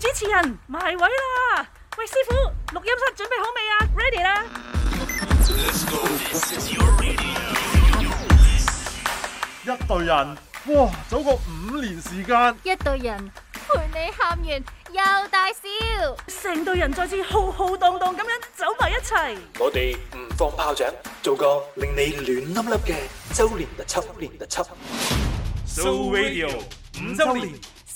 主持人埋位啦！喂，師傅，錄音室準備好未啊？Ready 啦！一隊人，哇，走過五年時間，一隊人陪你喊完又大笑，成隊人再次浩浩蕩蕩咁樣走埋一齊。我哋唔放炮仗，做個令你暖笠笠嘅周年特周年特輯。So Radio 五周年。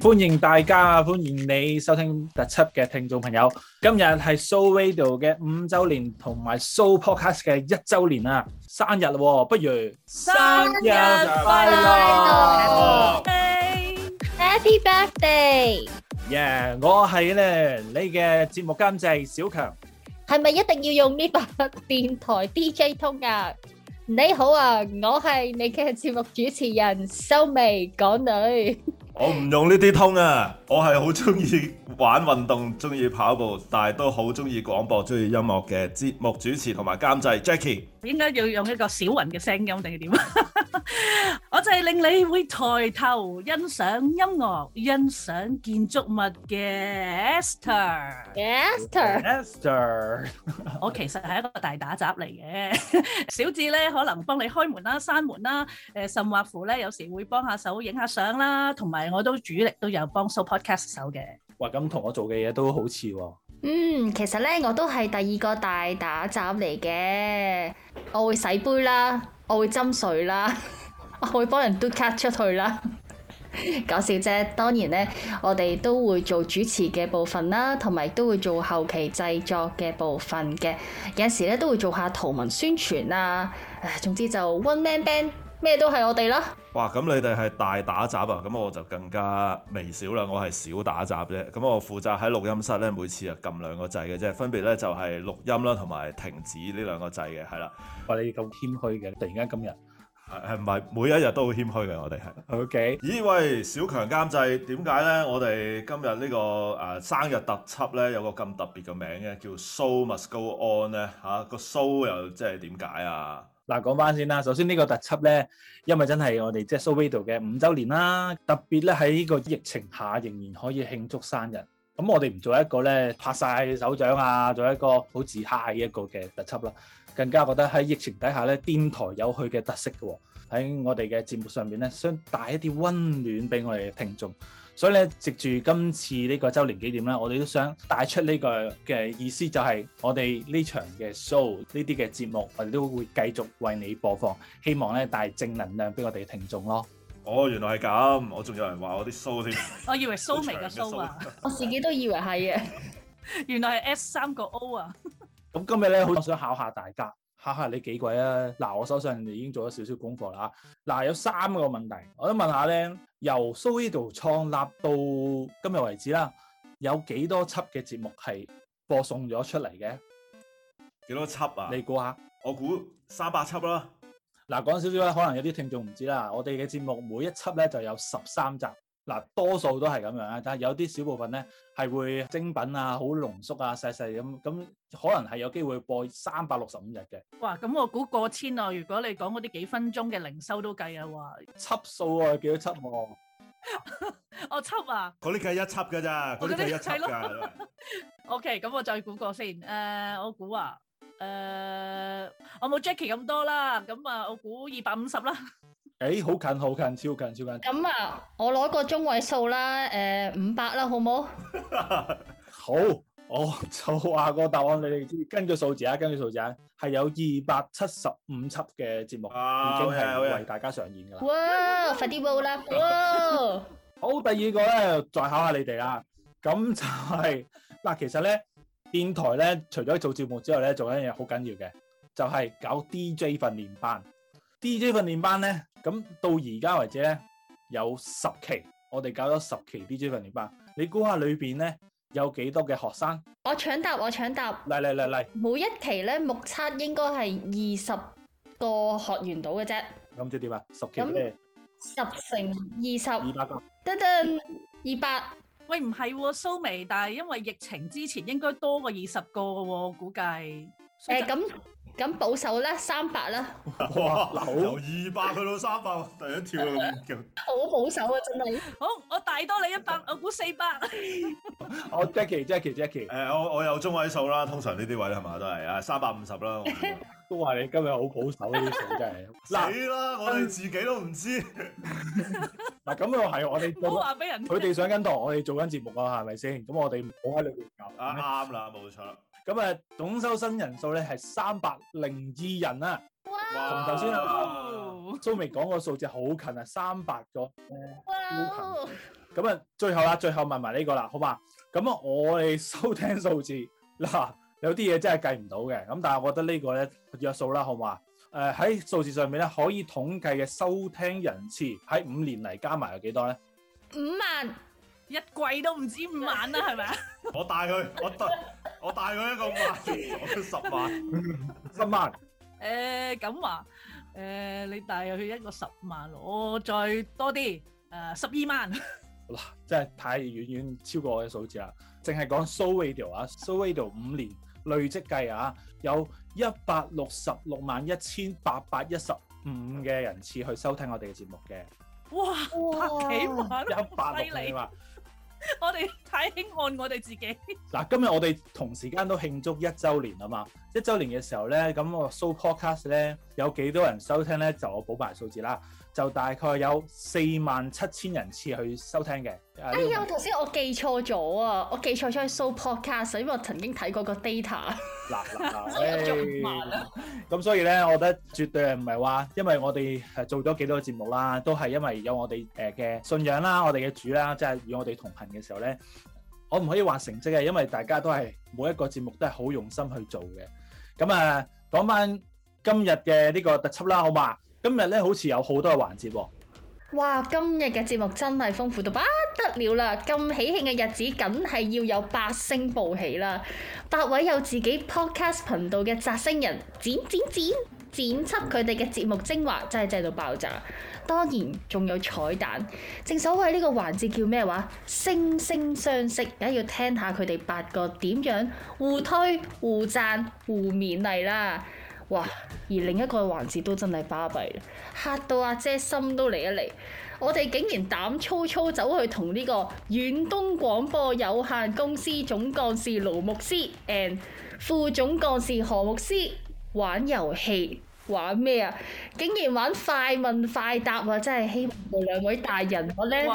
歡迎大家，歡迎你收聽特輯嘅聽眾朋友。今日係 So Radio 嘅五週年，同埋 So Podcast 嘅一週年啊，生日咯，不如生日快樂！Happy birthday！Yeah，我係呢，你嘅節目監製小強。係咪一定要用呢把電台 DJ 通啊？你好啊，我係你嘅節目主持人修眉港女。我唔用呢啲通啊，我係好中意玩運動，中意跑步，但係都好中意廣播，中意音樂嘅節目主持同埋監製 Jacky。點解要用一個小雲嘅聲音定係點？ 我就係令你會抬頭欣賞音樂、欣賞建築物嘅 Esther。Esther。Esther， 我其實係一個大打雜嚟嘅，小智咧可能幫你開門啦、閂門啦，誒，甚或乎咧有時會幫下手影下相啦，同埋我都主力都有幫 podcast 手嘅。哇，咁同我做嘅嘢都好似喎，哦。嗯，其實咧我都係第二個大打雜嚟嘅。我會洗杯啦，我會斟水啦，我會幫人嘟卡出去啦， 搞笑啫。當然咧，我哋都會做主持嘅部分啦，同埋都會做後期製作嘅部分嘅。有時咧都會做下圖文宣傳啊。唉，總之就 one man band，咩都係我哋啦。哇！咁你哋係大打雜啊，咁我就更加微小啦。我係小打雜啫，咁我負責喺錄音室咧，每次啊撳兩個掣嘅啫，分別咧就係、是、錄音啦同埋停止呢兩個掣嘅，係啦。哇！你咁謙虛嘅，突然間今日係係唔係每一日都好謙虛嘅？我哋係 OK 咦。咦喂，小強監製點解咧？我哋今日呢、這個誒、呃、生日特輯咧，有個咁特別嘅名嘅，叫 Show Must Go On 咧嚇。個 Show 又即係點解啊？嗱，講翻先啦。首先呢個特輯咧，因為真係我哋即係 s o v e d o 嘅五周年啦。特別咧喺呢個疫情下，仍然可以慶祝生日。咁我哋唔做一個咧拍晒手掌啊，做一個好自嗨嘅一個嘅特輯啦。更加覺得喺疫情底下咧，電台有趣嘅特色嘅喎。喺我哋嘅節目上面咧，想帶一啲溫暖俾我哋嘅聽眾。所以咧，藉住今次呢個周年紀念啦，我哋都想帶出呢個嘅意思，就係我哋呢場嘅 show，呢啲嘅節目，我哋都會繼續為你播放，希望咧帶正能量俾我哋嘅聽眾咯。哦，原來係咁，我仲有人話我啲 show 添 。我以為 show 微嘅 show 啊， 我自己都以為係嘅，原來係 S 三個 O 啊。咁今日咧，好想考下大家。嚇嚇你幾鬼啊！嗱，我手上已經做咗少少功課啦。嗱，有三個問題，我想問，問一下咧。由蘇伊度創立到今日為止啦，有幾多輯嘅節目係播送咗出嚟嘅？幾多輯啊？你估下？我估三百輯啦。嗱，講少少咧，可能有啲聽眾唔知啦。我哋嘅節目每一輯咧就有十三集。嗱，多數都係咁樣啊，但係有啲小部分咧係會精品啊，好濃縮啊，細細咁咁，可能係有機會播三百六十五日嘅。哇！咁我估過千啊，如果你講嗰啲幾分鐘嘅零收都計啊，哇！輯數啊，幾多輯喎？ 我輯啊！嗰啲梗係一輯㗎咋？嗰啲梗係一輯㗎。 OK，咁我再估過先。誒、uh,，我估啊，誒、uh,，我冇 Jackie 咁多啦。咁啊，我估二百五十啦。誒，好近，好近，超近，超近。咁啊，我攞個中位數啦，誒、呃，五百啦，好唔 好？好、哦，我就話個答案你哋知，跟住數字啊，跟住數字啊，係有二百七十五輯嘅節目，oh, 已經係為大家上演噶、okay, okay. 啦。哇，快啲啦！哇，好第二個咧，再考下你哋啦。咁就係、是、嗱，其實咧，電台咧，除咗做節目之外咧，做緊嘢好緊要嘅，就係、是、搞 D J 訓練班。D J 訓練班咧。咁到而家為止咧，有十期，我哋搞咗十期 BGM 訓練班。你估下裏邊咧有幾多嘅學生？我搶答，我搶答。嚟嚟嚟嚟！每一期咧，目測應該係二十個學員到嘅啫。咁即係點啊？十期咩？十乘二十，二百個。噔噔，二百。喂，唔係、喎，蘇眉，但係因為疫情之前應該多過二十個嘅、哦、喎，估計。誒，咁、呃。咁保守啦，三百啦。哇，由二百去到三百， 第一跳好保守啊，真係。好，我大多你一百、 oh，欸，我估四百。我 Jackie，Jackie，Jackie。我我有中位數啦，通常呢啲位係嘛都係啊，三百五十啦。我 都話你今日好保守啲、啊、數，真係。 死啦！ 我哋自己都唔知。嗱，咁又係，我哋都話俾人、啊。佢哋上緊堂，我哋做緊節目啊，係咪先？咁我哋唔好喺裏面夾。啱、啊、啦，冇錯。咁啊，總收新人數咧係三百零二人啦，同頭先蘇美講個數字好近啊，三百咗。哇！咁啊，最後啦，最後問埋呢個啦，好嘛？咁啊，我哋收聽數字嗱，有啲嘢真係計唔到嘅，咁但係我覺得個呢個咧約數啦，好嘛？誒、呃，喺數字上面咧可以統計嘅收聽人次喺五年嚟，加埋有幾多咧？五萬。一季都唔止五萬啦，係咪、？ 呃、啊？我帶佢，我帶我帶佢一個五萬，十萬，十萬。誒，咁話，誒，你帶佢一個十萬，我再多啲，誒、呃，十二萬。嗱，真係太遠遠超過我嘅數字啦。淨係講 Show Radio 啊 Show Radio 五年 累積計啊，有一百六十六萬一千八百一十五嘅人次去收聽我哋嘅節目嘅。哇，百幾萬，犀利啊！ 我哋太慶看我哋自己。嗱，今日我哋同時間都慶祝一週年啊嘛！一週年嘅時候咧，咁我 show podcast 咧有幾多人收聽咧，就我補埋數字啦。就大概有四萬七千人次去收聽嘅。哎呀，頭、啊、先我記錯咗啊！我記錯咗係數 podcast，因為我曾經睇過個 data。嗱、啊、嗱，喂、啊！咁、啊啊、所以咧，我覺得絕對唔係話，因為我哋係做咗幾多個節目啦，都係因為有我哋誒嘅信仰啦，我哋嘅主啦，即係與我哋同行嘅時候咧，我唔可以話成績嘅，因為大家都係每一個節目都係好用心去做嘅。咁啊，講翻今日嘅呢個特輯啦，好嘛？今日咧，好似有好多嘅環節喎、哦！哇，今日嘅節目真係豐富到不得了啦！咁喜慶嘅日子，梗係要有八星報喜啦！八位有自己 podcast 頻道嘅摘星人剪剪剪剪輯佢哋嘅節目精華，真係擠到爆炸。當然仲有彩蛋。正所謂呢個環節叫咩話？星星相惜，梗係要聽下佢哋八個點樣互推互讚互勉勵啦！哇！而另一個環節都真係巴閉，嚇到阿姐，姐心都離一離。我哋竟然膽粗粗走去同呢個遠東廣播有限公司總幹事盧牧師誒、副總幹事何牧師玩遊戲，玩咩啊？竟然玩快問快答啊！真係希望兩位大人，我咧。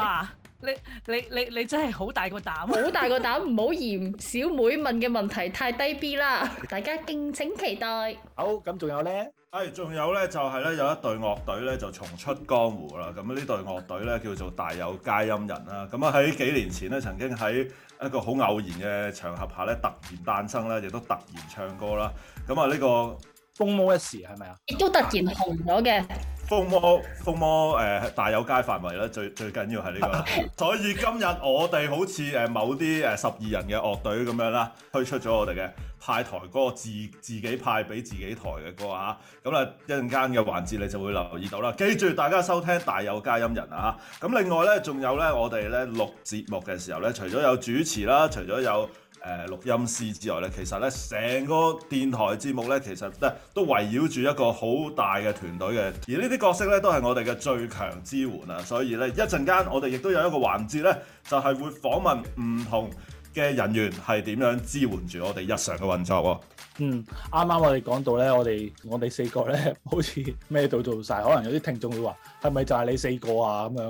你你你，你真係好大個膽，好大個膽唔好嫌，小妹問嘅問題太低 B 啦，大家敬請期待。好，咁仲有呢？係仲有呢，就係呢，有一隊樂隊呢，就重出江湖啦。咁呢隊樂隊呢，叫做大有佳音人啦。咁啊喺幾年前呢，曾經喺一個好偶然嘅場合下呢，突然誕生啦，亦都突然唱歌啦。咁啊呢個。風魔一時係咪啊？亦都突然紅咗嘅。風魔風魔誒，大有街範圍啦，最最緊要係呢個。 所以今日我哋好似誒某啲誒十二人嘅樂隊咁樣啦，推出咗我哋嘅派台歌，自自己派俾自己台嘅歌啊。咁啦，一陣間嘅環節你就會留意到啦。記住大家收聽大有街音人啊。咁另外咧，仲有咧，我哋咧錄節目嘅時候咧，除咗有主持啦，除咗有。誒、呃、錄音師之外咧，其實咧成個電台節目咧，其實咧都圍繞住一個好大嘅團隊嘅，而呢啲角色咧都係我哋嘅最強支援啊！所以咧一陣間我哋亦都有一個環節咧，就係、是、會訪問唔同嘅人員係點樣支援住我哋日常嘅運作喎？嗯，啱啱我哋講到咧，我哋我哋四個咧，好似咩都做晒，可能有啲聽眾會話，係咪就係你四個啊？咁樣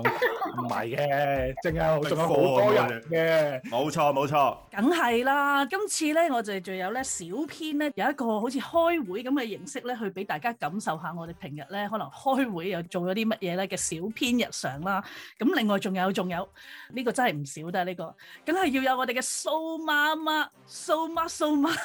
唔係嘅，淨係仲有好多人嘅，冇錯冇錯，梗係啦。今次咧，我就係仲有咧小編咧，有一個好似開會咁嘅形式咧，去俾大家感受下我哋平日咧可能開會又做咗啲乜嘢咧嘅小編日常啦。咁另外仲有仲有呢個真係唔少得呢個，梗係要有我哋嘅。蘇媽媽，蘇媽，蘇媽，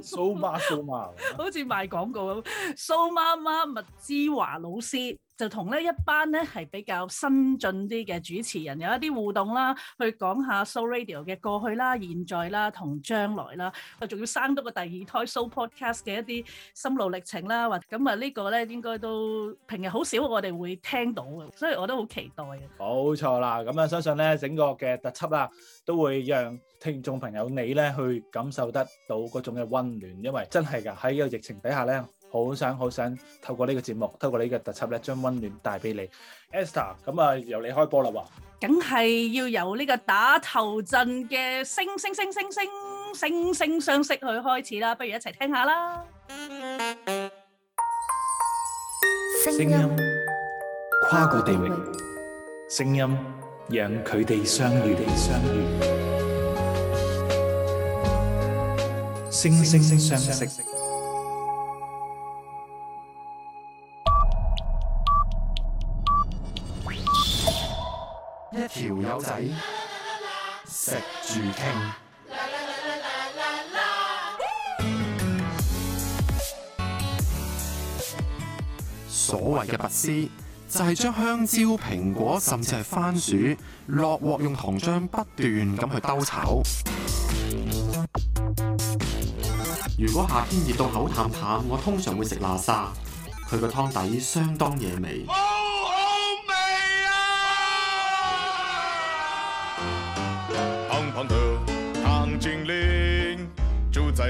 蘇媽，蘇媽，好似賣廣告咁。蘇媽媽，麥之華老師。就同咧一班咧係比較新進啲嘅主持人有一啲互動啦，去講下 Show Radio 嘅過去啦、現在啦同將來啦，我仲要生多個第二胎 Show Podcast 嘅一啲心路歷程啦，或咁啊呢個咧應該都平日好少我哋會聽到嘅，所以我都好期待嘅。冇錯啦，咁啊相信咧整個嘅特輯啦，都會讓聽眾朋友你咧去感受得到嗰種嘅温暖，因為真係㗎喺個疫情底下咧。好想好想透過呢個節目，透過呢個特輯咧，將温暖帶俾你，Esther。咁啊，由你開波啦喎！梗係要由呢個打頭陣嘅星星星星星星相識去開始啦，不如一齊聽下啦。聲音跨過地域，聲音讓佢哋相遇，地相遇，星星相識。條友仔食住傾，所謂嘅拔絲就係、是、將香蕉、蘋果甚至係番薯落鑊用糖漿不斷咁去兜炒。如果夏天熱到口淡淡，我通常會食喇沙，佢個湯底相當野味。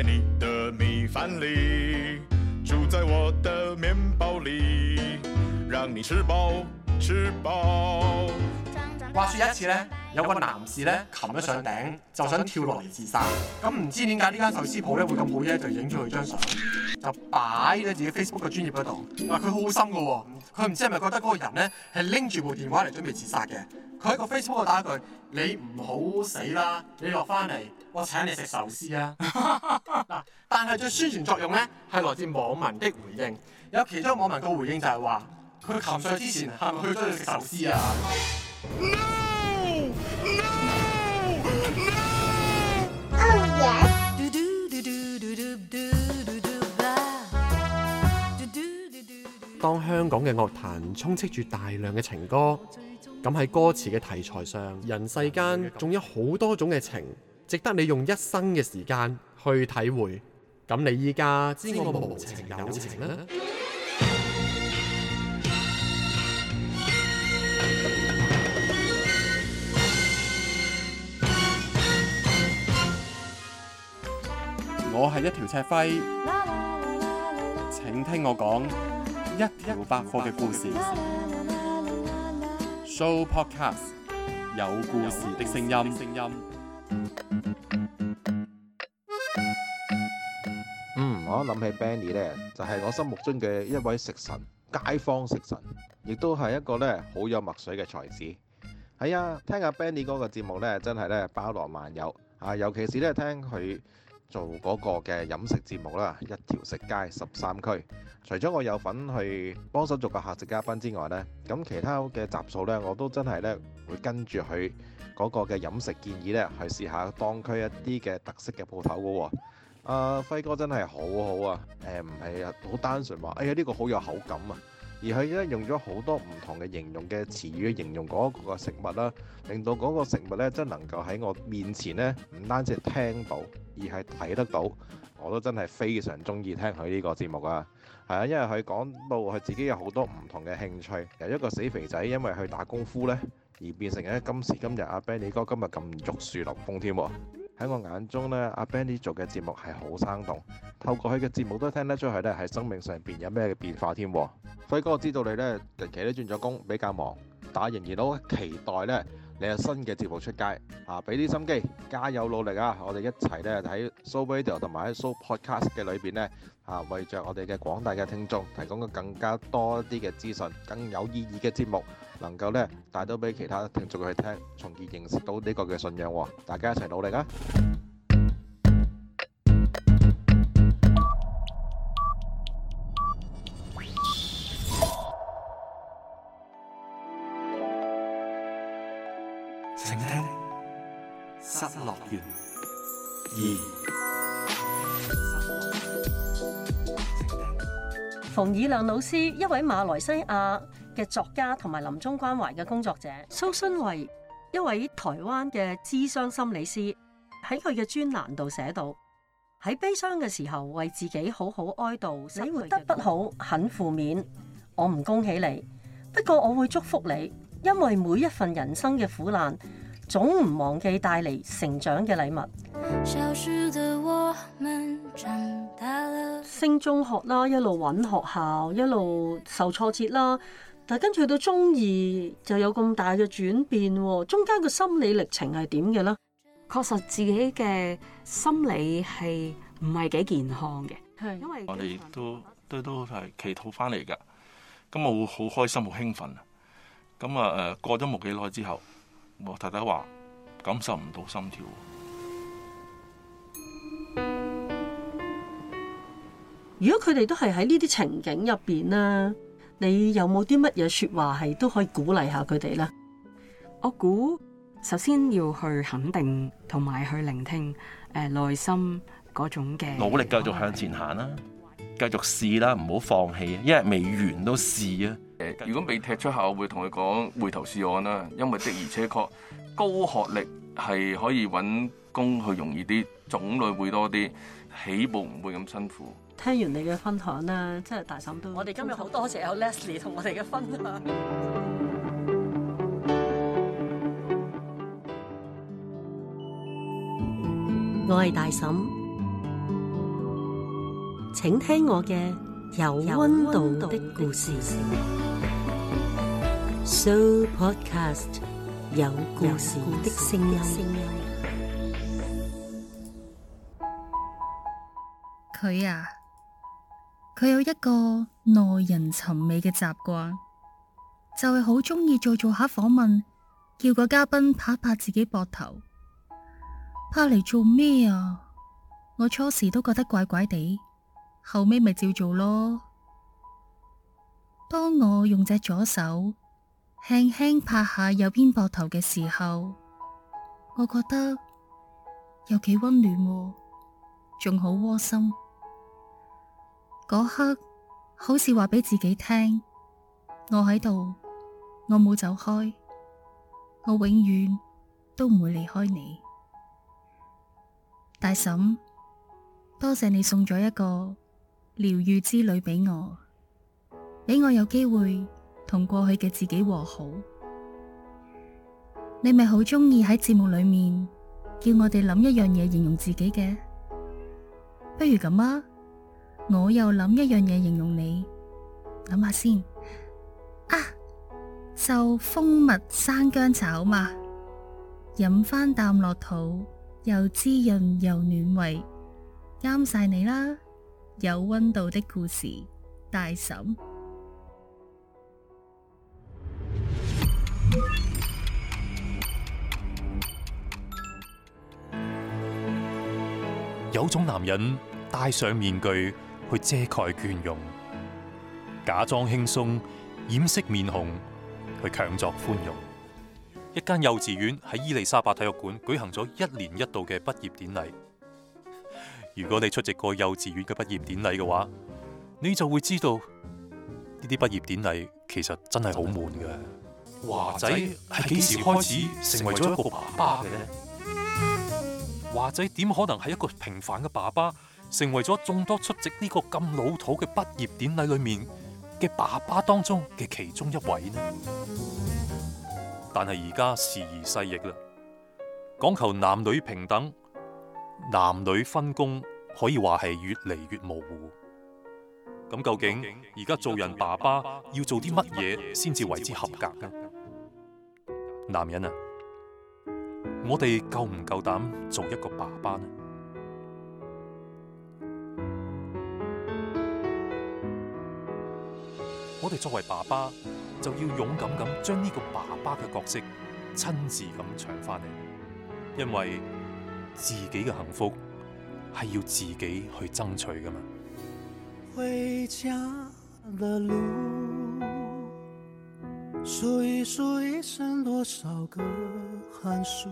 你的米飯裏住在我的麵包裏讓你吃飽吃飽話說一次呢，有位男士呢，擒咗上頂就想跳落嚟自殺，咁唔知點解呢間壽司鋪咧會咁好耶，就影咗佢張相，就擺咧自己 Facebook 嘅專業嗰度。嗱，佢好心噶，佢唔知係咪覺得嗰個人呢係拎住部電話嚟準備自殺嘅，佢喺個 Facebook 度打一句：你唔好死啦，你落翻嚟。我請你食壽司啊！嗱， 但係最宣傳作用咧，係來自網民的回應。有其他網民個回應就係話：佢琴睡之前係咪去咗食壽司啊？No! No! No! No! No! 當香港嘅樂壇充斥住大量嘅情歌，咁喺歌詞嘅題材上，人世間仲有好多種嘅情。.值得你用一生嘅時間去體會。咁你依家知我冇無情友情啦。我係一條赤輝，請聽我講一條百貨嘅故事。Show podcast 有故事的聲音。我諗起 Benny 呢，就係我心目中嘅一位食神，街坊食神，亦都係一個呢好有墨水嘅才子。係啊，聽阿 Benny 哥嘅節目呢，真係呢包羅萬有啊！尤其是呢聽佢做嗰個嘅飲食節目啦，一條食街十三區。除咗我有份去幫手做個客席嘉賓之外呢，咁其他嘅集數呢，我都真係呢會跟住佢嗰個嘅飲食建議呢，去試下當區一啲嘅特色嘅鋪頭噶喎。阿、啊、輝哥真係好好啊！唔係啊，好單純話，哎呀呢、呢個好有口感啊！而佢而家用咗好多唔同嘅形容嘅詞語形容嗰個食物啦、啊，令到嗰個食物呢真能夠喺我面前呢唔單止聽到，而係睇得到。我都真係非常中意聽佢呢個節目啊！係啊，因為佢講到佢自己有好多唔同嘅興趣，由一個死肥仔因為去打功夫呢，而變成誒今時今日阿、啊、Benny 哥今日咁玉樹臨風添、啊、喎。喺我眼中呢，阿 Benny 做嘅節目係好生動，透過佢嘅節目都聽得出佢咧喺生命上邊有咩嘅變化添。輝哥，我知道你咧近期都轉咗工，比較忙，但仍然都期待咧你有新嘅節目出街。嚇、啊，俾啲心機，加油努力啊！我哋一齊咧喺 Show Video 同埋喺 Show Podcast 嘅裏邊呢，嚇，為、啊、着我哋嘅廣大嘅聽眾提供更加多啲嘅資訊，更有意義嘅節目。能夠咧帶到俾其他聽眾去聽，從而認識到呢個嘅信仰，大家一齊努力啊！請聽《失樂園二》。馮以亮老師，一位馬來西亞嘅作家同埋臨終關懷嘅工作者，蘇絢慧，一位台灣嘅諮商心理師喺佢嘅專欄度寫到：喺悲傷嘅時候為自己好好哀悼，死活得不好很負面，我唔恭喜你。不過我會祝福你，因為每一份人生嘅苦難總唔忘記帶嚟成長嘅禮物。小時的我們長大了升中學啦，一路揾學校，一路受挫折啦。但係跟住到中二就有咁大嘅轉變，中間嘅心理歷程係點嘅咧？確實自己嘅心理係唔係幾健康嘅，係因為我哋都都都係祈禱翻嚟噶，咁我會好開心好興奮，咁啊誒過咗冇幾耐之後，我太太話感受唔到心跳。如果佢哋都係喺呢啲情景入邊啦。你有冇啲乜嘢說話係都可以鼓勵下佢哋咧？我估首先要去肯定同埋去聆聽誒、呃、內心嗰種嘅努力，繼續向前行啦，啊，繼續試啦，唔好放棄，一日未完都試啊！誒，如果未踢出校，我會同佢講回頭是岸啦，因為的而且確高學歷係可以揾工去容易啲，種類會多啲，起步唔會咁辛苦。聽完你嘅分享啦，真係大嬸都。我哋今日好多謝有 Leslie 同我哋嘅分享。我係大嬸，請聽我嘅有温度的故事。Show Podcast 有故事的聲音。佢啊！佢有一個耐人尋味嘅習慣，就係好鍾意做做下訪問，叫個嘉賓拍拍自己膊頭，拍嚟做咩啊？我初時都覺得怪怪地，後尾咪照做咯。當我用隻左手輕輕拍下右邊膊頭嘅時候，我覺得有幾溫暖，仲好窩心。嗰刻好似話俾自己聽，我喺度，我冇走開，我永遠都唔會離開你。大嬸，多謝你送咗一個療癒之旅俾我，俾我有機會同過去嘅自己和好。你咪好鍾意喺節目裏面叫我哋諗一樣嘢形容自己嘅。不如咁啊？我又諗一樣嘢形容你，諗下先啊！就蜂蜜生薑茶好嘛，飲翻啖落肚又滋潤又暖胃，啱晒你啦！有溫度的故事，大嬸。有種男人戴上面具。去遮蓋倦容，假裝輕鬆，掩飾面紅，去強作寬容。一間幼稚園喺伊利沙伯體育館舉行咗一年一度嘅畢業典禮。如果你出席過幼稚園嘅畢業典禮嘅話，你就會知道呢啲畢業典禮其實真係好悶嘅。華仔係幾時開始成為咗一個爸爸嘅呢？華仔點可能係一個平凡嘅爸爸？成為咗眾多出席呢個咁老土嘅畢業典禮裏面嘅爸爸當中嘅其中一位呢？但係而家時移世易啦，講求男女平等，男女分工可以話係越嚟越模糊。咁究竟而家做人爸爸要做啲乜嘢先至為之合格呢？男人啊，我哋夠唔夠膽做一個爸爸呢？我哋作為爸爸，就要勇敢咁將呢個爸爸嘅角色親自咁搶翻嚟，因為自己嘅幸福係要自己去爭取噶嘛。回家的路，數一數一生多少個寒暑，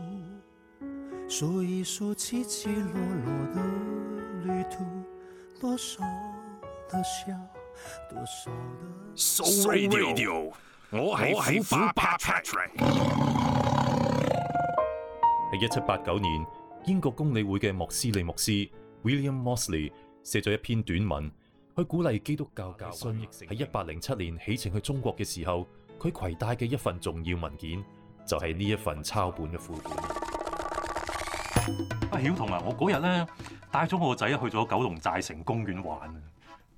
數一數起起落落的旅途，多少的笑。s the... Soul Radio，我係伏巴 Patrick。喺一七八九年，英國公理會嘅莫斯利牧師 William Mosley 寫咗一篇短文，去鼓勵基督教教會喺一八零七年起程去中國嘅時候，佢攜帶嘅一份重要文件就係、是、呢一份抄本嘅副本。阿曉彤啊，我嗰日咧帶咗我個仔去咗九龍寨城公園玩。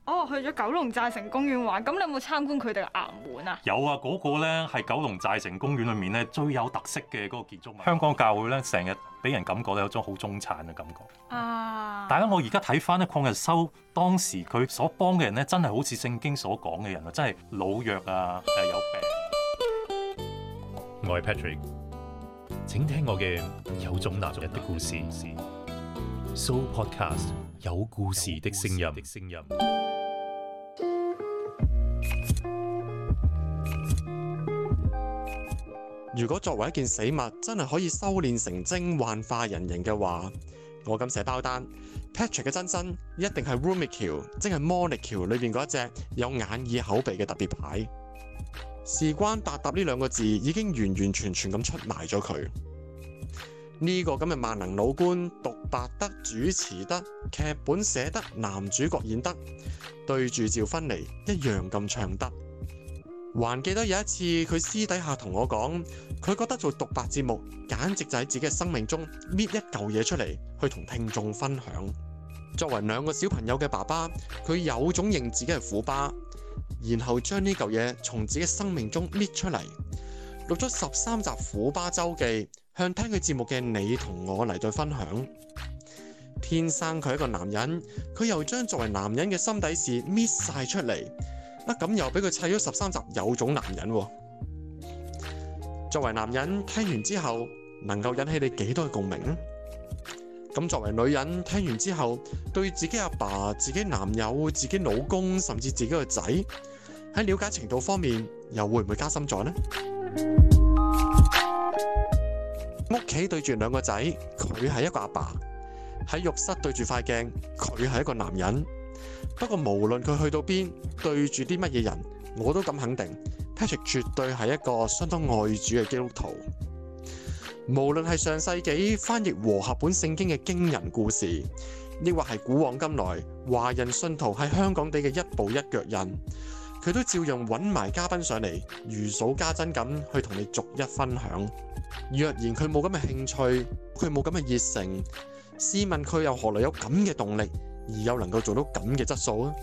哦，去咗九龍寨城公園玩，咁你有冇參觀佢哋嘅衙門啊？有啊，嗰個咧係九龍寨城公園裏面咧最有特色嘅嗰個建築物。香港教會咧成日俾人感覺咧有種好中產嘅感覺。啊！但係我而家睇翻咧曠日修當時佢所幫嘅人咧，真係好似聖經所講嘅人啊，真係老弱啊，誒有病、啊。我係 Patrick，請聽我嘅有種男人的故事。So Podcast。有故，有故事的聲音。如果作為一件死物，真係可以修煉成精，幻化人形嘅話，我敢寫包單。Patrick 嘅真身一定係 Rummikub，即係魔力橋裏邊嗰一隻有眼耳口鼻嘅特別牌。事關達達呢兩個字，已經完完全全咁出賣咗佢。呢個咁嘅萬能老官，獨白得主持得，劇本寫得，男主角演得，對住趙芬妮一樣咁唱得。還記得有一次，佢私底下同我講，佢覺得做獨白節目，簡直就喺自己嘅生命中搣一嚿嘢出嚟去同聽眾分享。作為兩個小朋友嘅爸爸，佢有種認自己係虎爸，然後將呢嚿嘢從自己嘅生命中搣出嚟，錄咗十三集《虎爸周記》。向聽佢節目嘅你同我嚟對分享，天生佢係一個男人，佢又將作為男人嘅心底事搣晒出嚟，啊咁又俾佢砌咗十三集，有種男人。作為男人聽完之後，能夠引起你幾多嘅共鳴？咁作為女人聽完之後，對自己阿爸、自己男友、自己老公，甚至自己個仔，喺了解程度方面，又會唔會加深咗呢？屋企對住兩個仔，佢係一個阿爸，喺浴室對住塊鏡，佢係一個男人。不過無論佢去到邊，對住啲乜嘢人，我都敢肯定 Patrick 絕對係一個相當愛主嘅基督徒。無論係上世紀翻譯和合本聖經嘅驚人故事，抑或係古往今來華人信徒喺香港地嘅一步一腳印。佢都照樣揾埋嘉賓上嚟，如數家珍咁去同你逐一分享。若然佢冇咁嘅興趣，佢冇咁嘅熱誠，試問佢又何來有咁嘅動力，而又能夠做到咁嘅質素啊？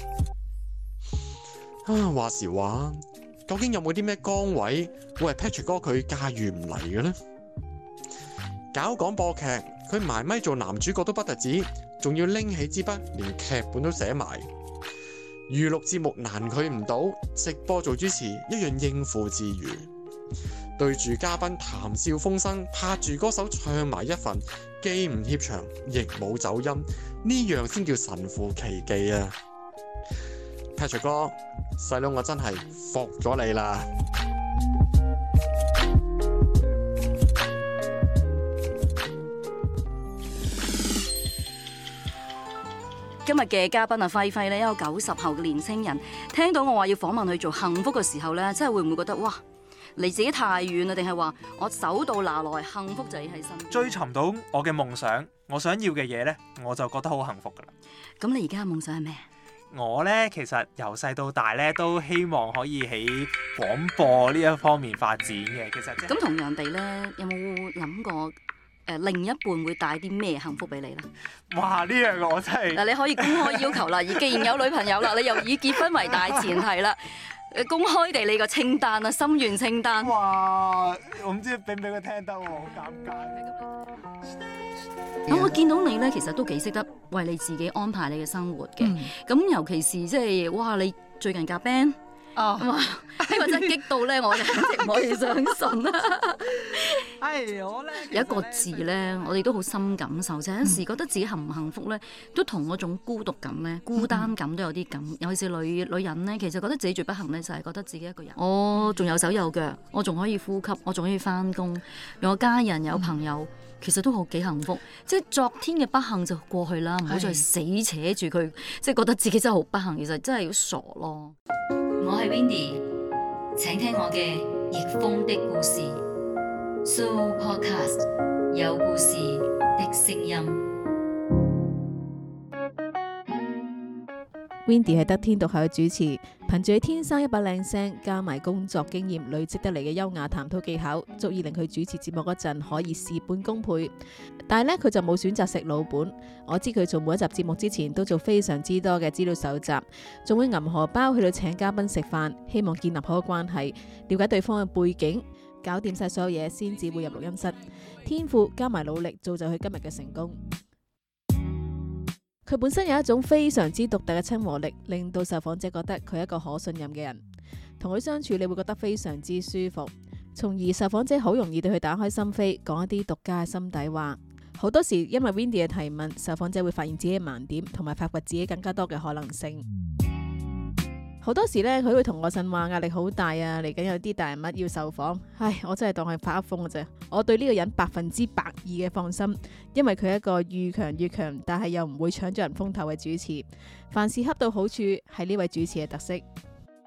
啊，話時話，究竟有冇啲咩崗位會係 Patrick 哥佢駕馭唔嚟嘅呢？搞廣播劇，佢埋咪做男主角都不特止，仲要拎起支筆，連劇本都寫埋。娛樂節目難佢唔到，直播做主持一樣應付自如，對住嘉賓談笑風生，拍住歌手唱埋一份，既唔怯場亦冇走音，呢樣先叫神乎其技啊！Patrick 哥，細佬我真係服咗你啦！今日嘅嘉賓啊，輝輝咧，一個九十後嘅年青人，聽到我話要訪問佢做幸福嘅時候呢，真係會唔會覺得哇，離自己太遠啦？定係話我走到拿來，幸福就喺身邊？追尋到我嘅夢想，我想要嘅嘢呢，我就覺得好幸福噶啦。咁你而家嘅夢想係咩？我呢，其實由細到大呢，都希望可以喺廣播呢一方面發展嘅。其實咁、就是、同人哋呢，有冇諗過？誒另一半會帶啲咩幸福俾你咧？哇！呢樣我真係嗱，你可以公開要求啦。而既然有女朋友啦，你又以結婚為大前提啦，公開地你個清單啦，心願清單。哇！我唔知俾唔俾佢聽得喎，好尷尬。咁我見到你咧，其實都幾識得為你自己安排你嘅生活嘅。咁尤其是即係哇，你最近夾 band？呢、oh. 係 真係激到咧？我就唔可以相信啦！係我咧有一個字咧，我哋都好深感受。就係有時覺得自己幸唔幸福咧，都同嗰種孤獨感咧、孤單感都有啲感。尤其是女女人咧，其實覺得自己最不幸咧，就係、是、覺得自己一個人。我仲有手有腳，我仲可以呼吸，我仲可以翻工，有家人，有朋友，嗯、其實都好幾幸福。即係昨天嘅不幸就過去啦，唔好再死扯住佢。即係覺得自己真係好不幸，其實真係要傻咯。我係 Windy 請聽我嘅逆風的故事 Supercast 有故事的聲音。Wendy 係得天獨厚嘅主持，憑住佢天生一把靚聲，加埋工作經驗累積得嚟嘅優雅談吐技巧，足以令佢主持節目嗰陣可以事半功倍。但係咧，佢就冇選擇食老本。我知佢做每一集節目之前，都做非常之多嘅資料搜集，仲會暗荷包去到請嘉賓食飯，希望建立好嘅關係，了解對方嘅背景，搞掂晒所有嘢先至會入錄音室。天賦加埋努力，造就佢今日嘅成功。佢本身有一種非常之獨特嘅親和力，令到受訪者覺得佢係一個可信任嘅人，同佢相處你會覺得非常之舒服，從而受訪者好容易對佢打開心扉，講一啲獨家嘅心底話。好多時因為 Wendy 嘅提問，受訪者會發現自己嘅盲點，同埋發掘自己的更加多嘅可能性。好多時咧，佢會同我呻話，壓力好大啊，嚟緊有啲大人物要受訪，唉，我真係當佢發一瘋嘅啫。我對呢個人百分之百二嘅放心，因為佢係一個遇強愈強，但係又唔會搶咗人風頭嘅主持，凡事恰到好處，係呢位主持嘅特色。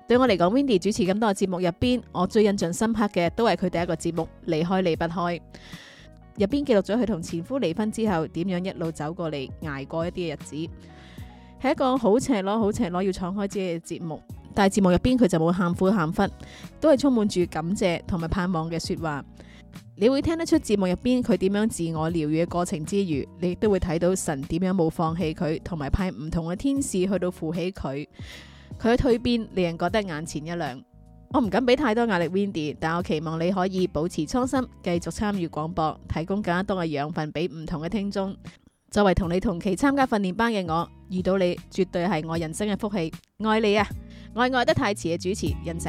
對我嚟講，Wendy 主持咁多個節目入邊，我最印象深刻嘅都係佢第一個節目《離開離不開》，入邊記錄咗佢同前夫離婚之後點樣一路走過嚟，捱過一啲嘅日子。係一個好赤裸、好赤裸，要敞開自己嘅節目。但係節目入邊佢就冇喊苦喊忽，都係充滿住感謝同埋盼望嘅說話。你會聽得出節目入邊佢點樣自我療癒嘅過程之餘，你亦都會睇到神點樣冇放棄佢，同埋派唔同嘅天使去到扶起佢。佢嘅蛻變令人覺得眼前一亮。我唔敢俾太多壓力，Wendy，但我期望你可以保持初心，繼續參與廣播，提供更加多嘅養分俾唔同嘅聽眾。作為同你同期參加訓練班嘅我，遇到你絕對係我人生嘅福氣，愛你啊！愛愛得太遲嘅主持，欣石。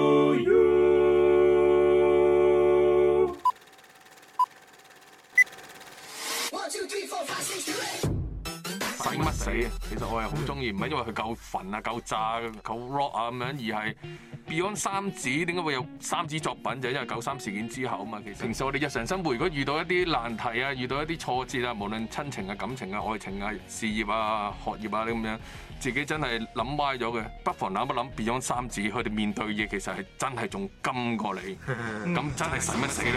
而唔係因為佢夠憤啊、夠炸、夠 rock 啊咁樣，而係 Beyond 三子點解會有三子作品就係因為九三事件之後啊嘛。其實，平時我哋日常生活如果遇到一啲難題啊、遇到一啲挫折啊，無論親情啊、感情啊、愛情啊、事業啊、學業啊啲咁樣，自己真係諗歪咗嘅，不妨諗一諗 Beyond 三子，佢哋面對嘅嘢其實係真係仲甘過你，咁真係使乜死咧？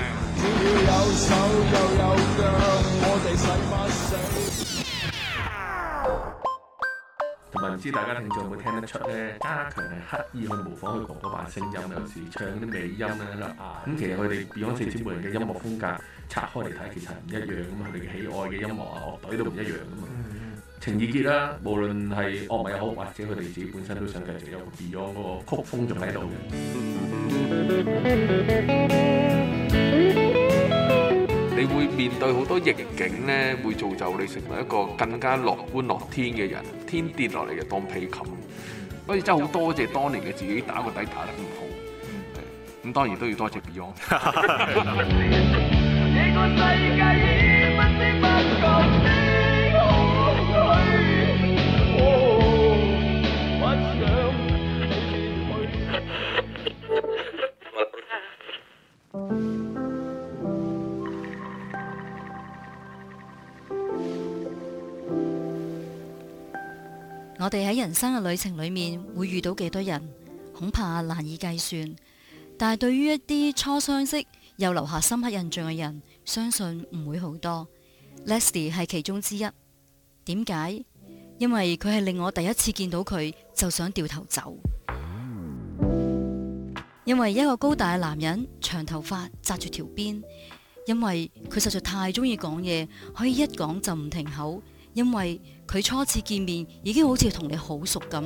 唔知大家聽眾有冇聽得出咧？加強係刻意去模仿佢哥哥把聲音，有時唱啲尾音咧啦啊！咁其實佢哋 Beyond 四千人嘅音樂風格拆開嚟睇，其實唔一樣咁啊！佢哋嘅喜愛嘅音樂啊樂隊都唔一樣噶嘛。情意結啦，無論係樂迷又好，或者佢哋自己本身都想繼續有 Beyond 嗰個曲風仲喺度。你會面對好多逆境咧，會造就你成為一個更加樂觀樂天嘅人。天跌落嚟嘅當被冚，所以真係好多謝當年嘅自己打個底打得咁好。咁當然都要多謝 Beyond。我哋喺人生嘅旅程裏面會遇到幾多人，恐怕難以計算。但係對於一啲初相識又留下深刻印象嘅人，相信唔會好多。Leslie 係其中之一。點解？因為佢係令我第一次見到佢就想掉頭走。因為一個高大嘅男人，長頭髮紮住條辮。因為佢實在太中意講嘢，可以一講就唔停口。因為佢初次見面已經好似同你好熟咁，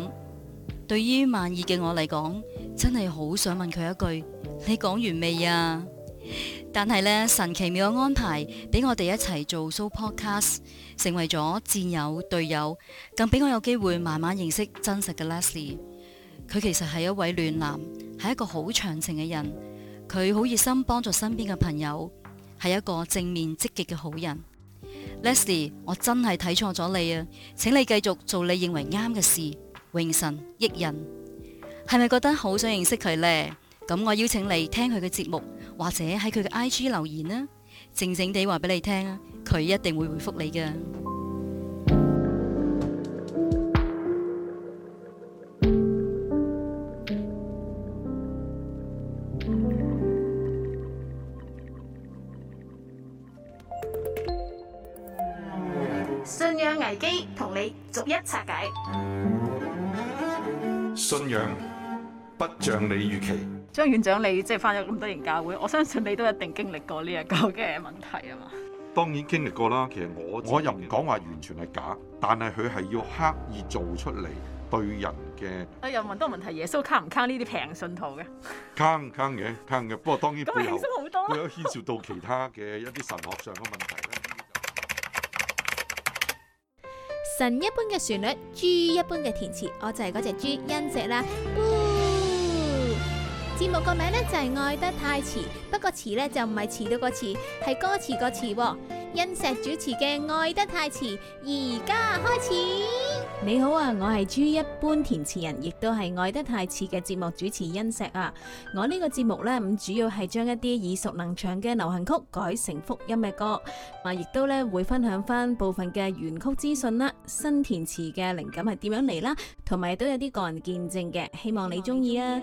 對於萬二嘅我嚟講，真係好想問佢一句：你講完未啊？但係呢，神奇妙嘅安排俾我哋一齊做 show podcast，成為咗戰友隊友，更俾我有機會慢慢認識真實嘅 Leslie。佢其實係一位暖男，係一個好長情嘅人，佢好熱心幫助身邊嘅朋友，係一個正面積極嘅好人。Leslie，我真係睇錯咗你啊！請你繼續做你認為啱嘅事，榮神益人。係咪覺得好想認識佢呢？咁我邀請你聽佢嘅節目，或者喺佢嘅 IG 留言啦。靜靜地話俾你聽啊，佢一定會回覆你㗎。信仰危機同你逐一拆解，嗯。信仰不像你預期。張院長，你即係返咗咁多年教會，我相信你都一定經歷過呢一個嘅問題啊嘛。當然經歷過啦。其實我我又唔講話完全係假，但係佢係要刻意做出嚟對人嘅。我又問多個問題，耶穌坑唔坑呢啲平信徒嘅？坑唔坑嘅？坑嘅。不過當然背後會牽涉到其他嘅一啲神學上嘅問題。 神一般嘅旋律，豬一般嘅填詞，我就係嗰隻豬欣石啦。節目個名咧就係愛得太遲，不過詞咧就唔係遲到個遲，係歌詞個詞。殷石主持嘅《愛得太遲》，而家開始。你好啊，我係朱一般填詞人，亦都係《愛得太遲》嘅節目主持殷石啊。我呢個節目呢，咁主要係將一啲耳熟能詳嘅流行曲改成福音嘅歌，啊，亦都呢會分享翻部分嘅原曲資訊啦，新填詞嘅靈感係點樣嚟啦，同埋都有啲個人見證嘅，希望你中意啊。.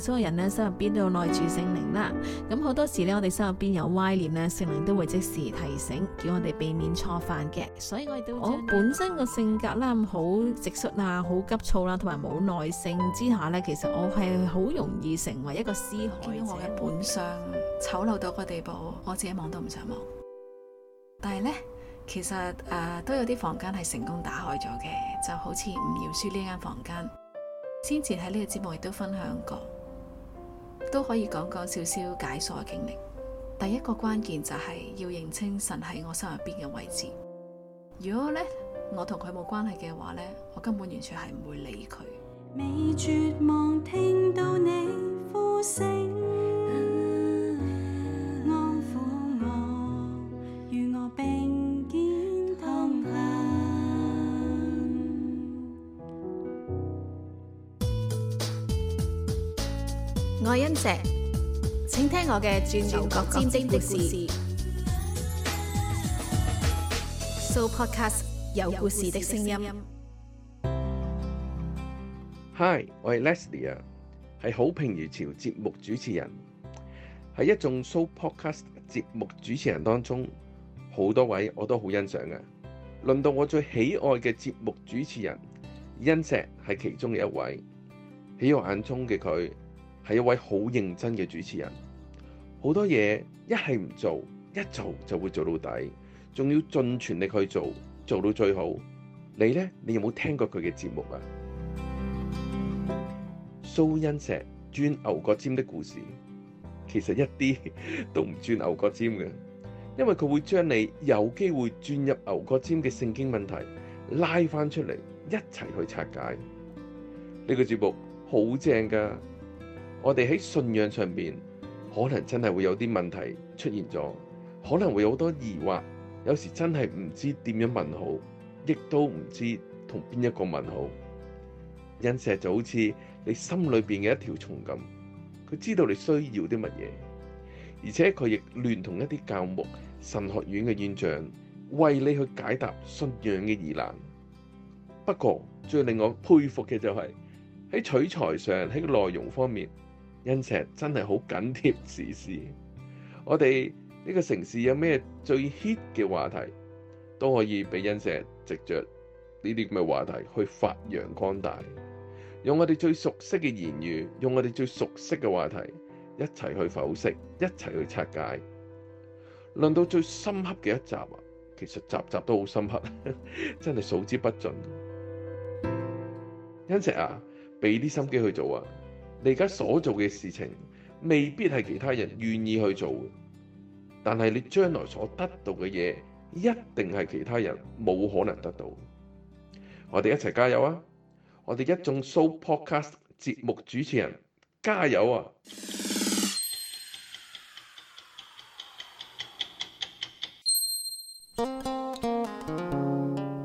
所有人咧，心入邊都有內住聖靈啦。咁好多時呢，我哋心入邊有歪念咧，聖靈都會即時提醒，叫我哋避免錯犯嘅。所以我亦都我本身個性格啦，好直率啊，好急躁啦，同埋冇耐性之下呢，其實我係好容易成為一個施害者。我嘅本相醜陋到個地步，我自己望都唔想望。但係呢，其實誒、呃、都有啲房間係成功打開咗嘅，就好似唔要輸呢間房間，先前喺呢個節目亦都分享過。都可以講講少少解鎖嘅經歷。第一個關鍵就係要認清神喺我心入邊嘅位置。如果咧我同佢冇關係嘅話咧，我根本完全係唔會理佢。未絕望聽到你呼聲我係恩石，請聽我嘅鑽牛角尖的故事。So Podcast 有故事的聲音。Hi，我係 Leslie 啊，係好評如潮節目主持人。喺一眾 So Podcast 節目主持人當中，好多位我都好欣賞嘅。輪到我最喜愛嘅節目主持人，恩石係其中嘅一位。喺我眼中嘅佢，係一位好認真嘅主持人，好多嘢一係唔做，一做就會做到底，仲要盡全力去做，做到最好。你呢？你有冇聽過佢嘅節目啊？蘇欣石鑽牛角尖的故事，其實一啲都唔鑽牛角尖嘅，因為佢會將你有機會鑽入牛角尖嘅聖經問題拉返出嚟，一齊去拆解。呢、這個節目好正㗎！我哋喺信仰上面可能真係會有啲問題出現咗，可能會有好多疑惑，有時真係唔知點樣問好，亦都唔知同邊一個問好。因此就好似你心裏邊嘅一條蟲咁，佢知道你需要啲乜嘢，而且佢亦聯同一啲教牧神學院嘅院長，為你去解答信仰嘅疑難。不過最令我佩服嘅就係、是、喺取材上喺內容方面。恩石真係好緊貼時事，我哋呢個城市有咩最 hit 嘅話題，都可以俾恩石藉著呢啲咁嘅話題去發揚光大，用我哋最熟悉嘅言語，用我哋最熟悉嘅話題，一齊去剖析，一齊去拆解。論到最深刻嘅一集，其實集集都好深刻， 真係數之不盡。恩石啊，俾啲心機去做啊！你而家所做嘅事情，未必係其他人願意去做嘅，但係你將來所得到嘅嘢，一定係其他人冇可能得到。我哋一齊加油啊！我哋一眾 show podcast 節目主持人，加油啊！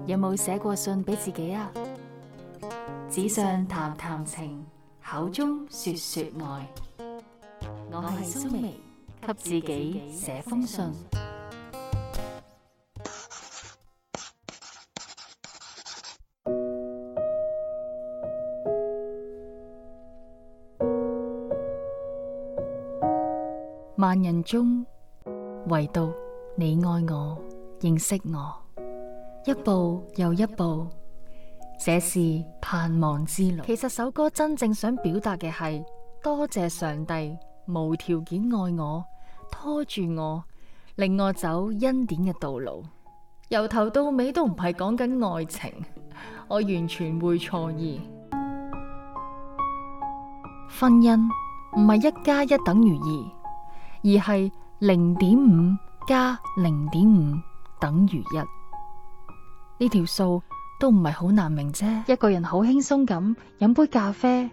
有冇寫過信俾自己啊？紙上談談情。口中說說愛，我係蘇眉，給自己寫封信。萬人中，唯獨你愛我，認識我，一步又一步。這是盼望之路。其實首歌真正想表達嘅係多謝上帝無條件愛我，拖住我，令我走恩典嘅道路。由頭到尾都唔係講緊愛情，我完全會錯意。婚姻唔係一加一等於二，而係零點五加零點五等於一。呢條數。都唔係好難明啫。一個人好輕鬆咁飲杯咖啡，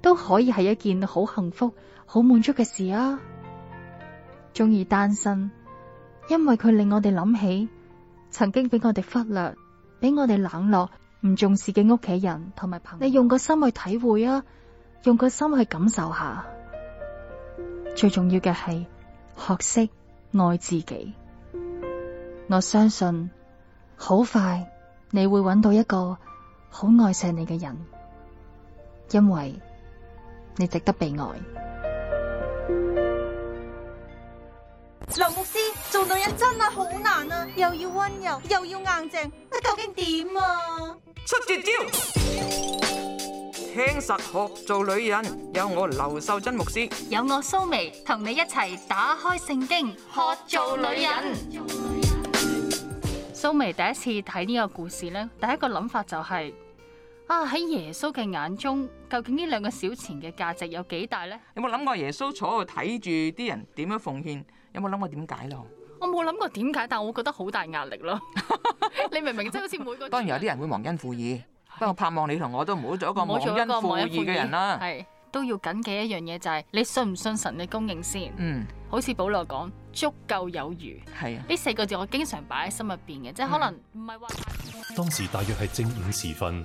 都可以係一件好幸福、好滿足嘅事啊。中意單身，因為佢令我哋諗起曾經俾我哋忽略、俾我哋冷落、唔重視嘅屋企人同埋朋友。你用個心去體會啊，用個心去感受下。最重要嘅係學識愛自己。我相信好快。你會揾到一個好愛錫你嘅人，因為你值得被愛。劉牧師，做女人真係好難啊，又要温柔又要硬淨，你究竟點啊？出絕招，聽實學做女人，有我劉秀珍牧師，有我蘇眉，同你一齊打開聖經，學做女人。蘇眉第一次睇呢個故事咧，第一個諗法就係、是、啊喺耶穌嘅眼中，究竟呢兩個小錢嘅價值有幾大咧？有冇諗過耶穌坐喺度睇住啲人點樣奉獻？有冇諗過點解咯？我冇諗過點解，但我覺得好大壓力咯。 你明唔明？即係好似每個人，當然有啲人會忘恩負義，不過盼望你同我都唔好做，做一個忘恩負義嘅人啦。係。都要謹記一樣嘢，就係、是、你信唔信神嘅供應先。嗯，好似保羅講，足夠有餘。係啊，呢四個字我經常擺喺心入邊嘅，即係可能。唔，當時大約係正午時分，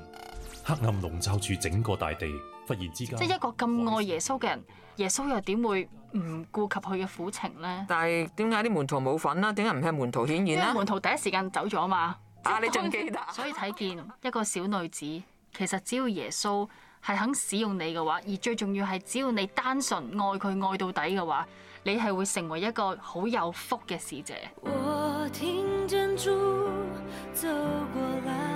黑暗籠罩住整個大地，忽然之間。即係一個咁愛耶穌嘅人，耶穌又點會唔顧及佢嘅苦情咧？但係點解啲門徒冇份啦？點解唔係門徒顯現咧？門徒第一時間走咗啊嘛，所以睇見一個小女子，其實只要耶穌。係肯使用你嘅話，而最重要係只要你單純愛佢愛到底嘅話，你係會成為一個好有福嘅使者。我聽見珍珠走過來，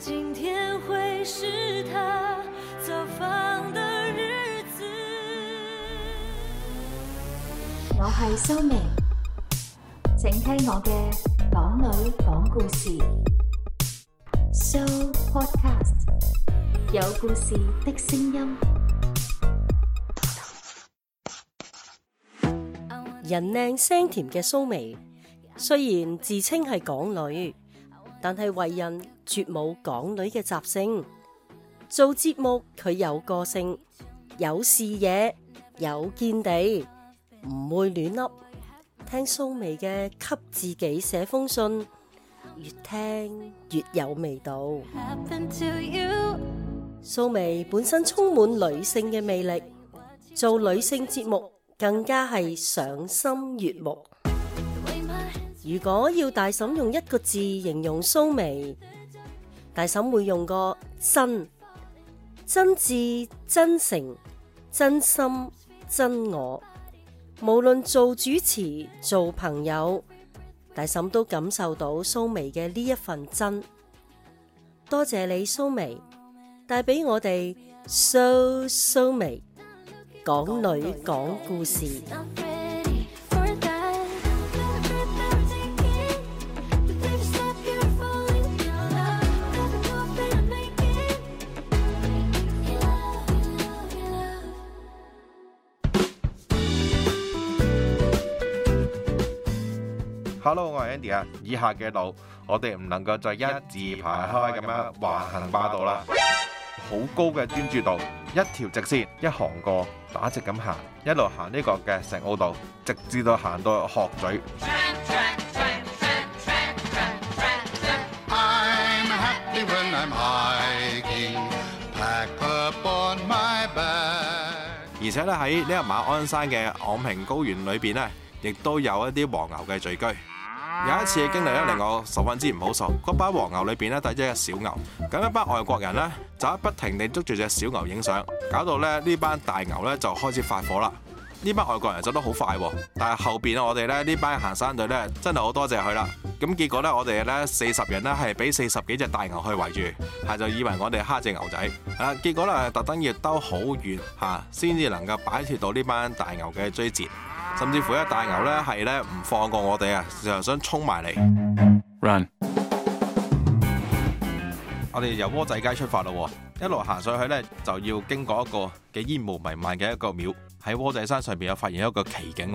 今天會是他造訪的日子。我係蘇明，請聽我嘅港女講故事。So podcast 有故事的聲音。人靚聲甜嘅蘇眉，雖然自稱係港女，但係為人絕冇港女嘅習性。做節目佢有個性，有視野，有見地，唔會亂噏。聽蘇眉嘅，給自己寫封信，越聽。越有味道。蘇眉本身充滿女性嘅魅力，做女性節目更加係賞心悅目。如果要大嬸用一個字形容蘇眉，大嬸會用個真，真摯、真誠、真心、真我。無論做主持，做朋友。大嬸都感受到蘇眉嘅呢一份真，多謝你蘇眉帶俾我哋蘇蘇眉港女講故事。Hello，我係 Andy 啊！以下嘅路，我哋唔能夠再一字排開咁樣橫行霸道啦。好高嘅專注度，一條直線，一行過，打直咁行，一路行呢個嘅石澳道，直至到行到鶴咀。而且咧喺呢個馬鞍山嘅昂平高原裏邊呢，亦都有一啲黃牛嘅聚居。有一次嘅經歷咧，令我十分之唔好受。嗰班黃牛裏邊呢，帶咗隻小牛，咁一班外國人呢，就不停地捉住隻小牛影相，搞到咧呢班大牛呢，就開始發火啦。呢班外國人走得好快，但係後邊我哋咧呢班行山隊呢，真係好多謝佢啦。咁結果呢，我哋呢四十人呢，係俾四十幾隻大牛去圍住，係就以為我哋蝦隻牛仔。啊結果呢，特登要兜好遠吓，先至能夠擺脫到呢班大牛嘅追截。甚至乎一大牛咧係咧唔放過我哋啊，就想衝埋嚟。Run！我哋由窩仔街出發咯，一路行上去咧就要經過一個幾煙霧迷漫嘅一個廟，喺窩仔山上邊又發現一個奇景。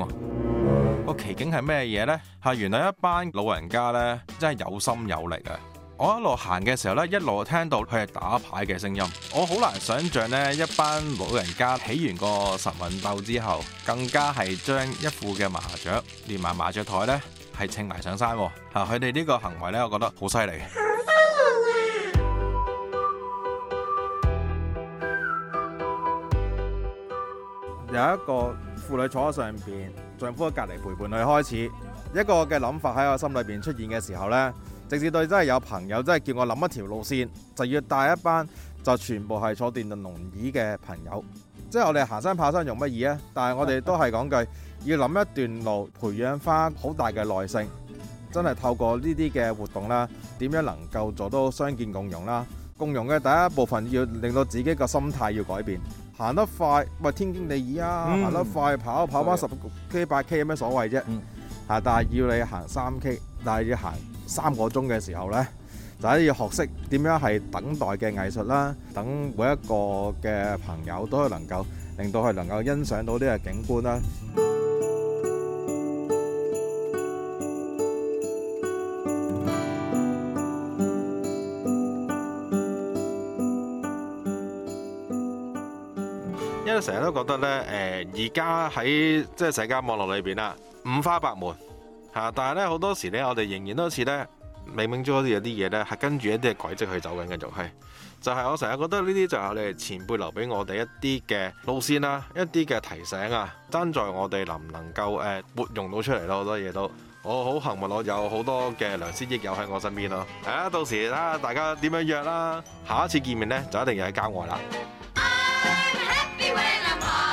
個奇景係咩嘢呢？係原來一班老人家呢，真係有心有力啊！我一路行嘅時候咧，一路聽到佢係打牌嘅聲音。我好難想象呢一班老人家起完個晨運斗之後，更加係將一副嘅麻雀連埋麻雀台咧，係稱埋上山。吓，佢哋呢個行為咧，我覺得好犀利。有一個婦女坐喺上邊，丈夫喺隔籬陪伴佢開始。一個嘅諗法喺我心裏邊出現嘅時候咧。直至到真係有朋友真係叫我諗一條路線，就要帶一班就全部係坐電動輪椅嘅朋友。即係我哋行山跑山用乜嘢啊？但係我哋都係講句要諗一段路，培養翻好大嘅耐性。真係透過呢啲嘅活動啦，點樣能夠做到相見共融啦？共融嘅第一部分要令到自己個心態要改變。行得快喂，天經地義啊！行得快跑跑翻十 k 八 k 有咩所謂啫？啊、嗯！但係要你行三 k，但係要行。三個鐘嘅時候咧，就可以學識點樣係等待嘅藝術啦。等每一個嘅朋友都係能夠令到佢能夠欣賞到呢個景觀啦。因為成日都覺得咧，誒而家喺即係社交網絡裏邊啦，五花八門。嚇！但係咧好多時咧，我哋仍然都好似咧，明明中好似有啲嘢咧，係跟住一啲嘅軌跡去走緊，繼續係。就係、是、我成日覺得呢啲就係我哋前輩留俾我哋一啲嘅路線啦、啊，一啲嘅提醒啊，爭在我哋能唔能夠誒、呃、活用到出嚟咯，好多嘢都。我好幸運，我有好多嘅良師益友喺我身邊咯、啊。係啊，到時啊，大家點樣約啦？下一次見面咧，就一定要喺郊外啦。I'm happy when I'm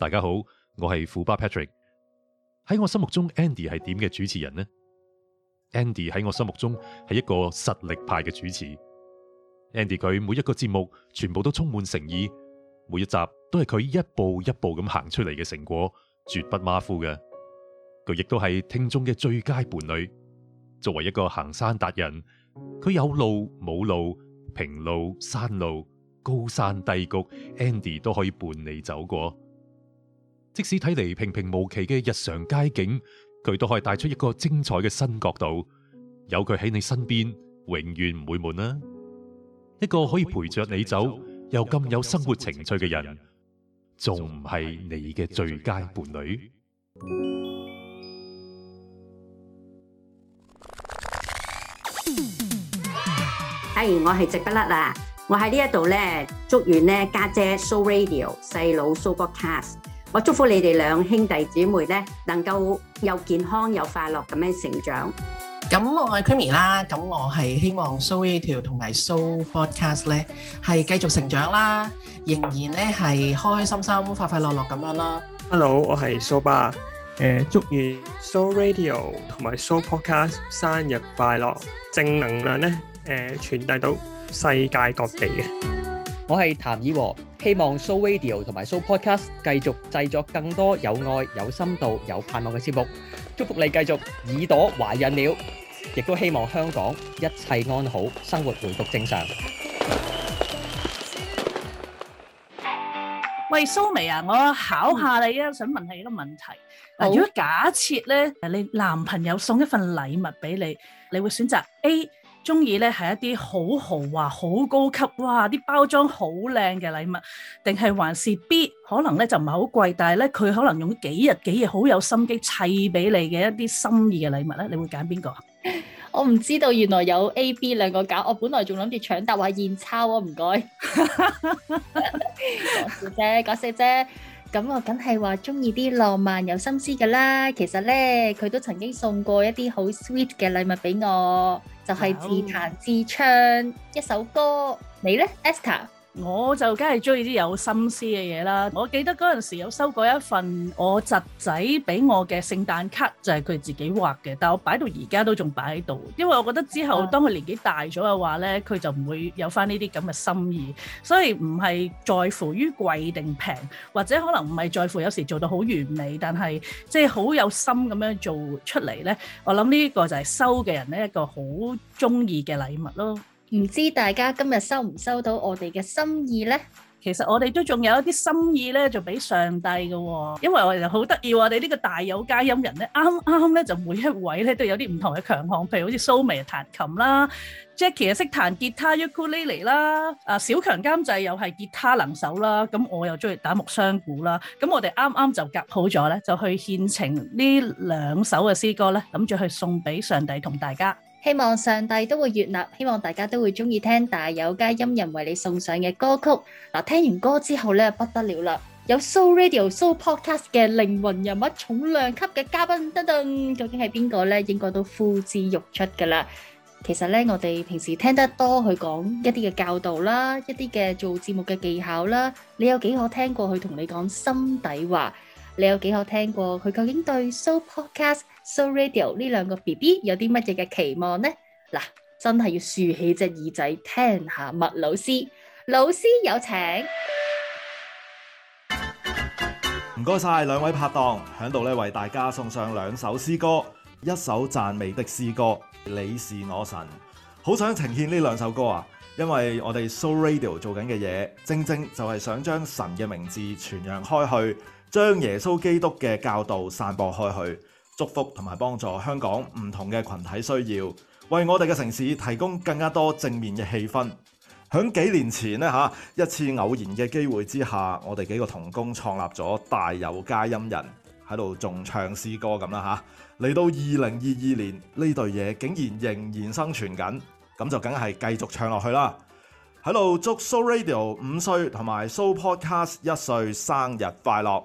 大家好，我係富爸 Patrick。喺我心目中，Andy 係點嘅主持人呢？Andy 喺我心目中係一個實力派嘅主持。Andy 佢每一個節目全部都充滿誠意，每一集都係佢一步一步咁行出嚟嘅成果，絕不馬虎嘅。佢亦都係聽眾嘅最佳伴侶。作為一個行山達人，佢有路冇路、平路山路、高山低谷，Andy 都可以伴你走過。即使睇嚟平平無奇嘅日常街景，佢都可以帶出一個精彩嘅新角度。有佢喺你身邊，永遠唔會悶啦、啊。一個可以陪住你走，又咁有生活情趣嘅人，仲唔係你嘅最佳伴侶？係、hey, 我係直筆甩啦！我喺呢一度咧，祝完咧家姐，姐 so radio，細佬 show broadcast 我祝福你哋兩兄弟姊妹咧，能夠又健康又快樂咁樣成長。咁我係 Creamy 啦，咁我係希望 Show Radio 同埋 Show Podcast 咧係繼續成長啦，仍然咧係開開心心、快快樂樂咁樣啦。Hello，我係蘇爸，誒，祝願 Show Radio 同埋 Show Podcast 生日快樂，正能量咧誒傳遞到世界各地嘅。我係譚以和，希望 Show Radio 同埋 Show Podcast 繼續製作更多有愛、有深度、有盼望嘅節目。祝福你繼續耳朵懷孕了，亦都希望香港一切安好，生活回復正常。喂，蘇眉啊，我考下你啊，想問下你個問題。好。如果假設咧，你男朋友送一份禮物俾你，你會選擇 A？中意咧，係一啲好豪華、好高級，哇！啲包裝好靚嘅禮物，定係還是 B？可能咧就唔係好貴，但係咧佢可能用幾日幾日好有心機砌俾你嘅一啲心意嘅禮物咧，你會揀邊個？我唔知道，原來有 A、B 兩個揀，我本來仲諗住搶答話現鈔啊，唔該。搞笑啫，搞笑啫。 咁我梗係話中意啲浪漫有心思㗎啦。其實咧，佢都曾經送過一啲好 sweet 嘅禮物俾我，就係自彈自唱一首歌。你咧，Esther？我就梗係中意啲有心思嘅嘢啦。我記得嗰陣時有收過一份我侄仔俾我嘅聖誕卡，就係佢自己畫嘅，但我擺到而家都仲擺喺度。因為我覺得之後當佢年紀大咗嘅話呢，佢就唔會有翻呢啲咁嘅心意。所以唔係在乎於貴定平，或者可能唔係在乎有時做到好完美，但係即係好有心咁樣做出嚟呢，我諗呢個就係收嘅人呢一個好中意嘅禮物咯。唔知大家今日收唔收到我哋嘅心意咧？其實我哋都仲有一啲心意咧，就俾上帝嘅喎、哦。因為我哋好得意，我哋呢個大有佳音人咧，啱啱咧就每一位咧都有啲唔同嘅強項，譬如好似蘇眉彈琴啦，Jackie 啊識彈吉他、尤克里里啦，啊小強監製又係吉他能手啦。咁我又中意打木箱鼓啦。咁我哋啱啱就夾好咗咧，就去獻呈呢兩首嘅詩歌咧，諗住去送俾上帝同大家。。希望上帝都會悅納，希望大家都會中意聽大有佳音人為你送上嘅歌曲。嗱，聽完歌之後咧，不得了啦！有 Soul Radio、Soul Podcast 嘅靈魂人物重量級嘅嘉賓，噔噔，究竟係邊個咧？應該都呼之欲出噶啦。其實咧，我哋平時聽得多佢講一啲嘅教導啦，一啲嘅做節目嘅技巧啦，你有幾可聽過佢同你講心底話？你有幾可聽過佢？究竟對 So Podcast、So Radio 呢兩個 BB 有啲乜嘢嘅期望呢？嗱，真係要豎起隻耳仔聽下麥老師，老師有請。唔該晒，兩位拍檔喺度咧，在這裡為大家送上兩首詩歌，一首讚美的詩歌，你是我神。好想呈獻呢兩首歌啊，因為我哋 So Radio 做緊嘅嘢，正正就係想將神嘅名字傳揚開去。將耶穌基督嘅教導散播開去，祝福同埋幫助香港唔同嘅群體需要，為我哋嘅城市提供更加多正面嘅氣氛。響幾年前吓，一次偶然嘅機會之下，我哋幾個同工創立咗大有佳音人喺度，仲唱詩歌咁啦吓。嚟到二零二二年呢對嘢竟然仍然生存緊，咁就梗係繼續唱落去啦。喺度祝 So Radio 五歲同埋 So Podcast 一歲生日快樂！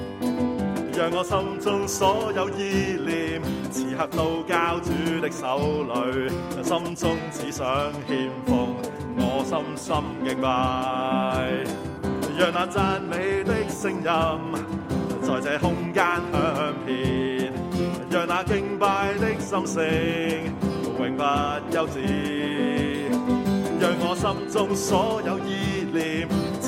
讓我心中所有意念，此刻到交主的手裏，心中只想獻奉我心心敬拜。讓那讚美的聲音，在這空間響遍。讓那敬拜的心聲，永不休止。讓我心中所有意念。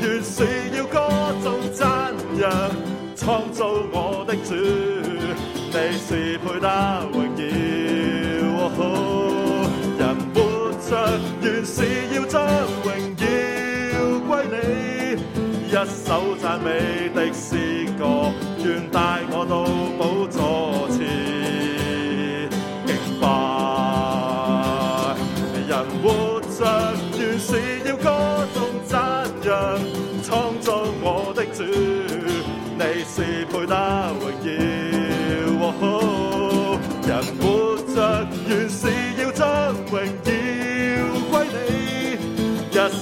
原是要歌頌讚揚，創造我的主，你是配得榮耀。哦、人活着原是要將榮耀歸你，一首讚美的詩歌，願帶我到寶座前。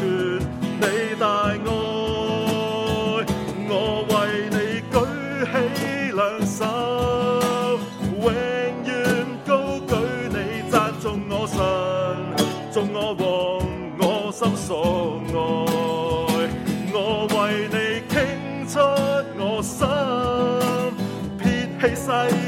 你大愛，我為你舉起兩手，永遠高舉你，讚頌我神，頌我王，我心所愛。我為你傾出我心，撇棄世。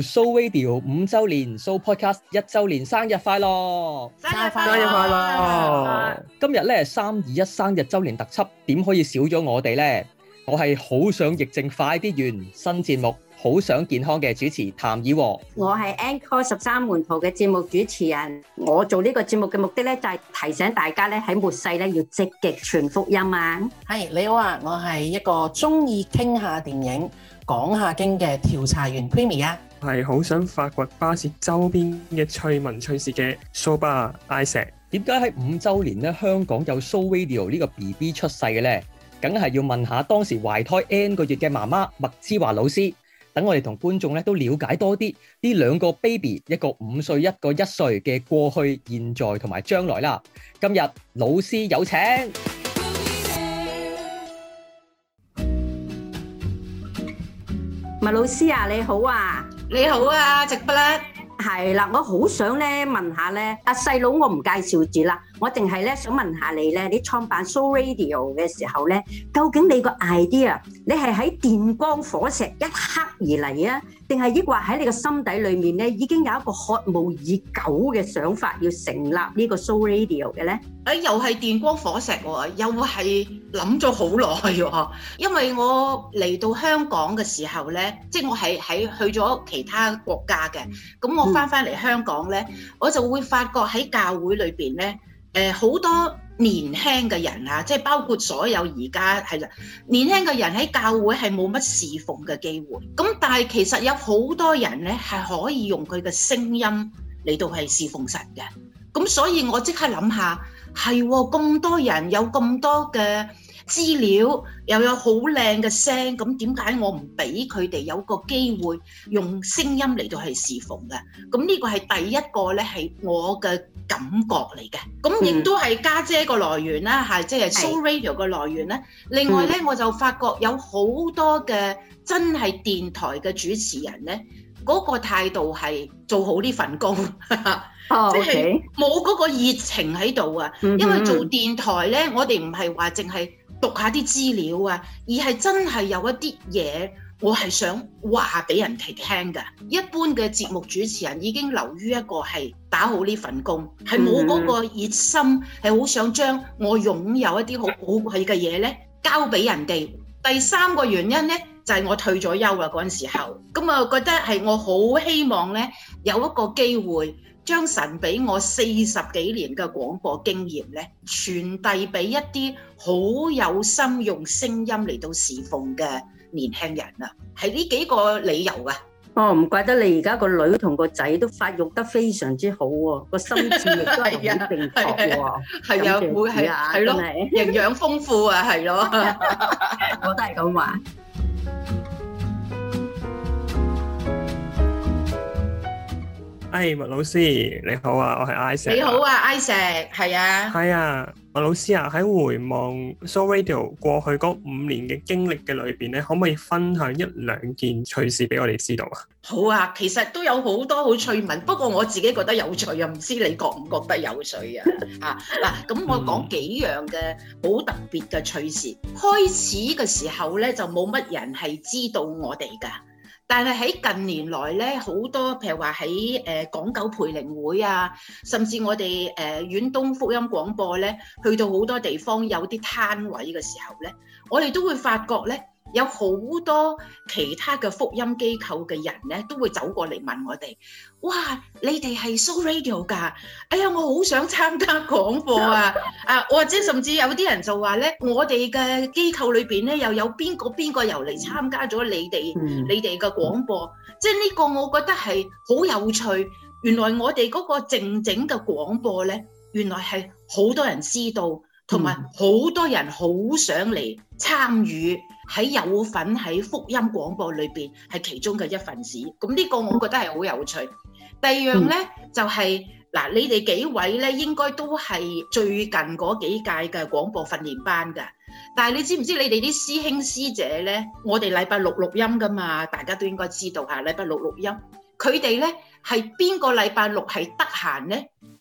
So Radio 五周年，So Podcast 一周年生日快樂！生日快樂！生日快樂！生日快樂！生日快樂！今日咧三二一生日周年特輯，點可以少咗我哋咧？我係好想疫症快啲完，新節目好想健康嘅主持譚以和。我係 Anchor 十三門徒嘅節目主持人，我做呢個節目嘅目的咧，就係提醒大家咧喺末世咧要積極傳福音啊！係、hey, 你好啊，我係一個中意傾下電影。講下經嘅調查員 Creamy 啊，係好想發掘巴士周邊嘅趣聞趣事嘅蘇巴艾石。點解喺五周年咧？香港有蘇 Radio 呢個 BB 出世嘅咧，梗係要問下當時懷胎 n 個月嘅媽媽麥之華老師。等我哋同觀眾咧都了解多啲呢兩個 baby，一個五歲，一個一歲嘅過去、現在同埋將來啦。今日老師有請。咪老師啊，你好啊！你好啊，直播。係啦，我好想咧問下呢，阿細佬我唔介紹住啦。我淨係咧想問下你咧，你創辦 So Radio 嘅時候咧，究竟你個 idea，你係喺電光火石一刻而嚟啊，定係抑或喺你個心底裏面咧已經有一個渴慕已久嘅想法要成立呢個 So Radio 嘅咧？誒，又係電光火石喎，又係諗咗好耐喎。因為我嚟到香港嘅時候咧，即係我係喺去咗其他國家嘅，咁我翻翻嚟香港咧，我就會發覺喺教會裏邊咧。誒，好多年輕嘅人啊，即係包括所有而家係啦，年輕嘅人喺教會係冇乜侍奉嘅機會。咁但係其實有好多人咧係可以用佢嘅聲音嚟到係侍奉神嘅。咁所以我即刻諗下，係喎、哦，咁多人有咁多嘅。資料又有好靚嘅聲，咁點解我唔俾佢哋有個機會用聲音嚟到去侍奉嘅？咁呢個係第一個咧，係我嘅感覺嚟嘅。咁亦都係家姐個來源啦，嚇、嗯，即係 Soul Radio 嘅來源咧。另外咧、嗯，我就發覺有好多嘅真係電台嘅主持人咧，嗰、嗰個態度係做好呢份工、 哦，即係冇嗰個熱情喺度啊。因為做電台咧，我哋唔係話淨係，讀一下啲資料啊，而係真係有一啲嘢，我係想話俾人哋聽嘅。一般嘅節目主持人已經留於一個係打好呢份工，係冇嗰個熱心，係好想將我擁有一啲好寶貴嘅嘢呢交俾人哋。第三個原因呢。就係、是、我退咗休啦嗰陣時候，咁啊覺得係我好希望咧有一個機會，將神俾我四十幾年嘅廣播經驗咧，傳遞俾一啲好有心用聲音嚟到侍奉嘅年輕人啊！係呢幾個理由啊！哦，唔怪得你而家個女同個仔都發育得非常之好喎、啊，個心智亦都係好正確嘅、啊、喎，係 啊，啊，啊，啊，會係係咯，營養豐富啊，係 咯、啊，我都係咁話。係、hey, 麥老師，你好啊，我係 I 石。你好啊，I 石，係啊。係啊，麥老師啊，喺回望 Show Radio 過去嗰五年嘅經歷嘅裏邊咧，可唔可以分享一兩件趣事俾我哋知道啊？好啊，其實都有好多好趣聞，不過我自己覺得有趣啊，唔知你覺唔覺得有趣啊？吓 嗱、啊，咁我講幾樣嘅好特別嘅趣事。開始嘅時候咧，就冇乜人係知道我哋噶。嗯嗯但係喺近年來咧，好多譬如話喺誒港九培靈會啊，甚至我哋誒、呃、遠東福音廣播咧，去到好多地方有啲攤位嘅時候咧，我哋都會發覺咧，有好多其他嘅福音機構嘅人咧，都會走過嚟問我哋：「哇，你哋係 so radio 㗎？哎呀，我好想參加廣播啊！ 啊，或者甚至有啲人就話咧，我哋嘅機構裏邊咧，又有邊個邊個又嚟參加咗你哋、嗯、你哋嘅廣播？即係呢個，我覺得係好有趣。原來我哋嗰個靜靜嘅廣播咧，原來係好多人知道，同埋好多人好想嚟參與。嗯喺有份喺福音廣播裏邊，係其中嘅一份子，咁呢個我覺得係好有趣。第二樣呢，就係、是、嗱，你哋幾位呢，應該都係最近嗰幾屆嘅廣播訓練班噶，但係你知唔知道你哋啲師兄師姐呢，我哋禮拜六錄音噶嘛，大家都應該知道嚇，禮拜六錄音，佢哋呢，係邊個禮拜六係得閒呢，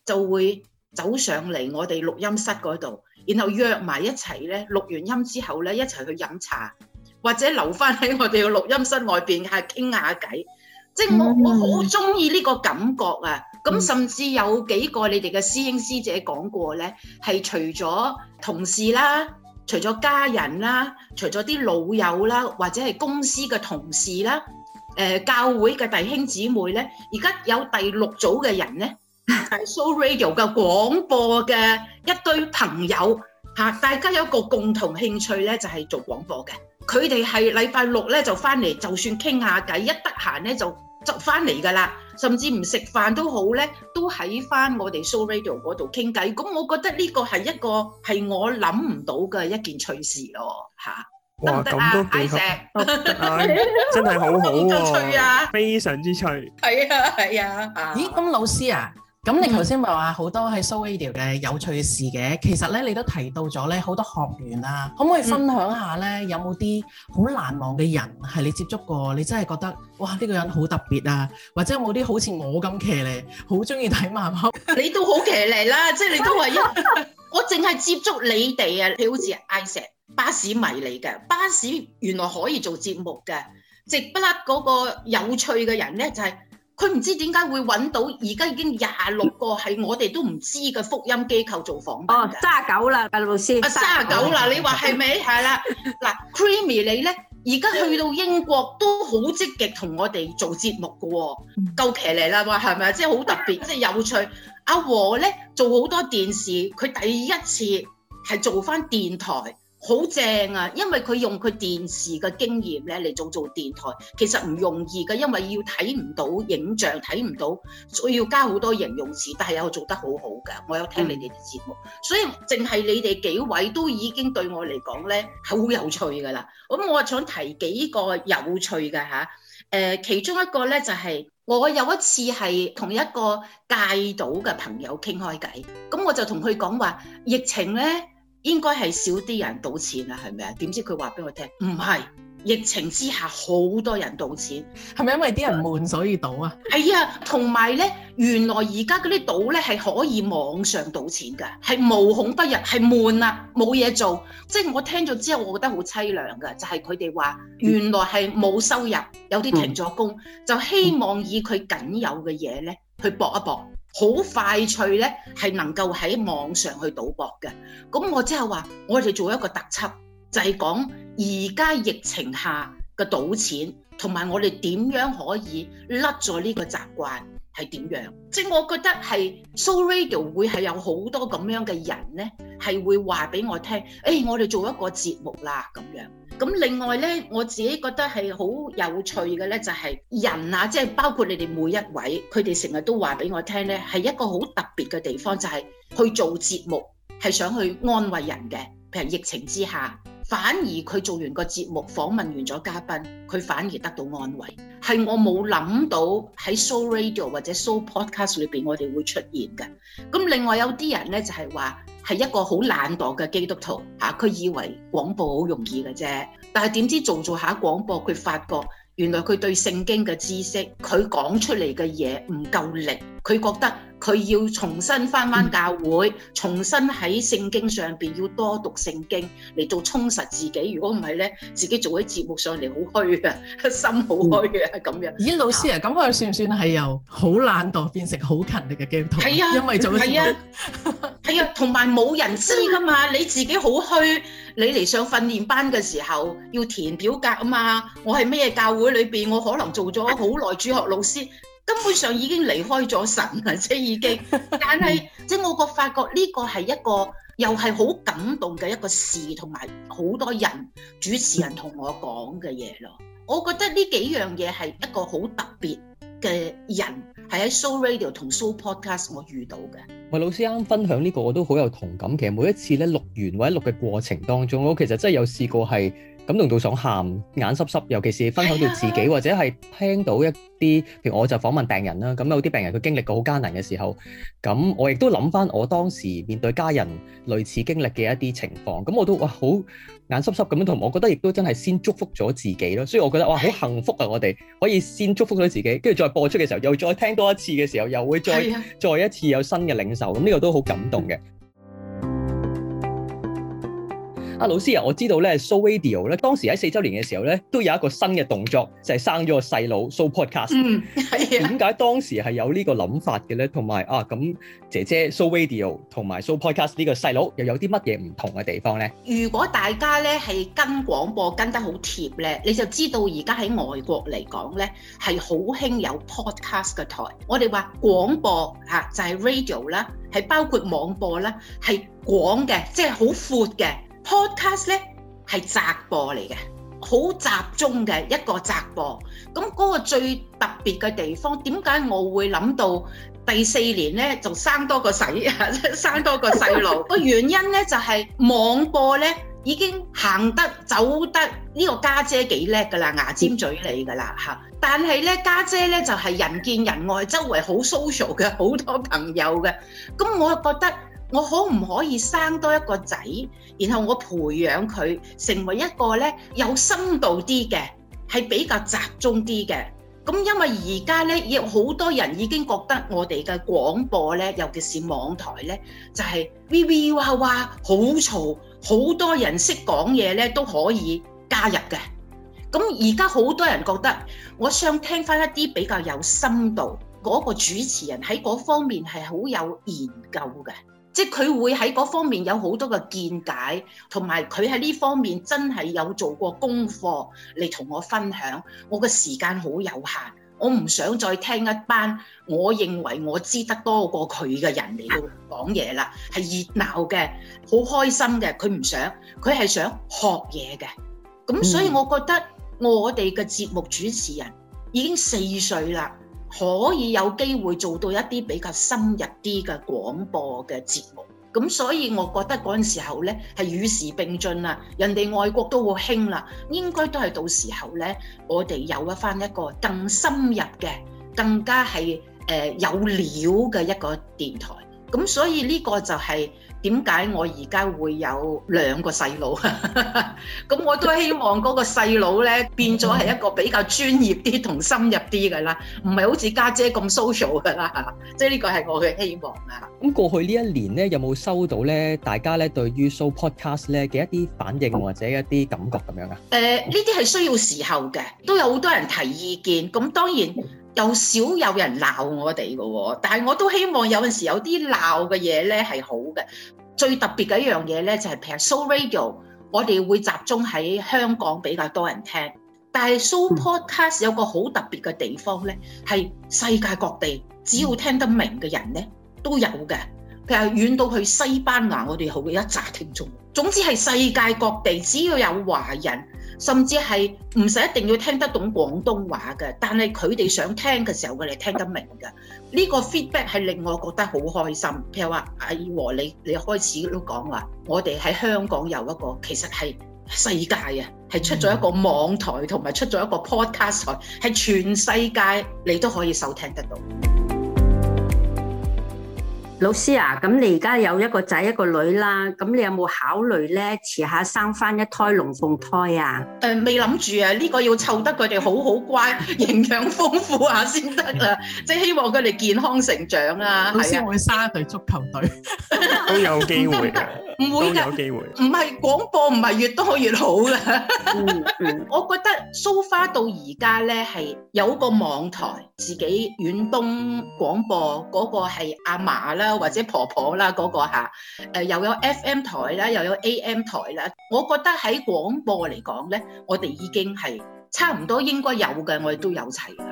就會走上嚟我哋錄音室嗰度。然後約埋一齊咧，錄完音之後咧，一齊去飲茶，或者留返喺我哋個錄音室外邊，係傾下偈。即係我我好中意呢個感覺啊！咁甚至有幾個你哋嘅師兄師姐講過咧，係除咗同事啦，除咗家人啦，除咗啲老友啦，或者係公司嘅同事啦，誒、呃、教會嘅弟兄姊妹咧，而家有第六組嘅人咧。係 So Radio 嘅廣播嘅一堆朋友吓，大家有一個共同興趣咧，就係做廣播嘅。佢哋係禮拜六咧就翻嚟，就算傾下偈，一得閒咧就就翻嚟噶啦。甚至唔食飯都好咧，都喺翻我哋 So Radio 嗰度傾偈。咁我覺得呢個係一個係我諗唔到嘅一件趣事咯，吓得唔得啊，大石、 啊、真係好好趣、啊 啊，非常之趣，係啊係啊。咦，咁老師啊？咁、嗯、你頭先咪話好多係 SoAdeal 嘅有趣嘅事嘅，其實咧你都提到咗咧好多學員啊，可唔可以分享下咧？有冇啲好難忘嘅人係你接觸過？你真係覺得哇呢、呢個人好特別啊？或者有冇啲好似我咁騎呢？好中意睇漫畫，你都好騎呢啦！ 即係你都係一， 我淨係接觸你哋啊！你好似 i s e 巴士迷嚟嘅，巴士原來可以做節目嘅，直不甩嗰個有趣嘅人咧就係、係。佢唔知點解會揾到而家已經廿六個係我哋都唔知嘅福音機構做訪問。哦，卅九啦，阿老師。啊，卅九啦，你話係咪？係啦，嗱，Creamy 你咧，而家去到英國都好積極同我哋做節目嘅喎、哦，夠騎呢啦，係咪？即係好特別，即係有趣。阿和咧做好多電視，佢第一次係做翻電台。好正啊！因為佢用佢電視嘅經驗咧嚟做做電台，其實唔容易嘅，因為要睇唔到影像，睇唔到，所以要加好多形容詞。但係又做得好好嘅，我有聽你哋啲節目，嗯、所以淨係你哋幾位都已經對我嚟講咧，係好有趣㗎啦。咁我想提幾個有趣嘅吓。其中一個咧就係、是、我有一次係同一個戒到嘅朋友傾開偈，咁我就同佢講話疫情咧。應該係少啲人賭錢呀，係咪啊？點知佢話俾我聽，唔係，疫情之下好多人賭錢，係咪因為啲人悶所以賭啊？係啊，同埋咧，原來而家嗰啲賭咧係可以網上賭錢㗎，係無孔不入，係悶啊，冇嘢做，即係我聽咗之後，我覺得好淒涼㗎，就係佢哋話原來係冇收入，有啲停咗工，嗯，就希望以佢僅有嘅嘢咧去搏一搏。好快脆咧，係能夠喺網上去賭博嘅。咁我即係話，我哋做一個特輯，就係講而家疫情下嘅賭錢，同埋我哋點樣可以甩咗呢個習慣。係點樣？即係我覺得係 so radio 會係有好多咁樣嘅人呢，係會話俾我聽。誒，我哋做一個節目啦咁樣。咁另外呢，我自己覺得係好有趣嘅呢，就係人啊，即係包括你哋每一位，佢哋成日都話俾我聽呢，係一個好特別嘅地方，就係去做節目係想去安慰人嘅，譬如疫情之下。反而佢做完個節目訪問完咗嘉賓，佢反而得到安慰。係我冇諗到喺 show radio 或者 show podcast 裏邊，我哋會出現嘅。咁另外有啲人呢，就係話係一個好懶惰嘅基督徒嚇，佢、啊、以為廣播好容易嘅啫，但係點知做做下廣播，佢發覺原來佢對聖經嘅知識，佢講出嚟嘅嘢唔夠力，佢覺得。佢要重新返返教會，嗯、重新喺聖經上邊要多讀聖經嚟做充實自己。如果唔係咧，自己做喺節目上嚟好虛嘅，心好虛嘅係咁樣、嗯。咦，老師啊，咁、啊、我算唔算係由好懶惰變成好勤力嘅基督徒？係啊，因為做係啊，係 啊，同埋冇人知噶嘛。你自己好虛，你嚟上訓練班嘅時候要填表格啊嘛。我係咩教會裏邊？我可能做咗好耐主學老師。根本上已經離開咗神喇，即已經，但係 即係我覺發覺呢個係一個又係好感動嘅一個事，同埋好多人主持人同我講嘅嘢咯。我覺得呢幾樣嘢係一個好特別嘅人，係喺 Show Radio 同 Show Podcast 我遇到嘅。喂，老師啱啱分享呢個我都好有同感。其實每一次咧錄完或者錄嘅過程當中，我其實真係有試過係。感動到想喊眼濕濕，尤其是分享到自己，哎、或者係聽到一啲，譬如我就訪問病人啦。咁有啲病人佢經歷過好艱難嘅時候，咁我亦都諗翻我當時面對家人類似經歷嘅一啲情況。咁我都哇，好眼濕濕咁樣，同埋我覺得亦都真係先祝福咗自己咯。所以我覺得哇，好幸福啊我！我哋可以先祝福咗自己，跟住再播出嘅時候，又再聽多一次嘅時候，又會再，哎、再一次有新嘅領受。咁呢個都好感動嘅。嗯。啊，老師啊，我知道咧 Show Radio 咧，當時喺四周年嘅時候咧，都有一個新嘅動作，就係、是、生咗個細佬 Show Podcast。嗯，係、啊。點解當時係有這個想呢個諗法嘅咧？同埋啊，咁姐姐 Show Radio 同埋 Show Podcast 呢個細佬又有啲乜嘢唔同嘅地方咧？如果大家咧係跟廣播跟得好貼咧，你就知道而家喺外國嚟講咧係好興有 Podcast 嘅台。我哋話廣播嚇就係、是、Radio 啦，係包括網播啦，係廣嘅，即係好闊嘅。Podcast 咧係雜播嚟嘅，好集中嘅一個雜播。咁嗰個最特別嘅地方，點解我會諗到第四年咧就生多個仔，生多個細路？個 原因咧就係、是、網播咧已經行得走得呢、這個家姐幾叻㗎啦，牙尖嘴利㗎啦嚇。但係咧家姐咧就係、是、人見人愛，周圍好 social 嘅好多朋友嘅。咁我覺得，我可唔可以生多一個仔，然後我培養佢成為一個咧有深度啲嘅，係比較集中啲嘅。咁因為而家咧，有好多人已經覺得我哋嘅廣播咧，尤其是網台咧，就係、是、V V 哇哇好嘈，好多人識講嘢咧都可以加入嘅。咁而家好多人覺得，我想聽翻一啲比較有深度嗰個主持人喺嗰方面係好有研究嘅。即係佢會喺嗰方面有好多嘅見解，同埋佢喺呢方面真係有做過功課嚟同我分享。我嘅時間好有限，我唔想再聽一班我認為我知得多過佢嘅人嚟到講嘢啦，係熱鬧嘅，好開心嘅。佢唔想，佢係想學嘢嘅。咁所以我覺得我哋嘅節目主持人已經四歲啦。可以有機會做到一啲比較深入啲嘅廣播嘅節目，咁所以我覺得嗰陣時候呢係與時並進啦，人哋外國都好興啦，應該都係到時候呢，我哋有一翻一個更深入嘅、更加係誒有料嘅一個電台，咁所以呢個就係、是。點解我而家會有兩個細佬？咁 我都希望嗰個細佬咧變咗係一個比較專業啲同深入啲嘅啦，唔係好似家姐咁 social 嘅啦。即係呢個係我嘅希望啊。咁過去呢一年咧，有冇收到咧？大家咧對於 show podcast 咧嘅一啲反應或者一啲感覺咁樣啊？誒、呃，呢啲係需要時候嘅，都有好多人提意見。咁當然。又少有人鬧我哋嘅喎，但係我都希望有陣時有啲鬧嘅嘢咧係好嘅。最特別嘅一樣嘢咧就係譬如 so radio，我哋會集中喺香港比較多人聽。但係 so podcast 有個好特別嘅地方咧，係世界各地只要聽得明嘅人咧都有嘅。譬如遠到去西班牙，我哋好嘅一扎聽眾。總之係世界各地只要有華人。甚至係唔使一定要聽得懂廣東話嘅，但係佢哋想聽嘅時候，佢哋聽得明嘅。呢個 feedback 係令我覺得好開心。譬如話，阿、哎、和你，你開始都講話，我哋喺香港有一個，其實係世界啊，係出咗一個網台同埋出咗一個 podcast 台，係全世界你都可以收聽得到。老師啊，咁你而家有一個仔一個女啦，咁你有冇考慮咧遲下生返一胎龍鳳胎啊？誒、呃，未諗住啊，呢、呢個要湊得佢哋好好乖， 營養豐富下先得啦， 即係希望佢哋健康成長啊！老師，啊、我要生一隊足球隊 都有機會，都有機會嘅，唔會噶，唔係廣播，唔係越多越好噶、 嗯。嗯、 我覺得蘇、so、far 到而家咧係有個網台。自己遠東廣播嗰、那個係阿嫲啦，或者婆婆啦嗰、那個嚇、呃，又有 FM 台啦，又有 AM 台啦。我覺得喺廣播嚟講呢，我哋已經係差唔多應該有嘅，我哋都有齊啦。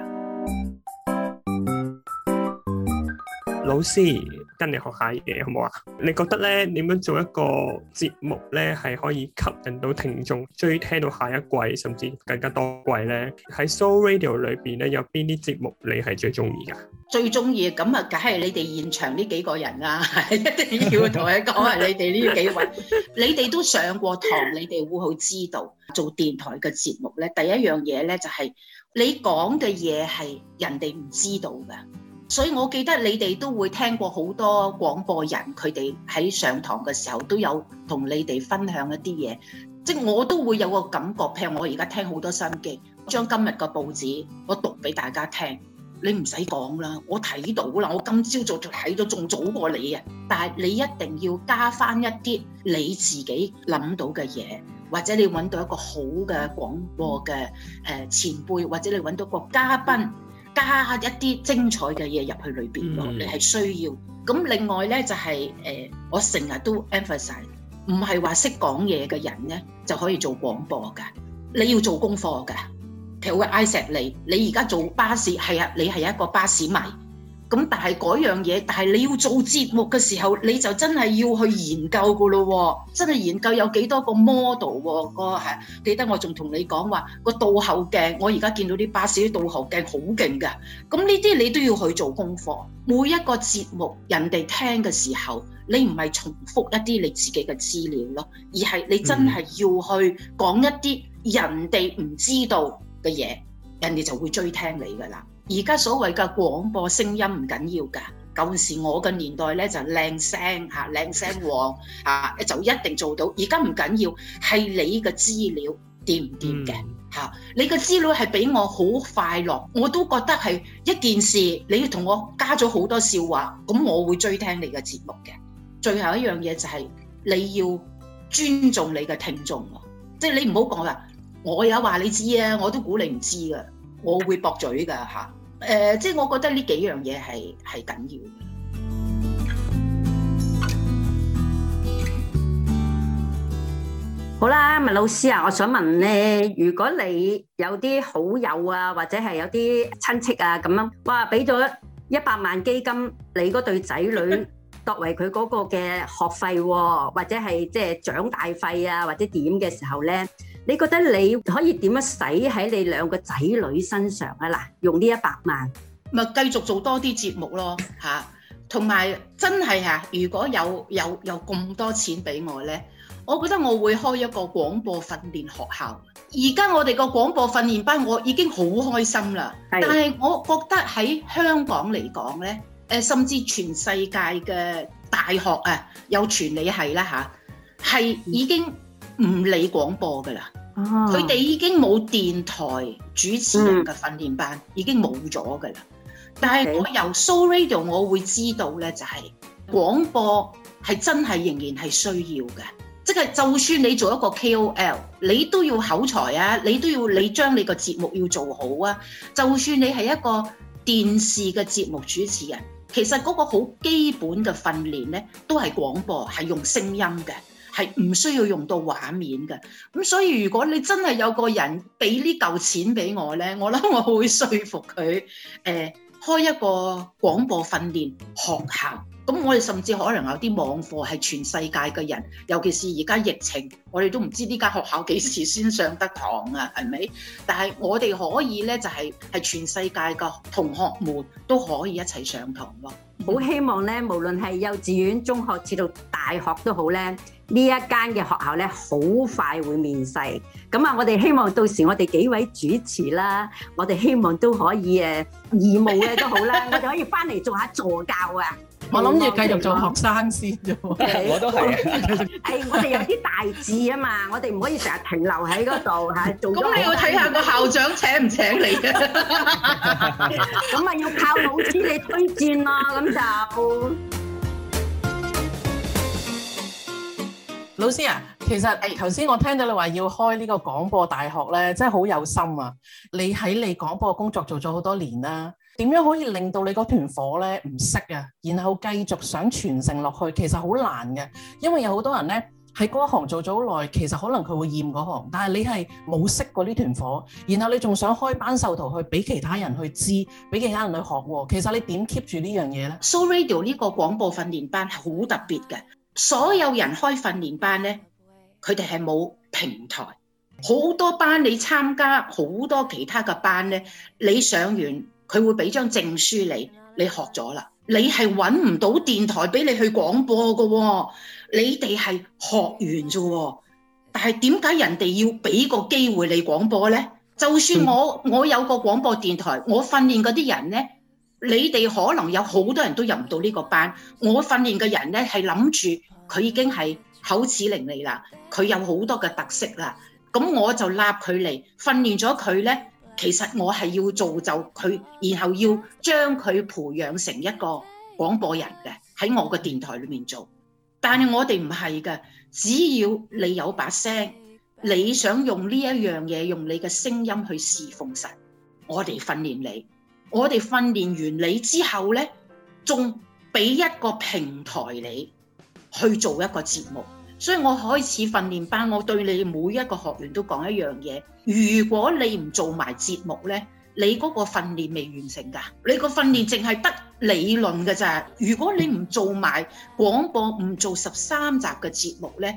老師。跟你學下嘢，好唔好啊？你覺得咧，點樣做一個節目咧係可以吸引到聽眾，追聽到下一季甚至更加多季咧？喺 Show Radio 裏邊咧，有邊啲節目你係最中意噶？最中意咁啊，梗係你哋現場呢幾個人啊， 一定要同我講啊！你哋呢幾位， 你哋都上過堂，你哋會好知道 做電台嘅節目咧。第一樣嘢，咧就係、是、你講嘅嘢係人哋唔知道嘅。所以我記得你哋都會聽過好多廣播人，佢哋喺上堂嘅時候都有同你哋分享一啲嘢。即係我都會有個感覺，譬如我而家聽好多新機，將今日個報紙我讀俾大家聽。你唔使講啦，我睇到啦，我今朝早就睇到，仲早過你啊！但係你一定要加翻一啲你自己諗到嘅嘢，或者你揾到一個好嘅廣播嘅誒前輩，或者你揾到個嘉賓。加一啲精彩嘅嘢入去裏邊咯，你係需要。咁、嗯、另外咧就係、是、誒、呃，我成日都 emphasize，唔係話識講嘢嘅人咧就可以做廣播噶，你要做功課噶。譬如我嗌石你，你而家做巴士，係啊，你係一個巴士迷。咁但係嗰樣嘢，但係你要做節目嘅時候，你就真係要去研究㗎咯喎，真係研究有幾多個 model 喎，嗰個係。記得我仲同你講話個倒後鏡，我而家見到啲巴士啲倒後鏡好勁㗎。咁呢啲你都要去做功課。每一個節目人哋聽嘅時候，你唔係重複一啲你自己嘅資料咯，而係你真係要去講一啲人哋唔知道嘅嘢，嗯，人哋就會追聽你㗎啦。而家所謂嘅廣播聲音唔緊要㗎，舊時我嘅年代咧就靚聲嚇靚聲旺嚇，啊，就一定做到。而家唔緊要，係你嘅資料掂唔掂嘅嚇？你嘅資料係俾我好快樂，我都覺得係一件事。你要同我加咗好多笑話，咁我會追聽你嘅節目嘅。最後一樣嘢就係、係、你要尊重你嘅聽眾，即、就、係、係、你唔好講話，我有話你知啊，我都估你唔知㗎，我會駁嘴㗎嚇。啊誒，即係我覺得呢幾樣嘢係係緊要嘅。好啦，問老師啊，我想問咧，如果你有啲好友啊，或者係有啲親戚啊咁樣，哇，俾咗一百萬基金你嗰對仔女作為佢嗰個嘅學費，或者係即係長大費啊，或者點嘅時候咧？你覺得你可以點樣使喺你兩個仔女身上啊？嗱，用呢一百萬，咪繼續做多啲節目咯，嚇！同埋真係嚇，如果有有有咁多錢俾我咧，我覺得我會開一個廣播訓練學校。而家我哋個廣播訓練班，我已經好開心啦。係，但係我覺得喺香港嚟講咧，誒，甚至全世界嘅大學啊，有傳理系啦嚇，係已經唔理廣播噶啦。佢哋已經冇電台主持人嘅訓練班，嗯、已經冇咗㗎喇。但係我由 Soradio，我會知道咧，就係、係、廣播係真係仍然係需要嘅。即、就、係、係、就算你做一個 KOL，你都要口才啊，你都要你將你個節目要做好啊。就算你係一個電視嘅節目主持人，其實嗰個好基本嘅訓練咧，都係廣播係用聲音嘅。係唔需要用到畫面嘅，咁所以如果你真係有個人俾呢嚿錢俾我呢，我諗我會說服佢，誒、欸、開一個廣播訓練學校。咁我哋甚至可能有啲網課係全世界嘅人，尤其是而家疫情，我哋都唔知呢間學校幾時先上得堂啊？係咪？但係我哋可以呢，就係、是、係全世界嘅同學們都可以一齊上堂咯。好希望呢，無論係幼稚園、中學至到大學都好咧。呢一間嘅學校咧，好快會面世。咁啊，我哋希望到時我哋幾位主持啦，我哋希望都可以誒義務嘅都好 啦，我哋可以翻嚟做下助教啊。我諗住繼續做學生先啫，我都係啊。我哋、 哎、有啲大志啊嘛，我哋唔可以成日停留喺嗰度嚇，做咗。咁 你要睇下個校長請唔請你嘅、啊，咁 啊 要靠老師你推薦囉，咁就。老師啊，其實頭先我聽到你話要開呢個廣播大學咧，真係好有心啊！你喺你廣播嘅工作做咗好多年啦、啊，點樣可以令到你嗰團火咧唔熄啊？然後繼續想傳承落去，其實好難嘅，因為有好多人咧喺嗰一行做咗好耐，其實可能佢會厭嗰行，但係你係冇熄過呢團火，然後你仲想開班授徒去俾其他人去知，俾其他人去學喎、啊，其實你點 keep 住呢樣嘢咧？So Radio 呢、這個廣播訓練班係好特別嘅。所有人開訓練班呢，佢哋係冇平台，好多班你參加，好多其他嘅班呢，你上完佢會俾張證書你，你學咗啦，你係揾唔到電台俾你去廣播嘅喎、哦，你哋係學完啫喎，但係點解人哋要俾個機會你廣播呢？就算我我有個廣播電台，我訓練嗰啲人呢。你哋可能有好多人都入唔到呢個班，我訓練嘅人呢係諗住佢已經係口齒伶俐啦，佢有好多嘅特色啦，咁我就立佢嚟訓練咗佢呢。其實我係要造就佢，然後要將佢培養成一個廣播人嘅，喺我嘅電台裏面做。但係我哋唔係嘅，只要你有把聲，你想用呢一樣嘢，用你嘅聲音去侍奉神，我哋訓練你。我哋訓練完你之後呢，仲俾一個平台你去做一個節目，所以我開始訓練班，我對你每一個學員都講一樣嘢：如果你唔做埋節目呢，你嗰個訓練未完成㗎，你個訓練淨係得理論㗎咋。如果你唔做埋廣播，唔做十三集嘅節目呢，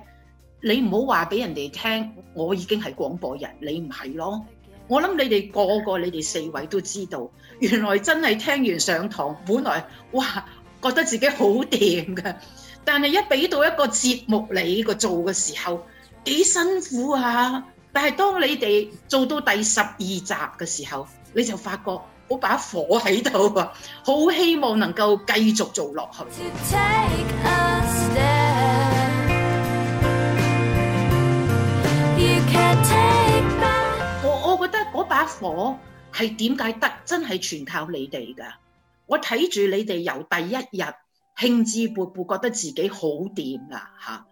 你唔好話俾人哋聽，我已經係廣播人，你唔係咯。我諗你哋個個，你哋四位都知道，原來真係聽完上堂，本來哇覺得自己好掂㗎，但係一俾到一個節目你個做嘅時候幾辛苦啊！但係當你哋做到第十二集嘅時候，你就發覺好把火喺度啊，好希望能夠繼續做落去。一夥係點解得？真係全靠你哋㗎！我睇住你哋由第一日興致勃勃，覺得自己好掂㗎吓，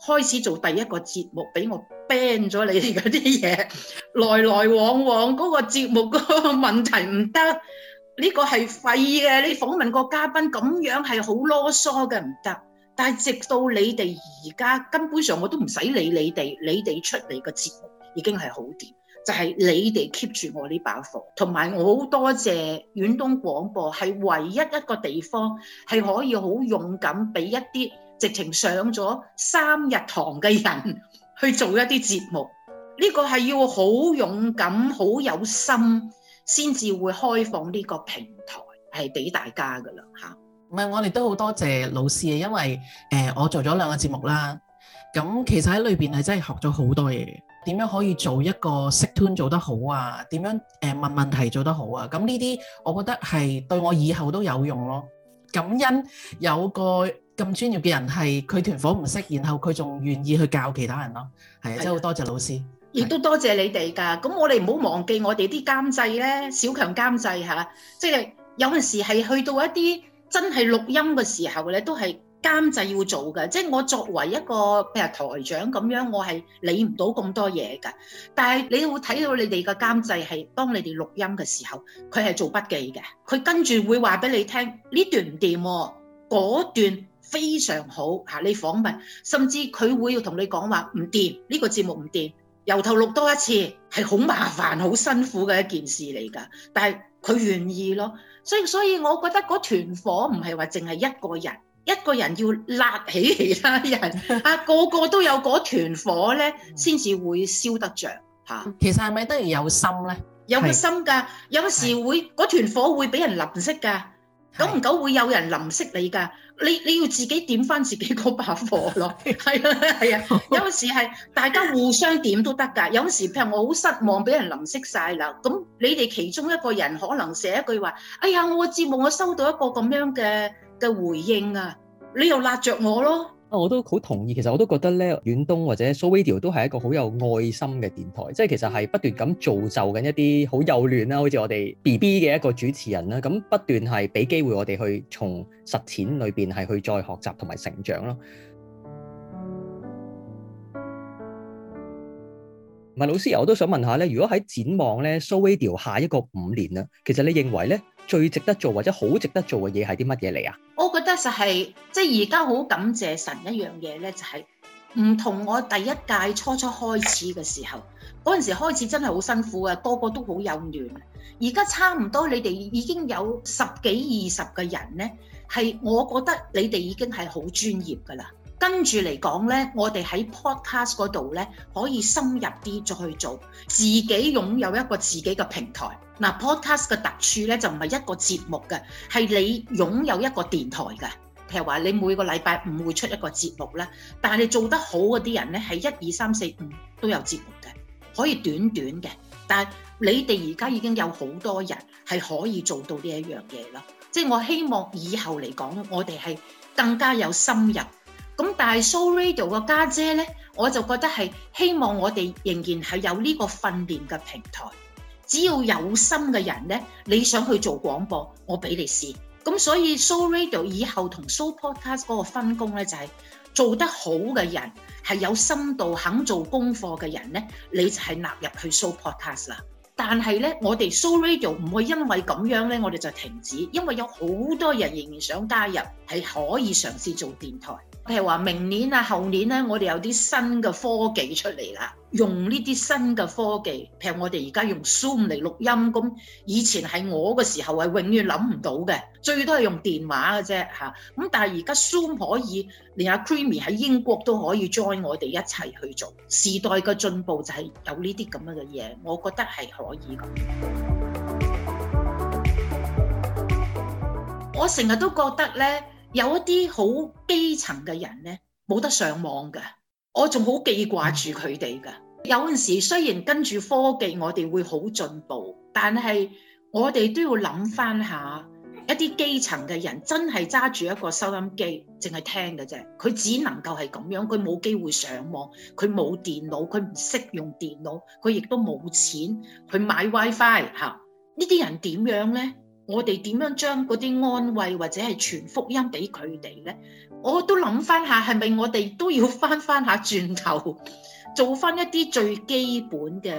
開始做第一個節目，俾我 ban 咗你哋嗰啲嘢， 來來往往嗰、那個節目個問題唔得，呢、這個係廢嘅。你訪問個嘉賓咁樣係好囉嗦嘅，唔得。但係直到你哋而家根本上我都唔使理你哋，你哋出嚟個節目已經係好掂。就係、是、你哋 keep 住我呢把火，同埋我好多謝遠東廣播，係唯一一個地方係可以好勇敢俾一啲直情上咗三日堂嘅人去做一啲節目。呢、這個係要好勇敢、好有心先至會開放呢個平台係俾大家㗎喇吓。唔係，我哋都好多謝老師啊，因為誒、呃、我做咗兩個節目啦。咁其實喺裏邊係真係學咗好多嘢。點樣可以做一個識吞做得好啊？點樣誒問問題做得好啊？咁呢啲我覺得係對我以後都有用咯。感恩有個咁專業嘅人係佢團伙唔識，然後佢仲願意去教其他人咯。係，真係好多謝老師，亦都多謝你哋㗎。咁我哋唔好忘記我哋啲監製咧，小強監製嚇，即係有陣時係去到一啲真係錄音嘅時候咧，都係。監製要做㗎，即係我作為一個譬如台長咁樣，我係理唔到咁多嘢㗎。但係你會睇到你哋嘅監製係當你哋錄音嘅時候，佢係做筆記嘅，佢跟住會話俾你聽呢段唔掂、啊，嗰段非常好嚇、啊。你訪問甚至佢會要同你講話唔掂呢個節目唔掂，由頭錄多一次係好麻煩、好辛苦嘅一件事嚟㗎。但係佢願意咯，所以所以我覺得嗰團火唔係話淨係一個人。一個人要焫起其他人， 啊個個都有嗰團火咧，先至會燒得着。嚇、啊。其實係咪都要有心咧？有個心㗎，有時會嗰團火會俾人淋熄㗎。久唔久會有人淋熄你㗎。你你要自己點翻自己個把火咯。係 啊，係啊。 有時係大家互相點都得㗎。有時譬如我好失望，俾人淋熄晒啦。咁你哋其中一個人可能寫一句話：哎呀，我個節目我收到一個咁樣嘅。嘅回應啊，你又揦着我咯！啊，我都好同意，其實我都覺得咧，遠東或者 So Radio 都係一個好有愛心嘅電台，即係其實係不斷咁造就緊一啲好幼嫩啦，好似我哋 BB 嘅一個主持人啦，咁不斷係俾機會我哋去從實踐裏邊係去再學習同埋成長咯。唔係 老師我都想問下咧，如果喺展望咧，So Radio 下一個五年啊，其實你認為咧，最值得做或者好值得做嘅嘢係啲乜嘢嚟啊？我覺得就係即係而家好感謝神一樣嘢咧，就係、是、唔同我第一屆初初開始嘅時候，嗰陣時開始真係好辛苦啊，個個都好幼嫩。而家差唔多你哋已經有十幾二十個人咧，係我覺得你哋已經係好專業㗎啦。跟住嚟講呢我哋喺 podcast 嗰度呢，可以深入啲再去做，自己擁有一個自己嘅平台。嗱，podcast 嘅特處呢，就唔係一個節目嘅，係你擁有一個電台嘅。譬如話，你每個禮拜五會出一個節目啦，但係你做得好嗰啲人呢，係一二三四五都有節目嘅，可以短短嘅。但係你哋而家已經有好多人係可以做到呢一樣嘢咯。即係我希望以後嚟講，我哋係更加有深入。咁但係 Soradio 個家姐咧，我就覺得係希望我哋仍然係有呢個訓練嘅平台，只要有心嘅人咧，你想去做廣播，我俾你試。咁所以 Soradio 以後同 So Podcast 嗰個分工咧，就係、是、做得好嘅人係有深度肯做功課嘅人咧，你就係納入去 So Podcast 啦。但係咧，我哋 Soradio 唔會因為咁樣咧，我哋就停止，因為有好多人仍然想加入，係可以嘗試做電台。譬如話明年啊、後年咧，我哋有啲新嘅科技出嚟啦，用呢啲新嘅科技，譬如我哋而家用 Zoom 嚟錄音，咁以前係我嘅時候係永遠諗唔到嘅，最多係用電話嘅啫吓。咁但係而家 Zoom 可以，連阿 Creamy 喺英國都可以 join 我哋一齊去做。時代嘅進步就係有呢啲咁樣嘅嘢，我覺得係可以嘅。我成日都覺得咧。有一啲好基層嘅人咧，冇得上網嘅，我仲好記掛住佢哋嘅。有陣時雖然跟住科技，我哋會好進步，但係我哋都要諗翻下一啲基層嘅人，真係揸住一個收音機，淨係聽嘅啫。佢只能夠係咁樣，佢冇機會上網，佢冇電腦，佢唔識用電腦，佢亦都冇錢去買 WiFi。嚇，呢啲人點樣咧？我哋點樣將嗰啲安慰或者係傳福音俾佢哋咧？我都諗翻下，係咪我哋都要翻翻下轉頭，做翻一啲最基本嘅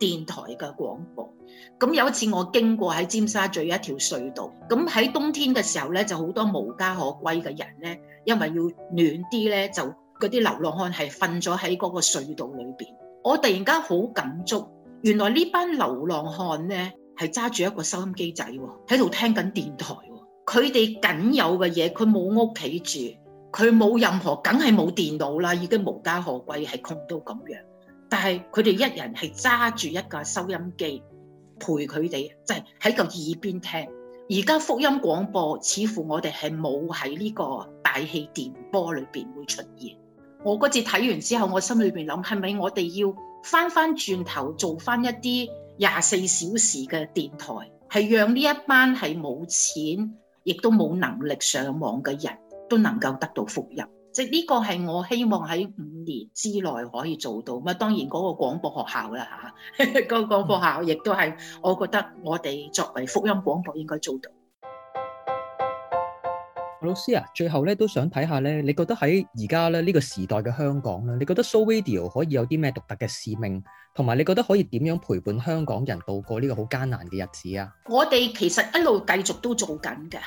電台嘅廣播？咁有一次我經過喺尖沙咀一條隧道，咁喺冬天嘅時候咧，就好多無家可歸嘅人咧，因為要暖啲咧，就嗰啲流浪漢係瞓咗喺嗰個隧道裏邊。我突然間好感觸，原來呢班流浪漢咧。係揸住一個收音機仔喎，喺度聽緊電台喎。佢哋僅有嘅嘢，佢冇屋企住，佢冇任何，梗係冇電腦啦，已經無家可歸，係窮到咁樣。但係佢哋一人係揸住一架收音機陪佢哋，即係喺個耳邊聽。而家福音廣播似乎我哋係冇喺呢個大氣電波裏邊會出現。我嗰次睇完之後，我心裏邊諗係咪我哋要翻翻轉頭做翻一啲？廿四小時嘅電台係讓呢一班係冇錢，亦都冇能力上網嘅人都能夠得到福音，即係呢個係我希望喺五年之內可以做到。啊，當然嗰個廣播學校啦嚇，嗰個廣播學校亦都係我覺得我哋作為福音廣播應該做到。老師啊，最後咧，都想睇下咧，你覺得喺而家咧，呢個時代嘅香港咧，你覺得 So Radio 可以有啲咩獨特嘅使命，同埋你覺得可以點樣陪伴香港人度過呢個好艱難嘅日子啊？我哋其實一路繼續都做緊嘅。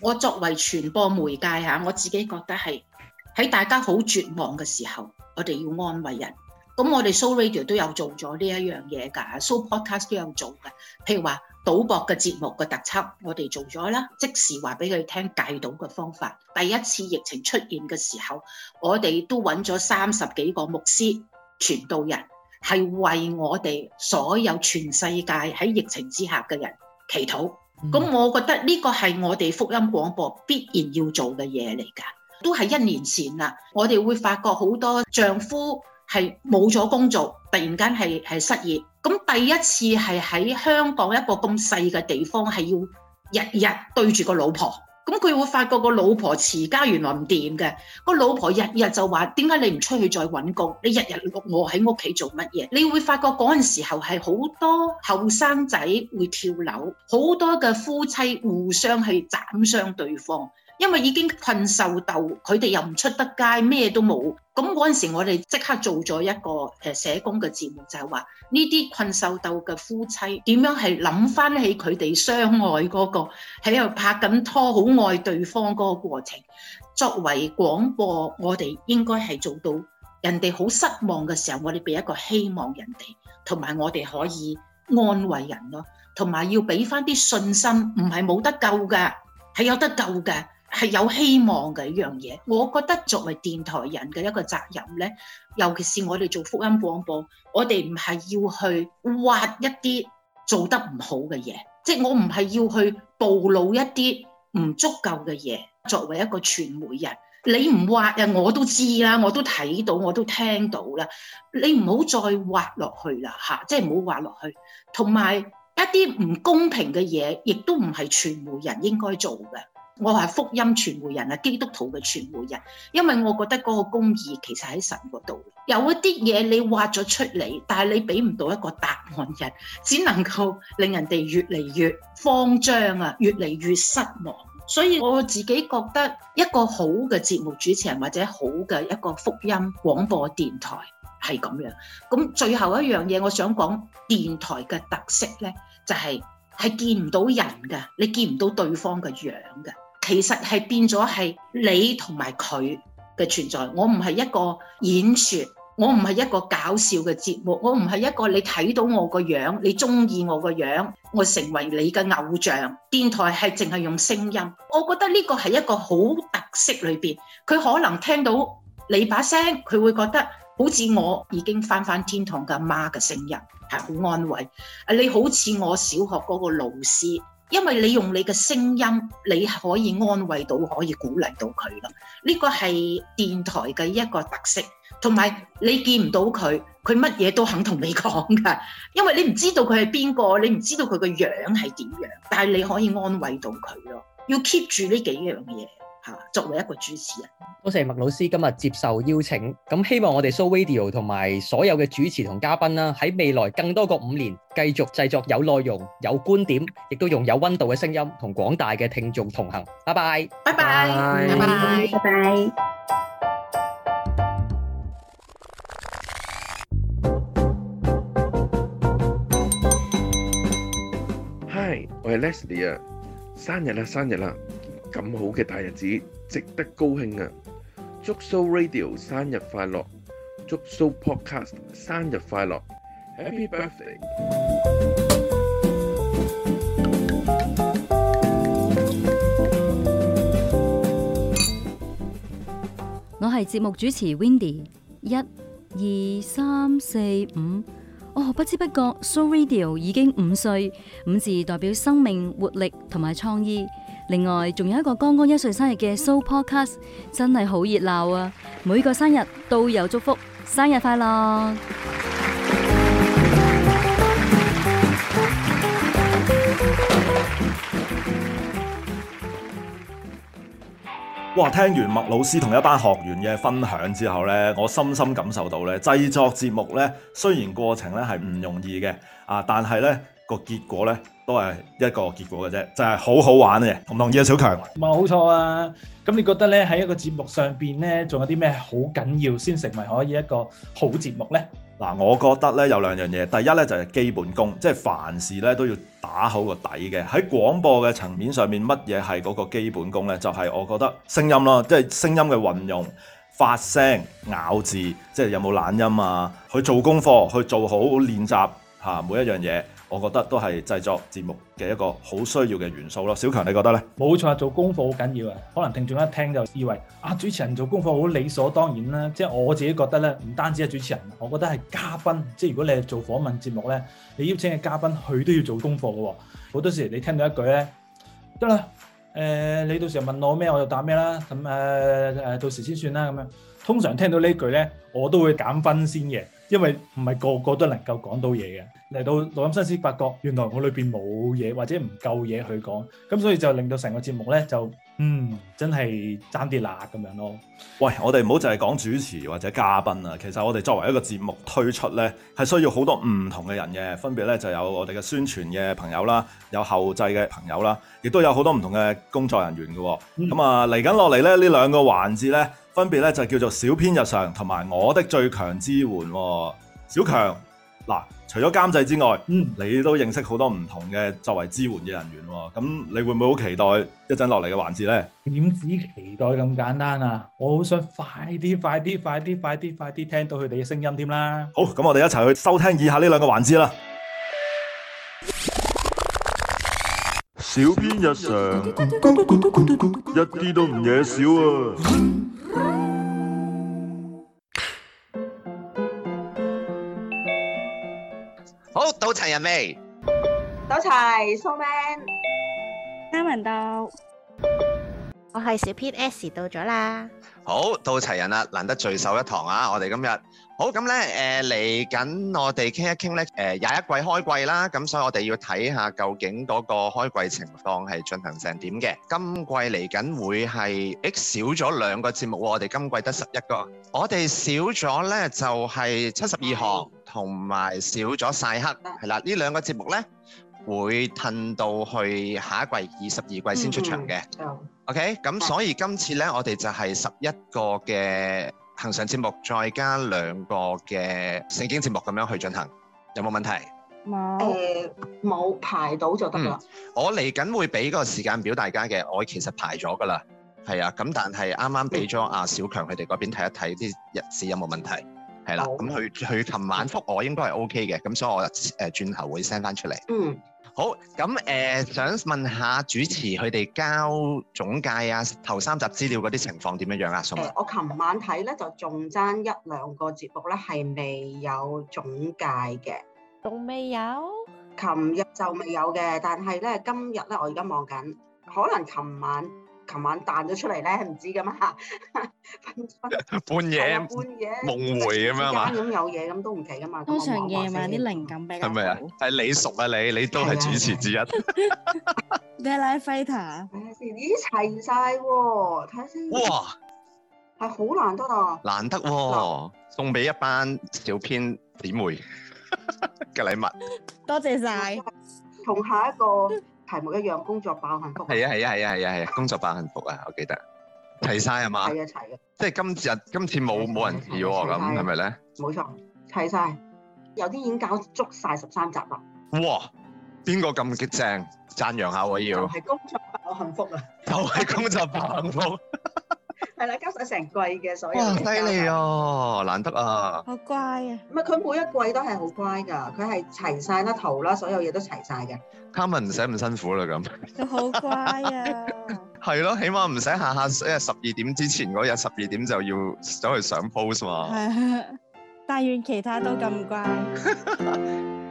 我作為傳播媒介吓，我自己覺得係喺大家好絕望嘅時候，我哋要安慰人。咁我哋 So Radio 都有做咗呢一樣嘢噶，So Podcast 都有做嘅。譬如話。賭博嘅節目嘅特輯，我哋做咗啦，即時話俾佢聽戒賭嘅方法。第一次疫情出現嘅時候，我哋都揾咗三十幾個牧師、傳道人，係為我哋所有全世界喺疫情之下嘅人祈禱。咁、嗯、我覺得呢個係我哋福音廣播必然要做嘅嘢嚟㗎，都係一年前啦。我哋會發覺好多丈夫係冇咗工作。突然間係係失業，咁第一次係喺香港一個咁細嘅地方，係要日日對住個老婆，咁佢會發覺個老婆持家原來唔掂嘅，個老婆日日就話：點解你唔出去再揾工？你日日錄我喺屋企做乜嘢？你會發覺嗰陣時候係好多後生仔會跳樓，好多嘅夫妻互相去斬傷對方。因為已經困獸鬥，佢哋又唔出得街，咩都冇。咁嗰陣時，我哋即刻做咗一個誒社工嘅節目，就係話呢啲困獸鬥嘅夫妻點樣係諗翻起佢哋相愛嗰個喺度拍緊拖，好愛對方嗰個過程。作為廣播，我哋應該係做到人哋好失望嘅時候，我哋俾一個希望人哋，同埋我哋可以安慰人咯，同埋要俾翻啲信心，唔係冇得救㗎，係有得救㗎。係有希望嘅一樣嘢，我覺得作為電台人嘅一個責任咧，尤其是我哋做福音廣播，我哋唔係要去挖一啲做得唔好嘅嘢，即係我唔係要去暴露一啲唔足夠嘅嘢。作為一個傳媒人，你唔挖啊，我都知啦，我都睇到，我都聽到啦，你唔好再挖落去啦嚇，即係唔好挖落去。同埋一啲唔公平嘅嘢，亦都唔係傳媒人應該做嘅。我係福音傳媒人啊，基督徒嘅傳媒人，因為我覺得嗰個公義其實喺神嗰度。有一啲嘢你挖咗出嚟，但係你俾唔到一個答案人，只能夠令人哋越嚟越慌張啊，越嚟越失望。所以我自己覺得一個好嘅節目主持人或者好嘅一個福音廣播電台係咁樣。咁最後一樣嘢我想講，電台嘅特色呢，就係、係、係見唔到人㗎，你見唔到對方嘅樣㗎。其實係變咗係你同埋佢嘅存在，我唔係一個演說，我唔係一個搞笑嘅節目，我唔係一個你睇到我個樣，你中意我個樣，我成為你嘅偶像。電台係淨係用聲音，我覺得呢個係一個好特色裏邊，佢可能聽到你把聲，佢會覺得好似我已經翻翻天堂嘅媽嘅聲音，係好安慰。你好似我小學嗰個老師。因為你用你嘅聲音，你可以安慰到，可以鼓勵到佢啦。呢個係電台嘅一個特色，同埋你見唔到佢，佢乜嘢都肯同你講噶。因為你唔知道佢係邊個，你唔知道佢個樣係點樣，但係你可以安慰到佢咯。要 keep 住呢幾樣嘢。作為一個主持人，多謝麥老師今日接受邀請。咁希望我哋 Show Radio 同埋所有嘅主持同嘉賓啦，喺未來更多個五年，繼續製作有內容、有觀點，亦都用有温度嘅聲音，同廣大嘅聽眾同行。拜拜，拜拜，拜拜，拜拜。Hi，我係 Leslie 啊，生日啦，生日啦！咁好嘅大日子，值得高興啊！祝 Soul Radio 生日快樂，祝 Soul Podcast 生日快樂，Happy Birthday！我係節目主持 Windy，一、二、三、四、五，哦，不知不覺，不過 Soul Radio 已經五歲，五字代表生命活力同埋創意。另外，仲有一個剛剛一歲生日嘅 So Podcast，真係好熱鬧啊！每個生日都有祝福，生日快樂！哇！聽完麥老師同一班學員嘅分享之後呢，我深深感受到呢，製作節目呢，雖然過程呢係唔容易嘅啊，但係呢個結果呢，都係一個結果嘅啫，就係好好玩嘅，同唔同意啊，小強？冇錯啊！咁你覺得咧喺一個節目上邊咧，仲有啲咩好緊要先成為可以一個好節目呢？嗱，我覺得咧有兩樣嘢，第一咧就係基本功，即係凡事咧都要打好個底嘅。喺廣播嘅層面上面，乜嘢係嗰個基本功呢？就係我覺得聲音囉，即係聲音嘅運用、發聲、咬字，即係有冇懶音啊？去做功課，去做好練習，嚇每一樣嘢。我覺得都係製作節目嘅一個好需要嘅元素咯。小強，你覺得咧？冇錯，做功課好緊要啊。可能聽眾一聽就以為啊，主持人做功課好理所當然啦。即係我自己覺得咧，唔單止係主持人，我覺得係嘉賓。即係如果你係做訪問節目咧，你邀請嘅嘉賓佢都要做功課嘅喎。好多時你聽到一句咧，得啦，誒、呃，你到時候問我咩，我就答咩啦。咁誒誒，到時先算啦。咁樣通常聽到呢句咧，我都會減分先嘅，因為唔係個個都能夠講到嘢嘅。嚟到錄音室先發覺原來我裏邊冇嘢或者唔夠嘢去講，咁所以就令到成個節目呢，就嗯真係爭啲啦，咁樣咯。喂，我哋唔好淨係講主持或者嘉賓啊，其實我哋作為一個節目推出呢，係需要好多唔同嘅人嘅，分別呢就有我哋嘅宣傳嘅朋友啦，有後製嘅朋友啦，亦都有好多唔同嘅工作人員嘅。咁、嗯、啊嚟緊落嚟呢，呢兩個環節呢，分別呢就叫做小編日常同埋我的最強支援。小強嗱。除咗監製之外，嗯、你都認識好多唔同嘅作為支援嘅人員喎。咁你會唔會好期待一陣落嚟嘅環節呢？點止期待咁簡單啊！我好想快啲、快啲、快啲、快啲、快啲聽到佢哋嘅聲音添啦！好，咁我哋一齊去收聽以下呢兩個環節啦。小編日常咕咕咕咕一啲都唔嘢少啊！咕咕好，到齊人未？到齊，Superman，啱啱到。我係小編 S 到咗啦，好，到齊人啦，難得聚首一堂啊！我哋今日好咁咧，誒嚟緊我哋傾一傾咧，誒廿一季開季啦，咁所以我哋要睇下究竟嗰個開季情況係進行成點嘅。今季嚟緊會係少咗兩個節目，我哋今季得十一個，我哋少咗咧就係七十二行同埋少咗晒黑，係啦，呢兩個節目咧。會褪到去下一季二十二季先出場嘅、嗯。OK，咁、嗯、所以今次呢，我哋就係十一個嘅恆常節目，再加兩個嘅聖經節目咁樣去進行，有冇問題？冇、嗯，冇排到就得啦。我嚟緊會俾個時間表大家嘅，我其實排咗噶啦。係啊，咁但係啱啱俾咗阿小強佢哋嗰邊睇一睇啲日子有冇問題。係啦，咁佢佢琴晚覆我應該係 OK 嘅，咁、嗯、所以我誒轉頭會 send 翻出嚟。嗯。好，咁誒、呃、想問下主持佢哋交總介啊，頭三集資料嗰啲情況點樣樣啊？呃、我琴晚睇咧就仲爭一兩個節目咧係未有總介嘅。仲未有？琴日就未有嘅，但係咧今日咧我而家望緊，可能琴晚。琴晚彈咗出嚟咧，係唔知㗎嘛，半夜，半夜夢迴咁樣嘛，之間咁有嘢咁都唔奇㗎嘛，通常夜晚啲靈感比較好。係咪啊？係你熟啊你，你都係主持之一。Daily fighter，咦齊曬喎，睇下先。哇，係好難得啊！難得喎，送俾一班小編姊妹嘅禮物。多謝曬，同下一個。題目一樣，工作爆幸福，啊。係啊係啊係啊係啊係啊，工作爆幸福啊！我記得，齊晒啊嘛？係 啊，齊嘅。即係今日今次冇冇人要喎咁，係咪咧？冇錯，齊晒。有啲已經搞足晒十三集啦。哇！邊個咁激正？讚揚下我要。就係、工作爆幸福啊！就係、係、工作爆幸福。 係 啦，加上成季嘅所有嘢，犀利啊，難得啊，好乖啊。唔係佢每一季都係好乖噶，佢係齊晒啦頭啦，所有嘢都齊晒嘅。卡文 m 唔使咁辛苦啦咁。佢好乖啊。係 咯，起碼唔使下下，即十二點之前嗰日十二點就要走去上 post 嘛。但 願其他都咁乖。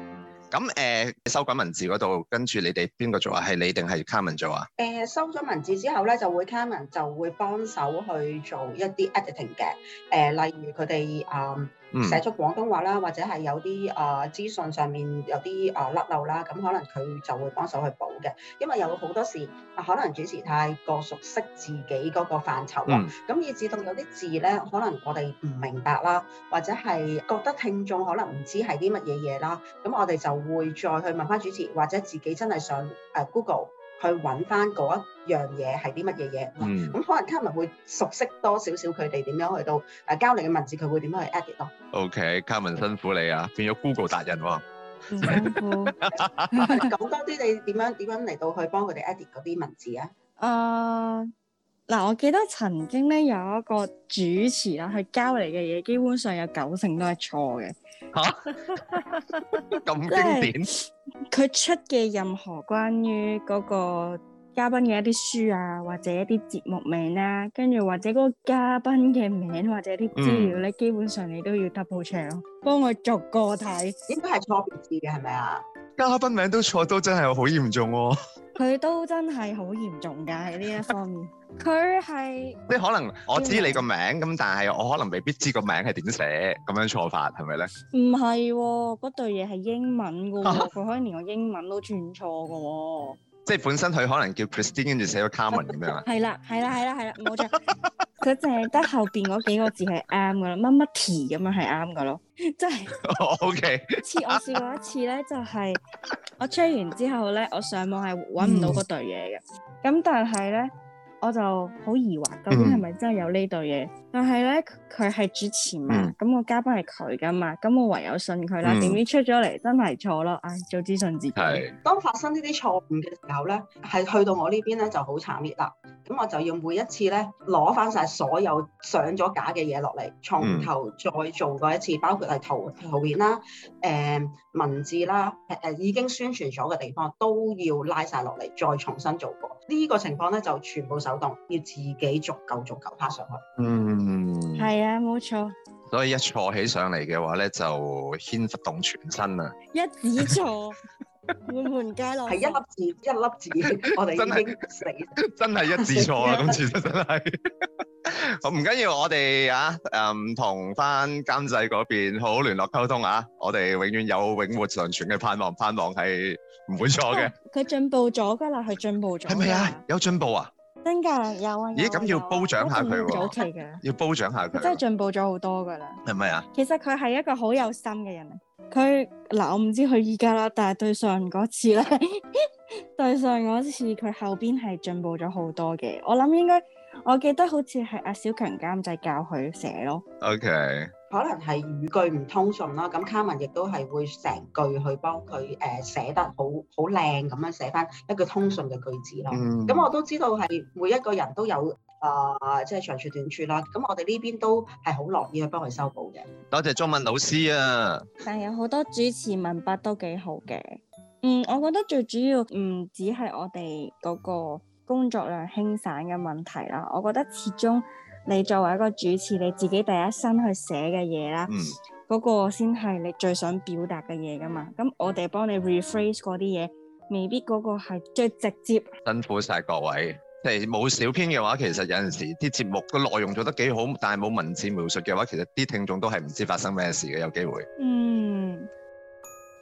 咁誒、呃、收緊文字嗰度，跟住你哋邊個做啊？係你定係 Carmen 做啊、呃？收咗文字之後咧，就會 Carmen 就會幫手去做一啲 editing 嘅、呃。例如佢哋啊寫出廣東話啦，或者係有啲啊、呃、資訊上面有啲啊、呃、甩漏啦，咁可能佢就會幫手去補嘅。因為有好多時、呃、可能主持太過熟悉自己嗰個範疇啦，咁、嗯、以至到有啲字呢，可能我哋唔明白啦，或者係覺得聽眾可能唔知係啲乜嘢嘢啦，咁我哋就會再去問返主持，或者自己真係上、呃、Google。去揾翻嗰一樣嘢係啲乜嘢嘢，咁、嗯嗯、可能卡文會熟悉多少少佢哋點樣去到，誒、啊、交嚟嘅文字佢會點樣去 edit 咯。OK，卡文辛苦你啊， 變咗 Google 達人喎。講 多啲你點樣點樣嚟到去幫佢哋 edit 嗰啲文字啊？誒，嗱，我記得曾經咧有一個主持啦，佢交嚟嘅嘢基本上有九成都係錯嘅。吓，咁經典，佢 出嘅任何關於嗰個嘉賓嘅一啲書啊，或者一啲節目名啦、啊，跟住或者嗰個嘉賓嘅名或者啲資料咧、嗯，基本上你都要 double check，幫我逐個睇，應該係錯別字嘅係咪啊？嘉賓名都錯都真係好嚴重喎，佢都真係好嚴重㗎喺呢一方面，佢 係，即係可能我知你個名咁，但係我可能未必知個名係點寫，咁樣錯法係咪咧？唔係，嗰、哦、對嘢係英文喎。佢、啊、可以連個英文都串錯喎、哦。即本身佢可能叫 Pristine 跟住寫咗 Carmen 咁樣啦。係啦，係啦，係啦，係啦，冇錯，佢淨係得後邊嗰幾個字係啱噶啦，乜 乜 T 咁樣係啱噶咯，即係。O K。我試過一次咧，就係、是、我吹完之後咧，我上網係揾唔到嗰對嘢嘅，咁、嗯、但係咧我就好疑惑，究竟係咪真係有呢對嘢？嗯但係咧，佢係主持嘛，咁、嗯、我嘉賓係佢㗎嘛，咁我唯有信佢啦。點、嗯、知出咗嚟真係錯咯，唉、哎，早知信自己。係。當發生呢啲錯誤嘅時候咧，係去到我這邊呢邊咧就好慘烈啦。咁我就要每一次咧攞翻晒所有上咗架嘅嘢落嚟，從頭再做過一次，嗯、包括係圖圖片啦、誒、呃、文字啦、誒、呃、已經宣傳咗嘅地方都要拉晒落嚟，再重新做過。呢、這個情況咧就全部手動，要自己逐嚿逐嚿拍上去。嗯。嗯，係啊，冇錯。所以一錯起上嚟嘅話咧，就牽動全身啊。一指錯，滿門皆落，係一粒字，一粒字，我哋真係死。真係一字錯啦，咁其實真係。唔緊 要，要，我哋啊，誒、嗯，同翻監製嗰邊好好聯絡溝通啊。我哋永遠有永活長存嘅盼望，盼望係唔會錯嘅。佢進步咗噶啦，佢進步咗。係咪啊？有進步啊？真噶有啊！咦，咁要褒獎下佢喎，早期嘅，要褒獎下佢，真係進步咗好多噶啦，係咪啊？其實佢係一個好有心嘅人，佢嗱，我唔知佢依家啦，但係對上嗰次咧，對上嗰次佢後邊係進步咗好多嘅，我諗應該，我記得好似係阿小強監製教佢寫咯。OK。可能係語句唔通順啦，咁卡文亦都係會成句去幫佢誒寫得好好靚咁樣寫返一個通順嘅句子咯。咁、嗯、我都知道係每一個人都有啊，即、呃、係、即係、長處短處啦。咁我哋呢邊都係好樂意去幫佢修補嘅。多謝中文老師啊！但係有好多主持文筆都幾好嘅。嗯，我覺得最主要唔止係我哋嗰個工作量輕省嘅問題啦，我覺得始終。你作為一個主持，你自己第一身去寫嘅嘢啦，嗰、嗯嗰個先係你最想表達嘅嘢噶嘛。咁我哋幫你 rephrase 嗰啲嘢，未必嗰個係最直接。辛苦晒各位，即係冇小編嘅話，其實有陣時啲節目個內容做得幾好，但係冇文字描述嘅話，其實啲聽眾都係唔知發生咩事嘅，有機會。嗯。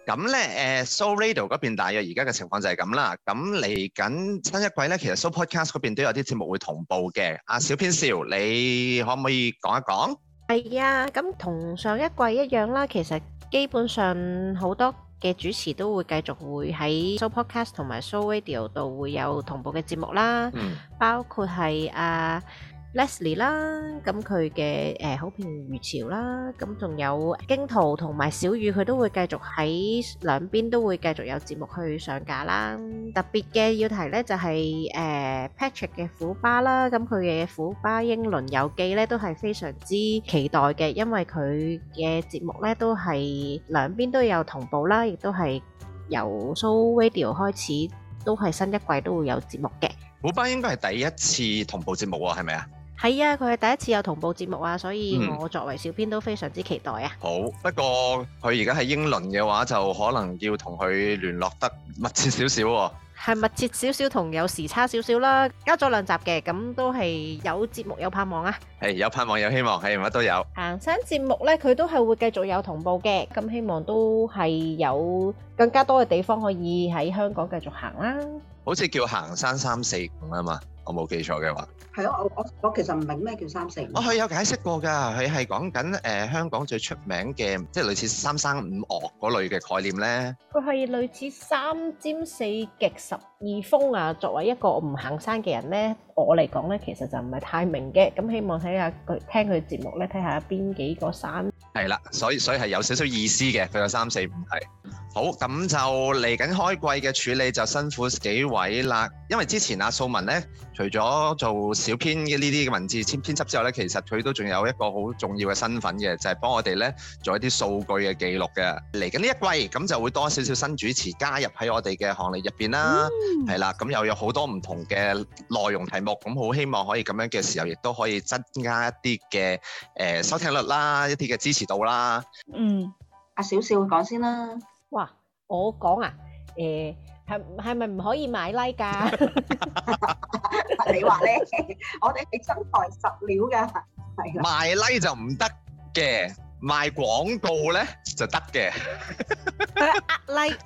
咁咧，誒，Show Radio 嗰邊大約而家嘅情況就係咁啦。咁嚟緊新一季咧，其實 Show Podcast 嗰邊都有啲節目會同步嘅。阿小編少，你可唔可以講一講？係啊，咁同上一季一樣啦。其實基本上好多嘅主持都會繼續會喺 Show Podcast 同埋 Show Radio 度會有同步嘅節目啦。嗯。包括係啊。Leslie 啦，咁佢嘅誒好評如潮啦，咁仲有京圖同埋小雨佢都會繼續喺兩邊都會繼續有節目去上架啦。特別嘅要提咧就係誒 Patrick 嘅虎巴啦，咁佢嘅虎巴英倫遊記咧都係非常之期待嘅，因為佢嘅節目咧都係兩邊都有同步啦，亦都係由 Show Video 開始都係新一季都會有節目嘅。虎巴應該係第一次同步節目喎，係咪啊？係啊，佢係第一次有同步節目啊，所以我作為小編都非常之期待啊。嗯、好，不過佢而家喺英倫嘅話，就可能要同佢聯絡得密切少少，啊。係密切少少，同有時差少少啦。加咗兩集嘅，咁都係有節目有盼望啊。係有盼望有希望，係乜都有。行山節目咧，佢都係會繼續有同步嘅，咁希望都係有更加多嘅地方可以喺香港繼續行啦，啊。好似叫行山三四五啊嘛，我冇記錯嘅話。係咯，我我我其實唔明咩叫三四五。哦，佢有解釋過㗎，佢係講緊誒香港最出名嘅，即係類似三山五岳嗰類嘅概念咧。佢係類似三尖四極十二峯啊。作為一個唔行山嘅人咧，我嚟講咧，其實就唔係太明嘅。咁希望睇下佢聽佢節目咧，睇下邊幾個山。係啦，所以所以係有少少意思嘅，佢有三四五係。好，咁就嚟緊開季嘅處理就辛苦幾位啦。因為之前阿素文咧。除咗做小編嘅呢啲嘅文字編編輯之外咧，其實佢都仲有一個好重要嘅身份嘅，就係、是、幫我哋咧做一啲數據嘅記錄嘅。嚟緊呢一季咁就會多少少新主持加入喺我哋嘅行列入邊啦，係、嗯、啦，咁又有好多唔同嘅內容題目，咁好希望可以咁樣嘅時候，亦都可以增加一啲嘅誒收聽率啦，一啲嘅支持度啦。嗯，阿少少講先啦。哇，我講啊，誒、欸。係係咪唔可以買拉、like、㗎？ 你話說咧呢， 我哋係真材實料㗎。係啦，買拉、like、就唔得嘅，賣廣告咧就得嘅。呃 拉、啊。Like.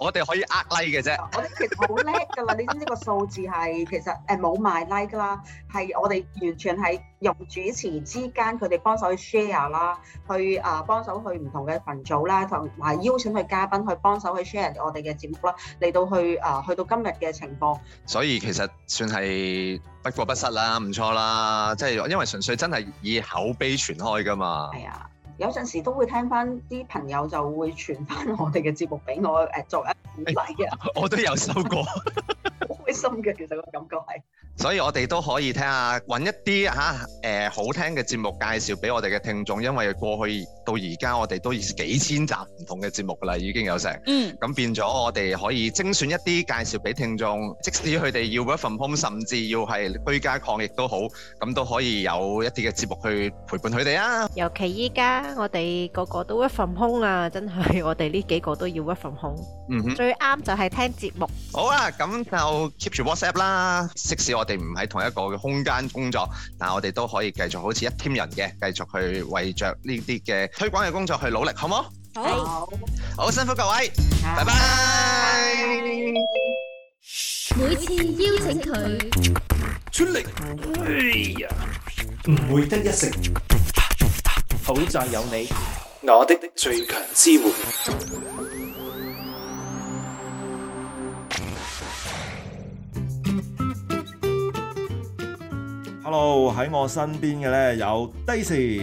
我哋可以呃 like 嘅啫， 我哋其實好叻噶啦，你知唔知個數字係其實誒冇賣 like 啦，係我哋完全係用主持之間佢哋幫手去 share 啦，呃、去啊幫手去唔同嘅群組啦，同埋邀請去嘉賓去幫手去 share 我哋嘅節目啦，嚟到去啊、呃、去到今日嘅情況，所以其實算係不過不失啦，唔錯啦，即係因為純粹真係以口碑傳開噶嘛。係啊。有陣時都會聽翻啲朋友就會傳翻我哋嘅節目俾我，誒作為一啲鼓勵嘅，我都有收過。 好開心嘅，其實個感覺係，所以我哋都可以聽下，搵一啲吓，誒好聽嘅節目介紹俾我哋嘅聽眾，因為過去到而家，我哋都已經幾千集唔同嘅節目噶啦，已經有成，嗯，咁變咗我哋可以精選一啲介紹俾聽眾，即使佢哋要 work from home，甚至要係居家抗疫都好，咁都可以有一啲嘅節目去陪伴佢哋啊。尤其依家我哋個個都 work from home 啊，真係我哋呢幾個都要 work from home，嗯，最啱就係聽節目。好啊，咁就。keep 住 WhatsApp 啦，即使我哋唔喺同一個空間工作，但係我哋都可以繼續好似一 team 人嘅，繼續去為著呢啲嘅推廣嘅工作去努力，好冇？好，好辛苦各位，拜拜。每次邀請佢出嚟，哎呀，唔會得一成，好在有你，我的最強支援。Hello，喺我身邊嘅咧有 Daisy。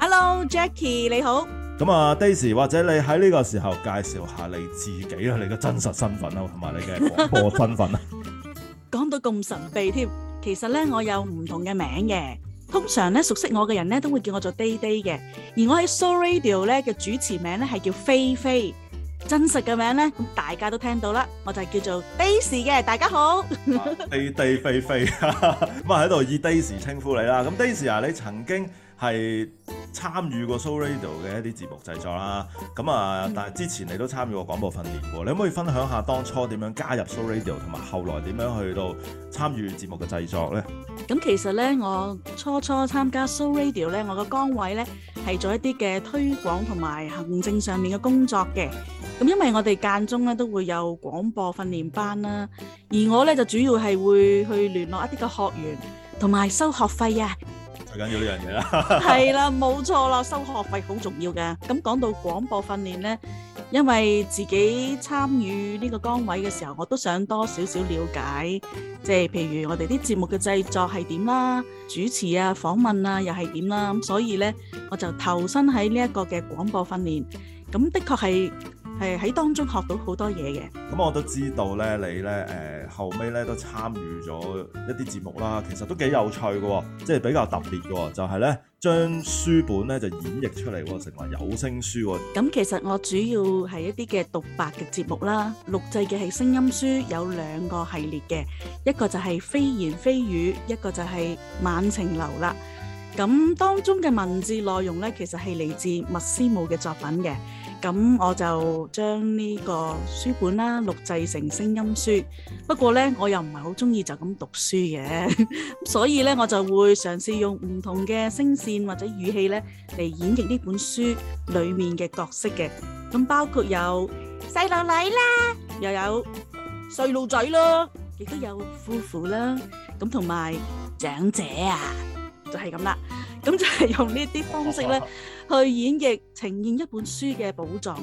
Hello，Jackie 你好。咁啊，Daisy 或者你喺呢個時候介紹下你自己啦，你嘅真實身份啦，同埋你嘅廣播身份啦。講 到咁神秘添，其實咧我有唔同嘅名嘅。通常咧熟悉我嘅人咧都會叫我做 Day Day 嘅，而我喺 Show Radio 咧嘅主持名咧係叫菲菲。真實嘅名呢，大家都聽到啦，我就係叫做 d a i s y 嘅，大家好， 地地肥肥咁啊喺度以 d i s y 稱呼你啦，咁 Dee 士啊，你曾經係參與過 Soul Radio 嘅一啲節目製作啦，咁啊，但係之前你都參與過廣播訓練喎，你可唔可以分享下當初點樣加入 Soul Radio，同埋後來點樣去到參與節目嘅製作呢？咁其實呢，我初初參加 Soul Radio 呢我個崗位呢係做一啲嘅推廣同埋行政上面嘅工作嘅。咁因為我哋間中呢都會有廣播訓練班啦，而我呢就主要係會去聯絡一啲嘅學員，同埋收學費啊。最緊要呢樣嘢啦，係 啦，冇錯啦，收學費好重要嘅。咁講到廣播訓練呢，因為自己參與呢個崗位嘅時候，我都想多少少了解，即係譬如我哋啲節目嘅製作係點啦，主持啊、訪問啊又係點啦。咁所以呢，我就投身喺呢一個嘅廣播訓練。咁的確係。誒，喺當中學到好多嘢嘅。咁我都知道咧，你咧誒、呃、後尾咧都參與咗一啲節目啦，其實都幾有趣噶，即係比較特別噶，就係咧將書本咧就演繹出嚟，成為有聲書。咁其實我主要係一啲嘅獨白嘅節目啦，錄製嘅係聲音書有兩個系列嘅，一個就係、是《飛言飛語》，一個就係、是《晚晴樓》啦。咁當中嘅文字內容咧，其實係嚟自麥斯姆嘅作品嘅。咁我就將呢個書本啦錄製成聲音書。不過呢，我又唔係好中意就咁讀書嘅， 所以呢，我就會嘗試用唔同嘅聲線或者語氣呢嚟演繹呢本書裡面嘅角色嘅。咁包括有細路女啦，又有細路仔咯，亦都有夫婦啦，咁同埋長者啊，就係咁啦。咁就係用呢啲方式呢。 去演繹呈現一本書嘅寶藏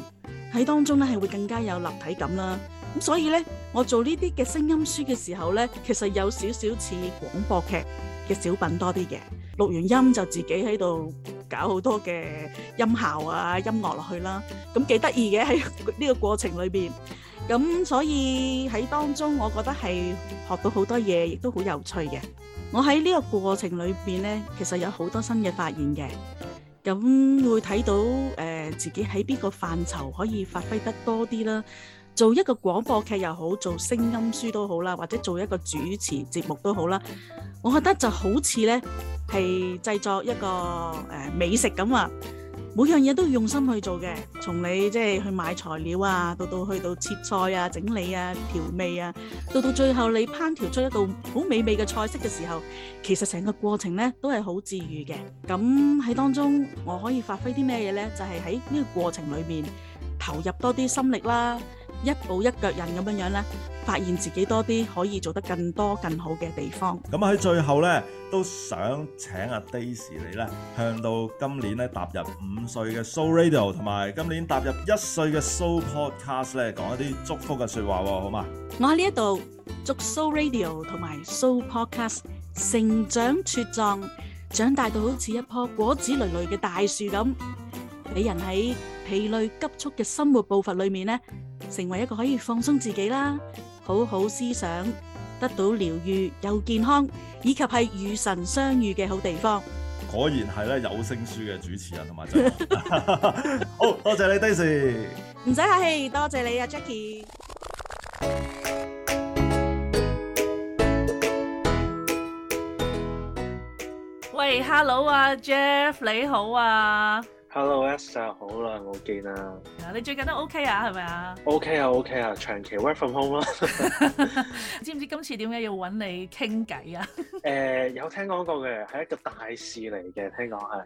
喺當中咧係會更加有立體感啦，咁所以咧我做呢啲嘅聲音書嘅時候咧，其實有少少似廣播劇嘅小品多啲嘅，錄完音就自己喺度搞好多嘅音效啊音樂落去啦，咁幾得意嘅喺呢個過程裏邊，咁所以喺當中我覺得係學到好多嘢，亦都好有趣嘅。我喺呢個過程裏邊咧，其實有好多新嘅發現嘅。咁會睇到誒自己喺邊個範疇可以發揮得多啲啦，做一個廣播劇又好，做聲音書都好啦，或者做一個主持節目都好啦。我覺得就好似呢，係製作一個誒美食咁啊～每樣嘢都要用心去做嘅，從你即係去買材料啊，到到去到切菜啊、整理啊、調味啊，到到最後你烹調出一道好美味嘅菜式嘅時候，其實成個過程呢都係好治愈嘅。咁喺當中我可以發揮啲咩嘢呢？就係喺呢個過程裏面投入多啲心力啦。一步一腳印咁樣樣咧，發現自己多啲可以做得更多更好嘅地方。咁啊喺最後咧，都想請阿 Daisy 嚟咧，向到今年咧踏入五歲嘅 So Radio 同埋今年踏入一歲嘅 So Podcast 咧，講一啲祝福嘅説話喎，好嘛？我喺呢一度祝 So Radio 同埋 So Podcast 成長茁壯，長大到好似一棵果子累累嘅大樹咁，俾人喺疲累急促嘅生活步伐裏面咧～成為一個可以放鬆自己啦，好好思想，得到療癒又健康，以及係與神相遇嘅好地方。果然係咧，有聲書嘅主持人同埋就好。多謝你，Daisy。唔使客氣，多謝你啊，Jackie。喂，Hello 啊，Jeff，你好啊。Hello Esther，好耐冇見啦。你最近都 OK 啊，係咪啊？OK 啊，OK 啊，長期 work from home 咯。知唔知今次點解要揾你傾偈啊？誒、 啊 呃，有聽講過嘅，係一個大事嚟嘅，聽講係。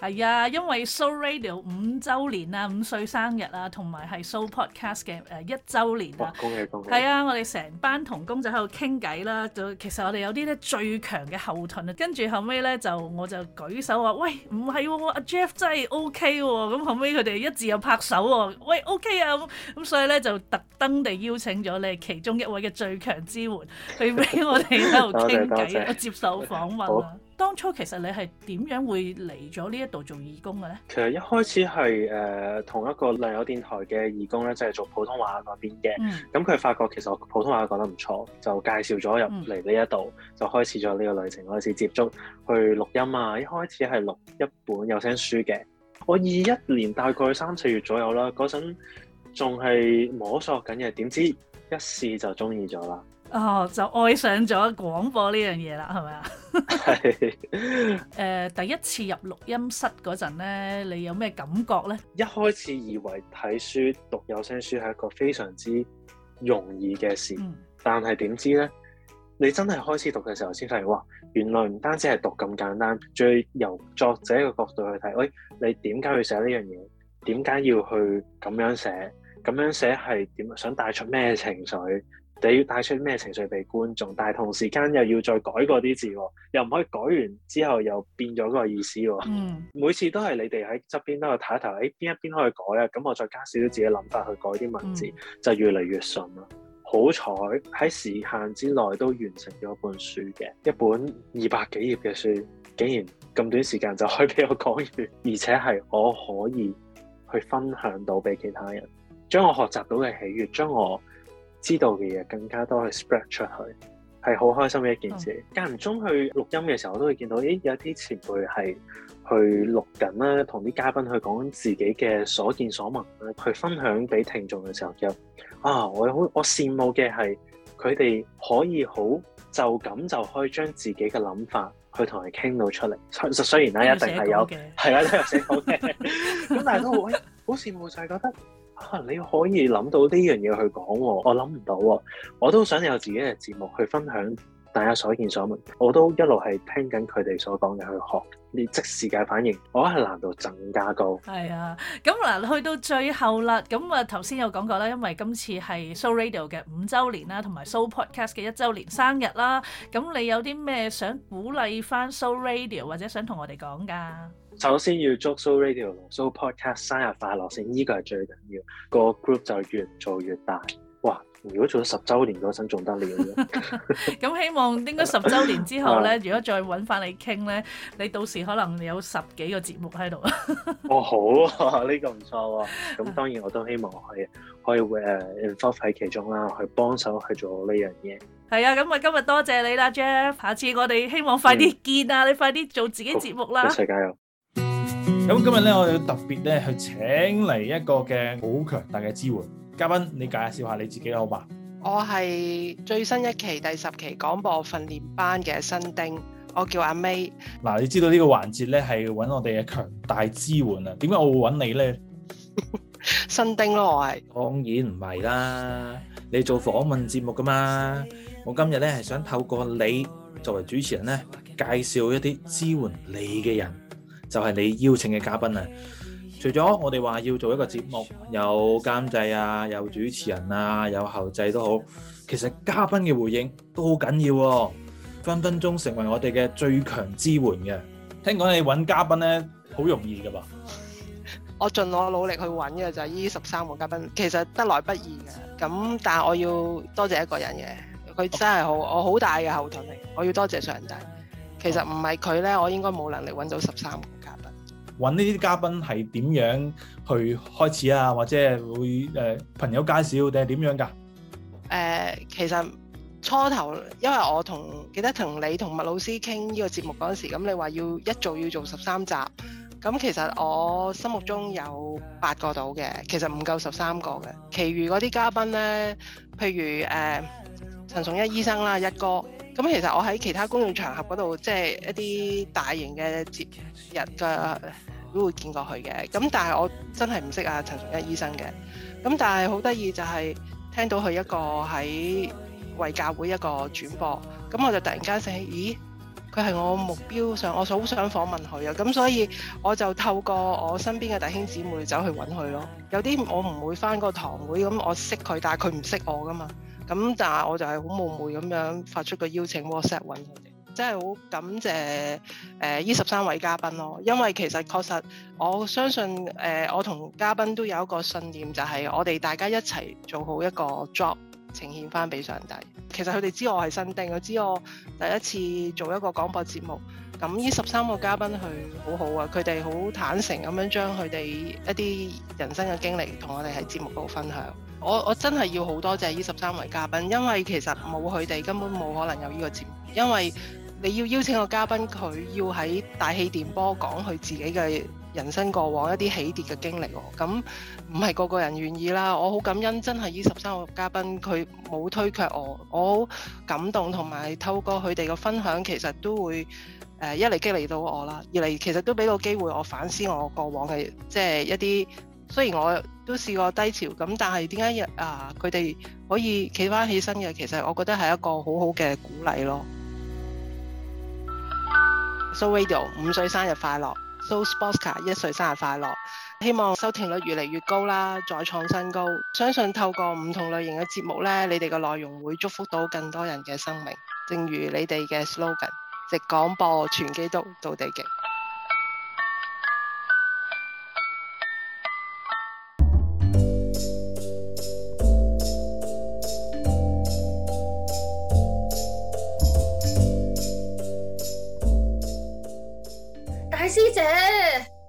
係啊，因為 Show Radio 五周年啊，五歲生日啊，同埋係 Show Podcast 嘅一周年啊。恭喜恭喜。係啊，我哋成班同工就喺度傾偈啦。就其實我哋有啲咧最強嘅後盾啊。跟住後尾咧就我就舉手話：喂，唔係阿 Jeff 真係 OK 喎、哦。咁後尾佢哋一致又拍手喎。喂，OK 啊。咁所以咧就特登地邀請咗你其中一位嘅最強支援，去俾我哋喺度傾偈、 謝謝謝謝我接受訪問啊。當初其實你係點樣會嚟咗呢一度做義工嘅咧？其實一開始係誒、呃、同一個另有電台嘅義工咧，就係、是、做普通話嗰邊嘅。咁、嗯、佢發覺其實我普通話講得唔錯，就介紹咗入嚟呢一度，就開始咗呢個旅程，開始接觸去錄音啊。一開始係錄一本有聲書嘅，我二一年大概三四月左右啦，嗰陣仲係摸索緊嘅，點知道一試就中意咗啦。哦、oh，就愛上咗廣播呢樣嘢啦，係咪啊？係。誒，第一次入錄音室嗰陣咧，你有咩感覺咧？一開始以為睇書讀有聲書係一個非常之容易嘅事，嗯、但係點知咧，你真係開始讀嘅時候，先發現話，原來唔單止係讀咁簡單，仲要由作者嘅角度去睇。喂、哎，你點解去寫呢樣嘢？點解要去咁樣寫？咁樣寫係點想帶出咩情緒？你要帶出咩情緒俾觀眾，但係同時間又要再改過啲字，又唔可以改完之後又變咗個意思。嗯，每次都係你哋喺側邊都去睇一睇，哎、欸，邊一邊可以改啊？咁我再加少少自己諗法去改啲文字，嗯、就越嚟越順啦。好彩喺時限之內都完成咗本書嘅一本二百幾頁嘅書，竟然咁短時間就可以俾我講完，而且係我可以去分享到俾其他人，將我學習到嘅喜悅，將我。知道嘅嘢更加多去 spread 出去，係好開心嘅一件事。間唔中去錄音嘅時候，我都會見到，咦，有啲前輩係去錄緊啦，同啲嘉賓去講自己嘅所見所聞去分享俾聽眾嘅時候，就，啊，我好我羨慕嘅係佢哋可以好就咁就可以將自己嘅諗法去同人傾到出嚟。雖然啦、啊，一定係有係啦，有都有寫稿嘅，咁 但係都好好羨慕就係，覺得。啊，你可以諗到呢樣嘢去講，我諗唔到，我都想有自己嘅節目去分享。大家所見所聞，我都一路係聽緊佢哋所講嘅去學，連即時嘅反應，我覺得係難度增加高。係啊，咁嗱，去到最後啦，咁啊頭先有講過啦，因為今次係 Soul Radio 嘅五週年啦，同埋 Soul Podcast 嘅一週年生日啦，咁你有啲咩想鼓勵翻 Soul Radio 或者想同我哋講噶？首先，要祝 Soul Radio Soul、Soul Podcast 生日快樂先，呢、這個係最緊要，個 group 就越做越大。如果做咗十周年嗰陣仲得了，咁，希望應該十周年之後咧， 如果再揾翻你傾咧， 你到時可能有十幾個節目喺度。哦，好啊，呢、這個唔錯喎。咁、 嗯、當然我都希望係可以誒，involve 喺其中啦，去幫手去做呢樣嘢。係啊，咁啊今日多謝,謝你啦 Jeff 下次我哋希望快啲見啊、嗯，你快啲做自己節目啦。一齊加油！咁今日咧，我哋特別咧去請嚟一個嘅好強大嘅支援。嘉賓，你介紹下你自己好嘛？我係最新一期第十期廣播訓練班嘅新丁，我叫阿 May。嗱，你知道呢個環節咧係揾我哋嘅強大支援啊？點解我會揾你咧？新丁咯，我係。當然唔係啦，你做訪問節目噶嘛。我今日咧係想透過你作為主持人咧，介紹一啲支援你嘅人，就係你邀請嘅嘉賓啊！除咗我哋話要做一個節目，有監製啊，有主持人啊，有後製都好，其實嘉賓嘅回應都好緊要，啊，分分鐘成為我哋嘅最強支援嘅。聽講你揾嘉賓呢，好容易噶噃？我盡我努力去揾嘅就係呢十三個嘉賓，其實得來不易嘅。咁但係我要多謝一個人嘅，佢真係好，哦，我好大嘅後盾。我要多謝上帝。其實唔係佢呢，我應該冇能力揾到十三個。搵呢啲嘉賓係點樣去開始啊？或者會誒、呃、朋友介紹定係點樣㗎？誒、呃，其實初頭因為我同記得同你同麥老師傾呢個節目嗰陣時，咁你話要一做要做十三集，咁其實我心目中有八個到嘅，其實唔夠十三個嘅。其餘嗰啲嘉賓呢，譬如誒、呃、陳崇一醫生啦，一哥。咁其實我喺其他公共場合嗰度，即係一啲大型嘅節日嘅都會見過佢嘅。咁但係我真係唔識啊陳崇一醫生嘅。咁但係好得意就係聽到佢一個喺為教會一個轉播，咁我就突然間醒起，咦，佢係我目標上，我好想訪問佢呀。咁所以我就透過我身邊嘅弟兄姊妹走去揾佢咯。有啲我唔會翻個堂會咁，我識佢，但係佢唔識我噶嘛。咁但我就係好冒昧咁樣發出個邀請 WhatsApp 揾佢哋，真係好感謝誒呢十三位嘉賓咯，因為其實確實我相信誒我同嘉賓都有一個信念，就係我哋大家一齊做好一個 job，呈現翻俾上帝。其實佢哋知我係新丁，佢知我第一次做一個廣播節目。咁呢十三個嘉賓佢好好啊，佢哋好坦誠咁樣將佢哋一啲人生嘅經歷同我哋喺節目度分享。我我真係要好多謝呢十三位嘉賓，因為其實冇佢哋根本冇可能有呢個節目。因為你要邀請個嘉賓，佢要喺大氣電波講佢自己嘅人生過往一啲起跌嘅經歷喎。咁唔係個個人願意啦。我好感恩，真係呢十三個嘉賓佢冇推卻我，我好感動。同埋透過佢哋嘅分享，其實都會誒、呃、一嚟激勵到我啦，二嚟其實都俾到機會我反思我過往嘅即係一啲。雖然我都試過低潮，咁但係點解日啊佢哋可以企翻起身嘅？其實我覺得係一個好好嘅鼓勵咯。So Radio 五歲生日快樂，So SportsCar 一歲生日快樂。希望收聽率越嚟越高啦，再創新高。相信透過唔同類型嘅節目呢，你哋嘅內容會祝福到更多人嘅生命。正如你哋嘅 slogan，直廣播全基督到地極。大師姐，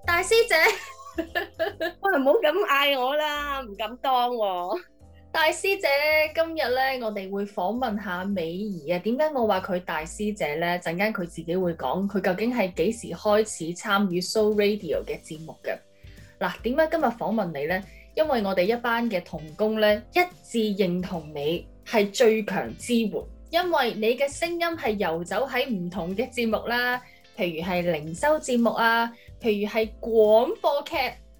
大師姐， 喂，我唔好咁嗌我啦，唔敢當喎。大師姐，今日咧，我哋會訪問下美儀啊。點解我話佢大師姐咧？陣間佢自己會講，佢究竟係幾時開始參與 So Radio 嘅節目嘅？嗱，點解今日訪問你咧？因為我哋一班嘅同工咧，一致認同你係最強支援，因為你嘅聲音係遊走喺唔同嘅節目啦。譬如係靈修節目啊，譬如係廣播劇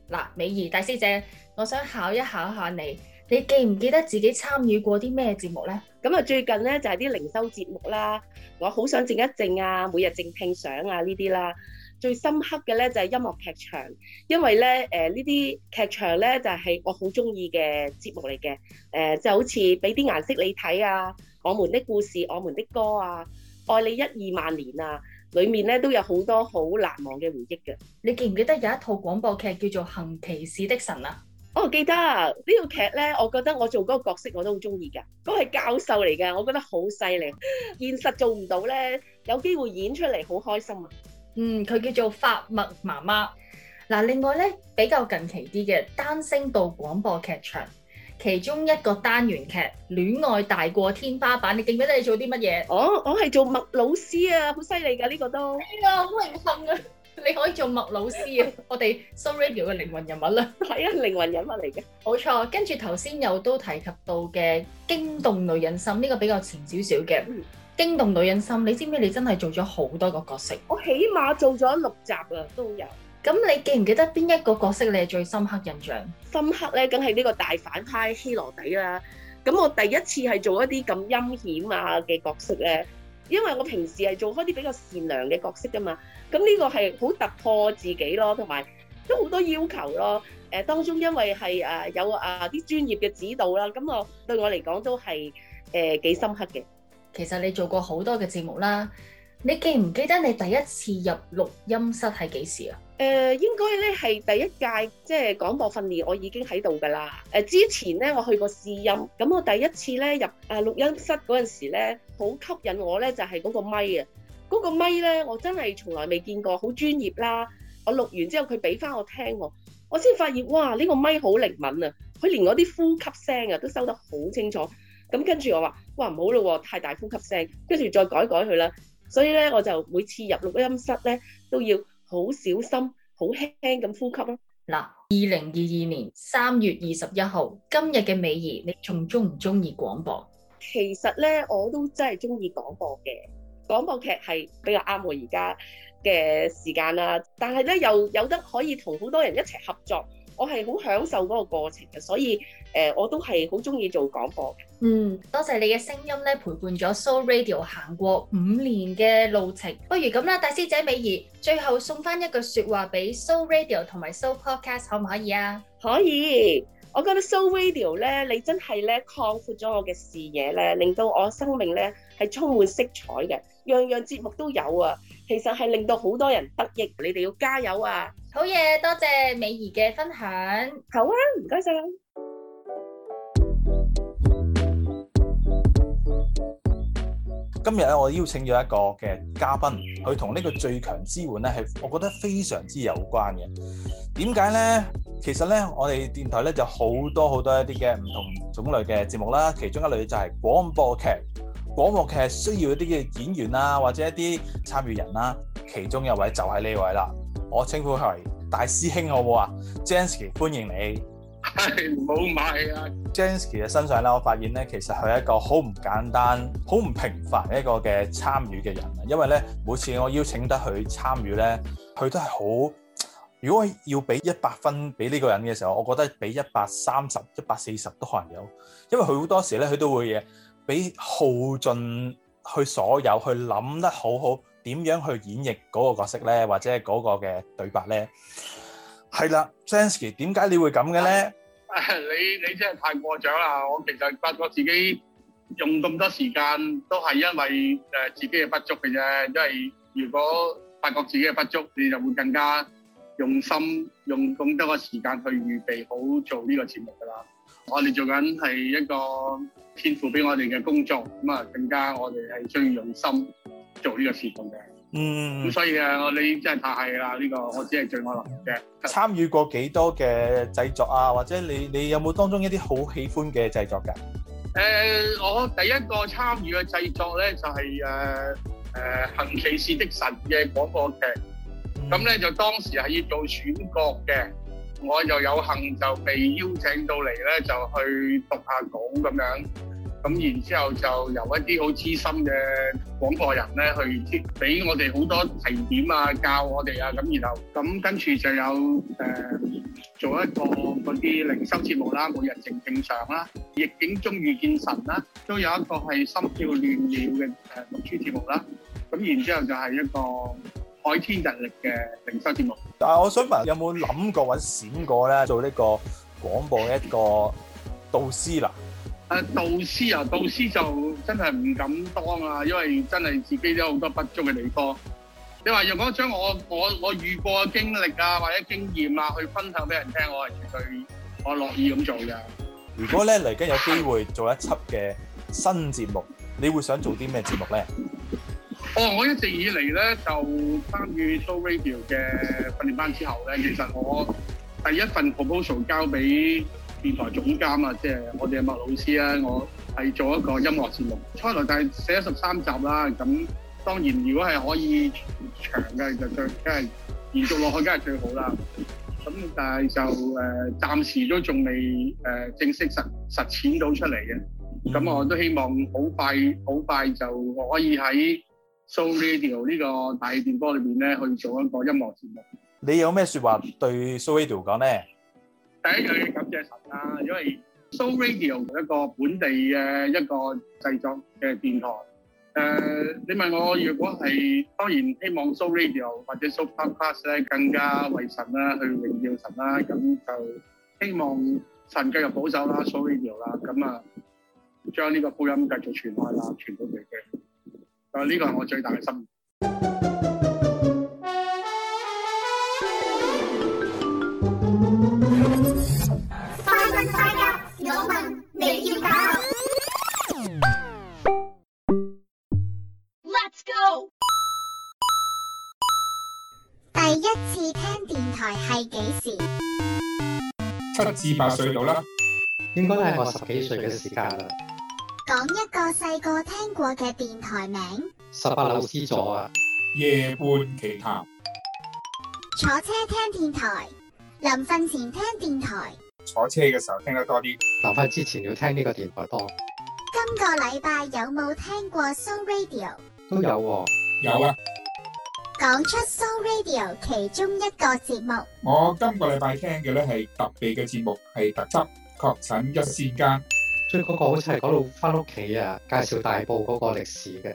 嗱，美儀大師姐，我想考一考下你，你記唔記得自己參與過啲咩節目呢？咁啊，最近呢，就係啲靈修節目啦，我好想靜一靜啊，每日靜聽相啊呢啲啦。最深刻嘅呢，就係、是、音樂劇場，因為咧誒呢啲、呃、劇場呢，就係、是、我好中意嘅節目嚟嘅，誒、呃、就好似俾啲顏色你睇啊，我們的故事、我們的歌啊，愛你一二萬年啊。裏面咧都有好多好難忘嘅回憶嘅，你記唔記得有一套廣播劇叫做《行歧士的神》啊？哦，記得呢套劇呢，我覺得我做嗰個角色我都好中意噶，嗰係教授嚟嘅，我覺得好犀利，現實做唔到呢，有機會演出嚟，好開心啊！嗯，佢叫做法默媽媽。嗱，另外呢，比較近期啲嘅單聲道廣播劇場。其中一個單元劇《戀愛大過天花板》，你記唔記得你做啲乜嘢？我我係做麥老師啊，好犀利㗎呢個都。係、哎、啊，好榮幸啊！你可以做麥老師啊， 我哋收、So、Radio 嘅靈魂人物啦。係啊，靈魂人物嚟嘅。冇錯，跟住頭先又都提及到嘅驚動女人心，呢、呢個比較前少少嘅。驚動女人心，你知唔知你真係做咗好多個角色？我起碼做咗六集啊，都有。咁你記唔記得邊一個角色你係最深刻印象？深刻咧，梗係呢個大反派希羅底啦。咁我第一次係做一啲咁陰險啊嘅角色咧，因為我平時係做開啲比較善良嘅角色噶嘛。咁呢個係好突破自己咯，同埋都好多要求咯。誒，當中因為係啊有啊啲專業嘅指導啦，咁我對我嚟講都係誒幾深刻嘅。其實你做過好多嘅節目啦，你記唔記得你第一次入錄音室係幾時啊？誒、呃、應該咧係第一屆即係廣播訓練，我已經喺度㗎啦。誒之前咧我去過試音，咁我第一次咧入誒錄音室嗰陣時咧，好吸引我咧就係、是、嗰個咪啊。嗰、那個咪咧我真係從來未見過，好專業啦。我錄完之後佢俾翻我聽我，我先發現哇呢、這個咪好靈敏啊，佢連我啲呼吸聲啊都收得好清楚。咁跟住我話哇唔好咯，太大呼吸聲，跟住再改改佢啦。所以咧我就每次入錄音室咧都要。好小心，好輕輕咁呼吸囉。嗱，二零二二年三月二十一號，今日嘅美兒，你仲鍾唔鍾意廣播？其實咧，我都真係鍾意廣播嘅，廣播劇係比較啱我而家嘅時間啦。但係咧，又有得可以同好多人一齊合作。我係好享受嗰個過程嘅，所以誒、呃，我都係好中意做廣播。嗯，多謝你嘅聲音咧，陪伴咗 So Radio 行過五年嘅路程。不如咁啦，大師姐美儀，最後送翻一句説話俾 So Radio 同埋 So Podcast，可唔可以啊？可以，我覺得 So Radio 咧，你真係咧擴闊咗我嘅視野咧，令到我生命咧係充滿色彩嘅，樣樣節目都有啊。其實係令到好多人得益，你哋要加油啊！好嘢，多謝美儀嘅分享。好啊，唔該晒！今日咧，我邀請咗一個嘅嘉賓，佢同呢個最強支援咧係，我覺得非常之有關嘅。點解咧？其實咧，我哋電台咧就好多好多一啲嘅唔同種類嘅節目啦，其中一類就係廣播劇。廣播劇需要一啲嘅演員啊，或者一啲參與人啦，其中一位就係呢位啦，我稱呼佢為大師兄，好唔好啊？Jansky，歡迎你。係唔好買啊！Jansky 嘅身上咧，我發現咧，其實佢係一個好唔簡單、好唔平凡的一個嘅參與嘅人，啊！因為咧每次我邀請得佢參與咧，佢都係好。如果要俾一百分俾呢個人嘅時候，我覺得俾一百三十一百四十都可能有，因為佢好多時咧佢都會嘅。俾耗盡去所有去諗得好好，點樣去演繹嗰個角色咧，或者係嗰個嘅對白咧？係啦，Sensky，點解你會咁嘅咧？你，你真係太過獎啦！我其實發覺自己用咁多時間都係因為誒自己嘅不足嘅啫。因為如果發覺自己嘅不足，你就會更加用心用咁多嘅時間去預備好做呢個節目㗎啦。我哋做緊係一個。天父俾我哋嘅工作，咁啊更加我哋係需要用心做呢個事咁嘅。嗯，咁所以啊，我你真係太係啦，呢個我只係最我諗嘅。參與過幾多嘅製作啊？或者你你有冇當中一啲好喜歡嘅製作㗎、啊？誒、呃，我第一個參與嘅製作咧，就係誒誒《行歧視的神》嘅廣播劇。咁咧就當時係要做選角嘅，我就有幸就被邀請到嚟咧，就去讀下稿咁樣。咁然之後就由一啲好資深嘅廣播人咧去俾我哋好多提點啊，教我哋啊。咁然後咁跟住就有誒、呃、做一個嗰啲靈修節目啦，每日正正常啦，逆境中遇見神啦，都有一個係心跳亂了嘅誒讀書節目啦。咁然之後就係一個海天日力嘅靈修節目。但係我想問，有冇諗過揾閃過咧做呢個廣播一個導師啦？誒、啊、導師啊，導師就真係唔敢當啊，因為真係自己都有好多不足嘅地方。你話如果將我我我遇過嘅經歷啊，或者經驗啊，去分享俾人聽，我係絕對我樂意咁做嘅。如果咧嚟緊有機會做一輯嘅新節目，你會想做啲咩節目咧？哦，我一直以嚟咧就參與 Show Radio 嘅訓練班之後咧，其實我第一份 proposal 交俾。電台總監啊，即係我哋麥老師啊，我係做一個音樂節目，初來就係寫十三集啦。咁當然，如果係可以長嘅，就最梗係延續落去，梗係最好啦。咁但係就誒，暫時都仲未誒、呃、正式實實踐到出嚟嘅。咁我都希望好快好快就可以喺 So Radio 呢個大電波裏面咧去做一個音樂節目。你有咩説話對 So Radio 講咧？第一樣嘢感謝神啦，因為 So Radio 一個本地嘅一個製作嘅電台，誒、呃，你問我如果係當然希望 So Radio 或者 So Podcast 咧更加為神啦去榮耀神啦，咁就希望神繼續保守啦 So Radio 啦，咁啊將呢個福音繼續傳開啦，傳到畀佢。啊呢個係我最大嘅心願。七至八歲到啦，應該都係我十幾歲嘅時間啦。講一個細個聽過嘅電台名。十八樓 C 座啊，夜半奇談。坐車聽電台，臨瞓前聽電台。坐車嘅時候聽得多啲，臨瞓之前要聽呢個電台多。今個禮拜有冇聽過 Show Radio？都有、啊，有啊。講出 So Radio 其中一個節目，我今個禮拜聽嘅咧係特別嘅節目，係特輯確診一線間，最嗰個好似係嗰度翻屋企啊，介紹大埔嗰個歷史嘅。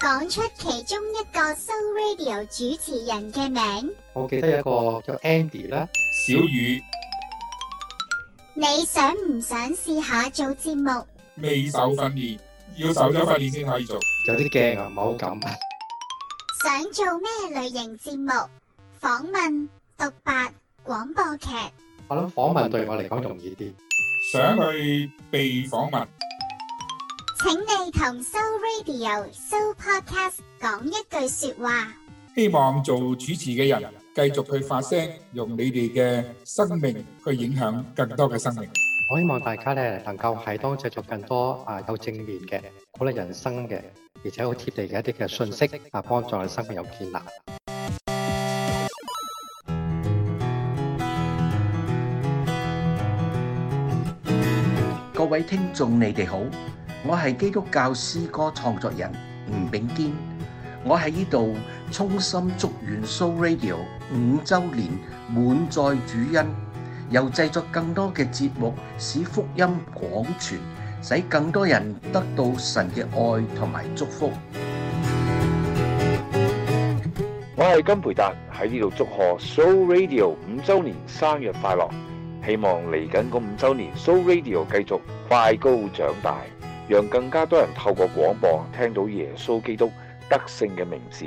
講出其中一個 So Radio 主持人嘅名，我記得有一個叫 Andy 啦、啊，小雨。你想唔想試下做節目？未受訓練，要受咗訓練先可以做，有啲驚啊，唔好咁。想做咩類型節目？訪問、獨白、廣播劇。我諗訪問對我嚟講容易啲。想去被訪問，請你同 Show Radio Soul、Show Podcast 講一句說話。希望做主持嘅人繼續去發聲，用你哋嘅生命去影響更多嘅生命。我希望大家咧能夠喺當中製作更多啊有正面嘅、鼓勵人生嘅。而且好貼地嘅一啲嘅信息，啊，幫助你生活有建立。各位聽眾，你哋好，我係基督教詩歌創作人吳炳堅，我喺呢度衷心祝願 So Radio 五週年滿載主恩，又製作更多嘅節目，使福音廣傳。使更多人得到神嘅愛同埋祝福。我係金培達喺呢度祝賀 So Radio 五週年生日快樂，希望嚟緊個五週年 So Radio 繼續快高長大，讓更加多人透過廣播聽到耶穌基督得勝嘅名字。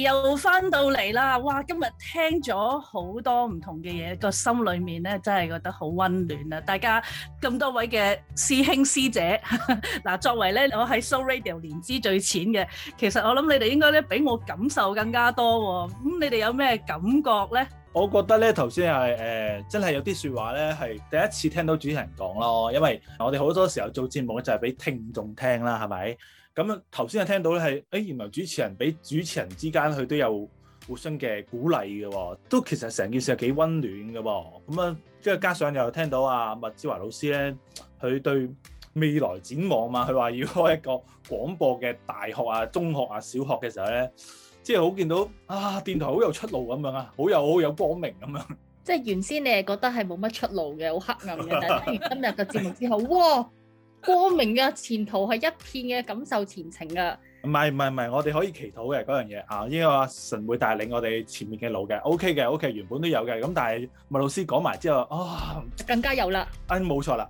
又翻到嚟啦！哇，今日聽咗好多唔同嘅嘢，個心裏面咧真係覺得好温暖啊！大家咁多位嘅師兄師姐嗱，作為咧我喺 So Radio 年資最淺嘅，其實我諗你哋應該咧比我感受更加多喎。咁你哋有咩感覺咧？我覺得咧頭先係誒，真係有啲説話咧係第一次聽到主持人講咯，因為我哋好多時候做節目就係俾聽眾聽啦，係咪？咁啊，頭先啊聽到咧係，誒、哎、原來主持人俾主持人之間佢都有互相嘅鼓勵嘅、哦，都其實成件事係幾温暖嘅喎、哦。咁啊，跟住加上又聽到啊麥之華老師咧，佢對未來展望嘛，佢話要開一個廣播嘅大學啊、中學啊、小學嘅時候咧，即係好見到啊電台好有出路咁樣啊，好有好有光明咁樣。即係原先你係覺得係冇乜出路嘅，好黑暗嘅，但係聽完今日嘅節目之後，哇！光明嘅前途係一片嘅錦繡前程啊！唔係唔係唔係，我哋可以祈禱嘅嗰樣嘢啊，因為話神會帶領我哋前面嘅路嘅，OK 嘅，OK 原本都有嘅，咁但係麥老師講埋之後啊，更加有啦，啊冇錯啦，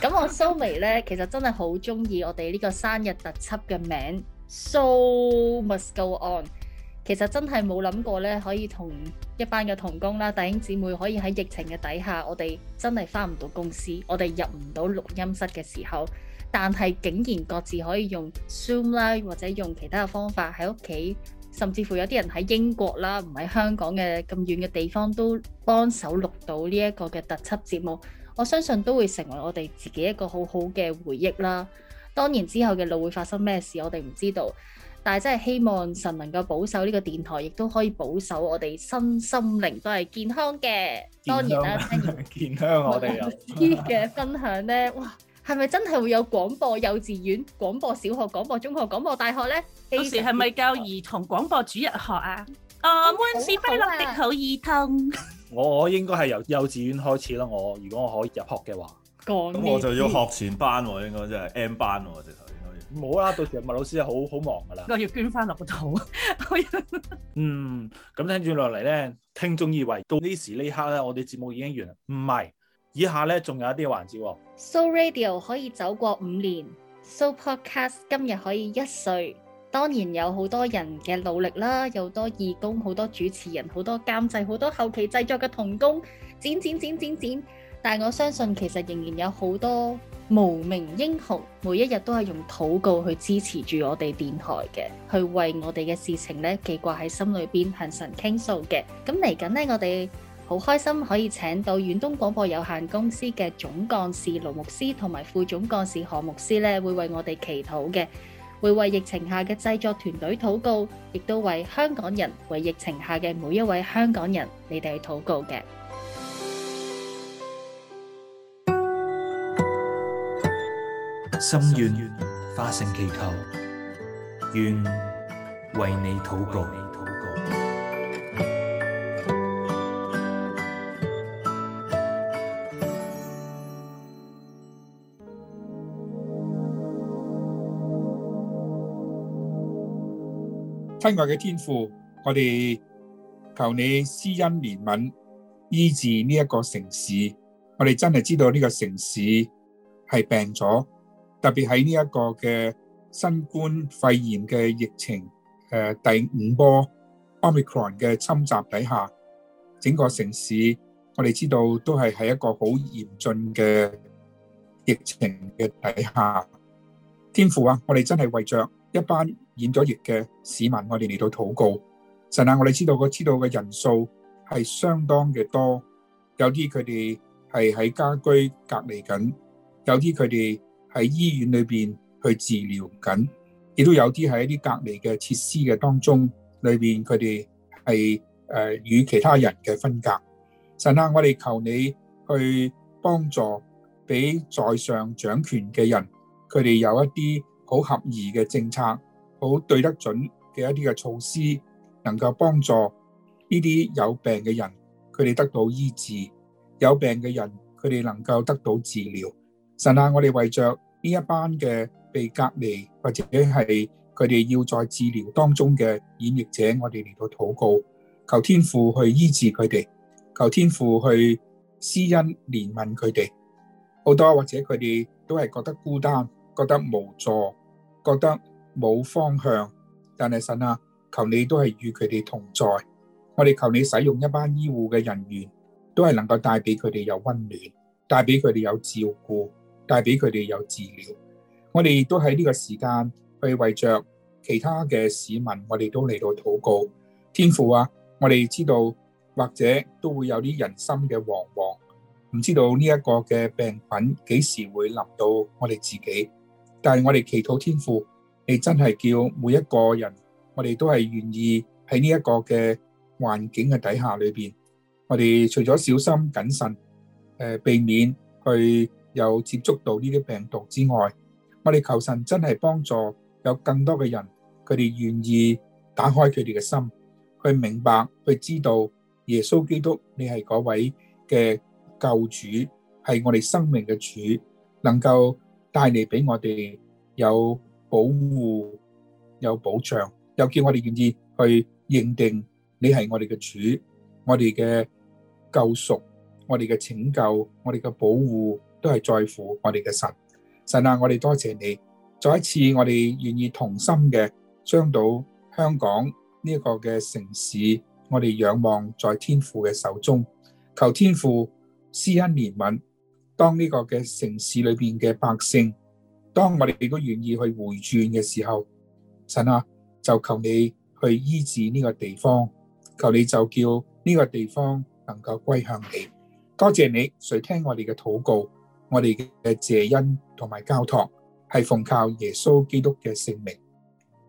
咁我蘇眉咧其實真係好中意我哋呢個生日特輯嘅名，So Must Go On。其實真係冇諗過咧，可以同一班嘅同工啦、弟兄姊妹，可以喺疫情嘅底下，我哋真係翻唔到公司，我哋入唔到錄音室嘅時候，但係竟然各自可以用 Zoom 啦，或者用其他嘅方法喺屋企，甚至乎有啲人喺英國啦，唔喺香港嘅咁遠嘅地方都幫手錄到呢一個嘅特輯節目，我相信都會成為我哋自己一個好好嘅回憶啦。當然之後嘅路會發生咩事，我哋唔知道。但係真係希望神能夠保守呢個電台，亦都可以保守我哋身心靈都係健康嘅。當然啦，聽完健康我哋有啲嘅分享咧，哇，係咪真係會有廣播幼稚園、廣播小學、廣播中學、廣播大學咧？到時係咪教兒童廣播主日學啊？哦，滿是快樂的好兒童。我我應該係由幼稚園開始啦。我如果我可以入學嘅話，講，咁我就要學前班喎，應該即係 M 班喎，直頭。冇啦，到時麥老師好好忙噶啦。我要捐翻落個肚。 嗯，咁聽住落嚟呢，聽眾以為到呢時呢刻呢，我哋節目已經完啦。唔係，以下呢仲有一啲環節喎。So Radio 可以走過五年，So Podcast 今日可以一歲。當然有好多人嘅努力啦，有好多義工、好多主持人、好多監製、好多後期製作嘅同工，剪剪剪剪剪、剪。但係我相信其實仍然有好多。無名英雄，每一日都係用禱告去支持住我哋電台嘅，去為我哋嘅事情咧記掛喺心裏邊向神傾訴嘅。咁嚟緊呢，我哋好開心可以請到遠東廣播有限公司嘅總幹事盧牧師同埋副總幹事何牧師咧，會為我哋祈禱嘅，會為疫情下嘅製作團隊禱告，亦都為香港人，為疫情下嘅每一位香港人，你哋去禱告嘅。心願化成祈求，願為你禱告。親愛嘅天父，我哋求你施恩憐憫，醫治呢一個城市。我哋真係知道呢個城市係病咗。特別喺呢一個嘅新冠肺炎嘅疫情，誒、呃、第五波 omicron 嘅侵襲底下，整個城市我哋知道都係喺一個好嚴峻嘅疫情嘅底下。天父啊，我哋真係為着一班染咗疫嘅市民，我哋嚟到禱告。神啊，我哋知道個知道嘅人數係相當嘅多，有啲佢哋係喺家居隔離緊，有啲佢哋。喺醫院裏邊去治療緊，亦都有啲喺一啲隔離嘅設施嘅當中，裏邊佢哋係誒與其他人嘅分隔。神啊，我哋求你去幫助，俾在上掌權嘅人，佢哋有一啲好合宜嘅政策，好對得準嘅一啲嘅措施，能夠幫助呢啲有病嘅人，佢哋得到醫治，有病嘅人佢哋能夠得到治療。神啊，我哋為着……呢一班嘅被隔離或者係佢哋要在治療當中嘅染疫者，我哋嚟到禱告，求天父去醫治佢哋，求天父去施恩憐憫佢哋。好多或者佢哋都係覺得孤單，覺得無助，覺得冇方向。但係神啊，求你都係與佢哋同在。我哋求你使用一班醫護嘅人員，都係能夠帶俾佢哋有溫暖，帶俾佢哋有照顧。帶俾佢哋有治療，我哋亦都喺呢個時間去為着其他嘅市民，我哋都嚟到禱告天父啊！我哋知道或者都會有啲人心嘅惶惶，唔知道呢一個嘅病菌幾時會臨到我哋自己。但係我哋祈禱天父，你真係叫每一個人，我哋都係願意喺呢一個嘅環境嘅底下裏邊，我哋除咗小心謹慎，誒，避免去。有接觸到呢啲病毒之外，我哋求神真係幫助有更多嘅人，佢哋願意打開佢哋嘅心，去明白去知道耶穌基督你係嗰位嘅救主，係我哋生命嘅主，能夠帶嚟俾我哋有保護、有保障，又叫我哋願意去認定你係我哋嘅主，我哋嘅救贖，我哋嘅拯救，我哋嘅保護。都係在乎我哋嘅神。神啊！我哋多謝你再一次，我哋願意同心嘅，將到香港呢個嘅城市，我哋仰望在天父嘅手中。求天父施恩憐憫，當呢個嘅城市裏邊嘅百姓，當我哋亦都願意去回轉嘅時候，神啊，就求你去醫治呢個地方，求你就叫呢個地方能夠歸向你。多謝你，誰聽我哋嘅禱告。我哋嘅謝恩同埋教堂係奉靠耶穌基督嘅聖名。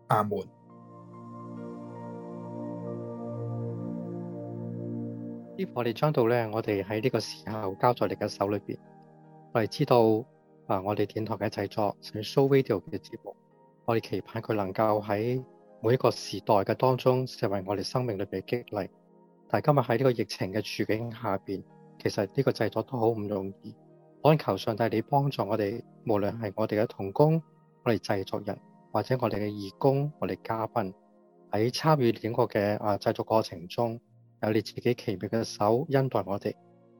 阿門。這個、我們將呢我哋將到咧，我哋喺呢個時候交在你嘅手裏邊，我哋知道啊，我哋典堂嘅製作，像 Show Video 嘅節目，我哋期盼佢能夠喺每一個時代嘅當中，成為我哋生命裏邊嘅激勵。但係今日喺呢個疫情嘅處境下邊，其實呢個製作都好唔容易。我求上帝，你幫助我哋，無論係我哋嘅同工、我哋製作人，或者我哋嘅義工、我哋嘉賓喺參與整個嘅啊製作過程中，有你自己奇妙嘅手恩待我哋，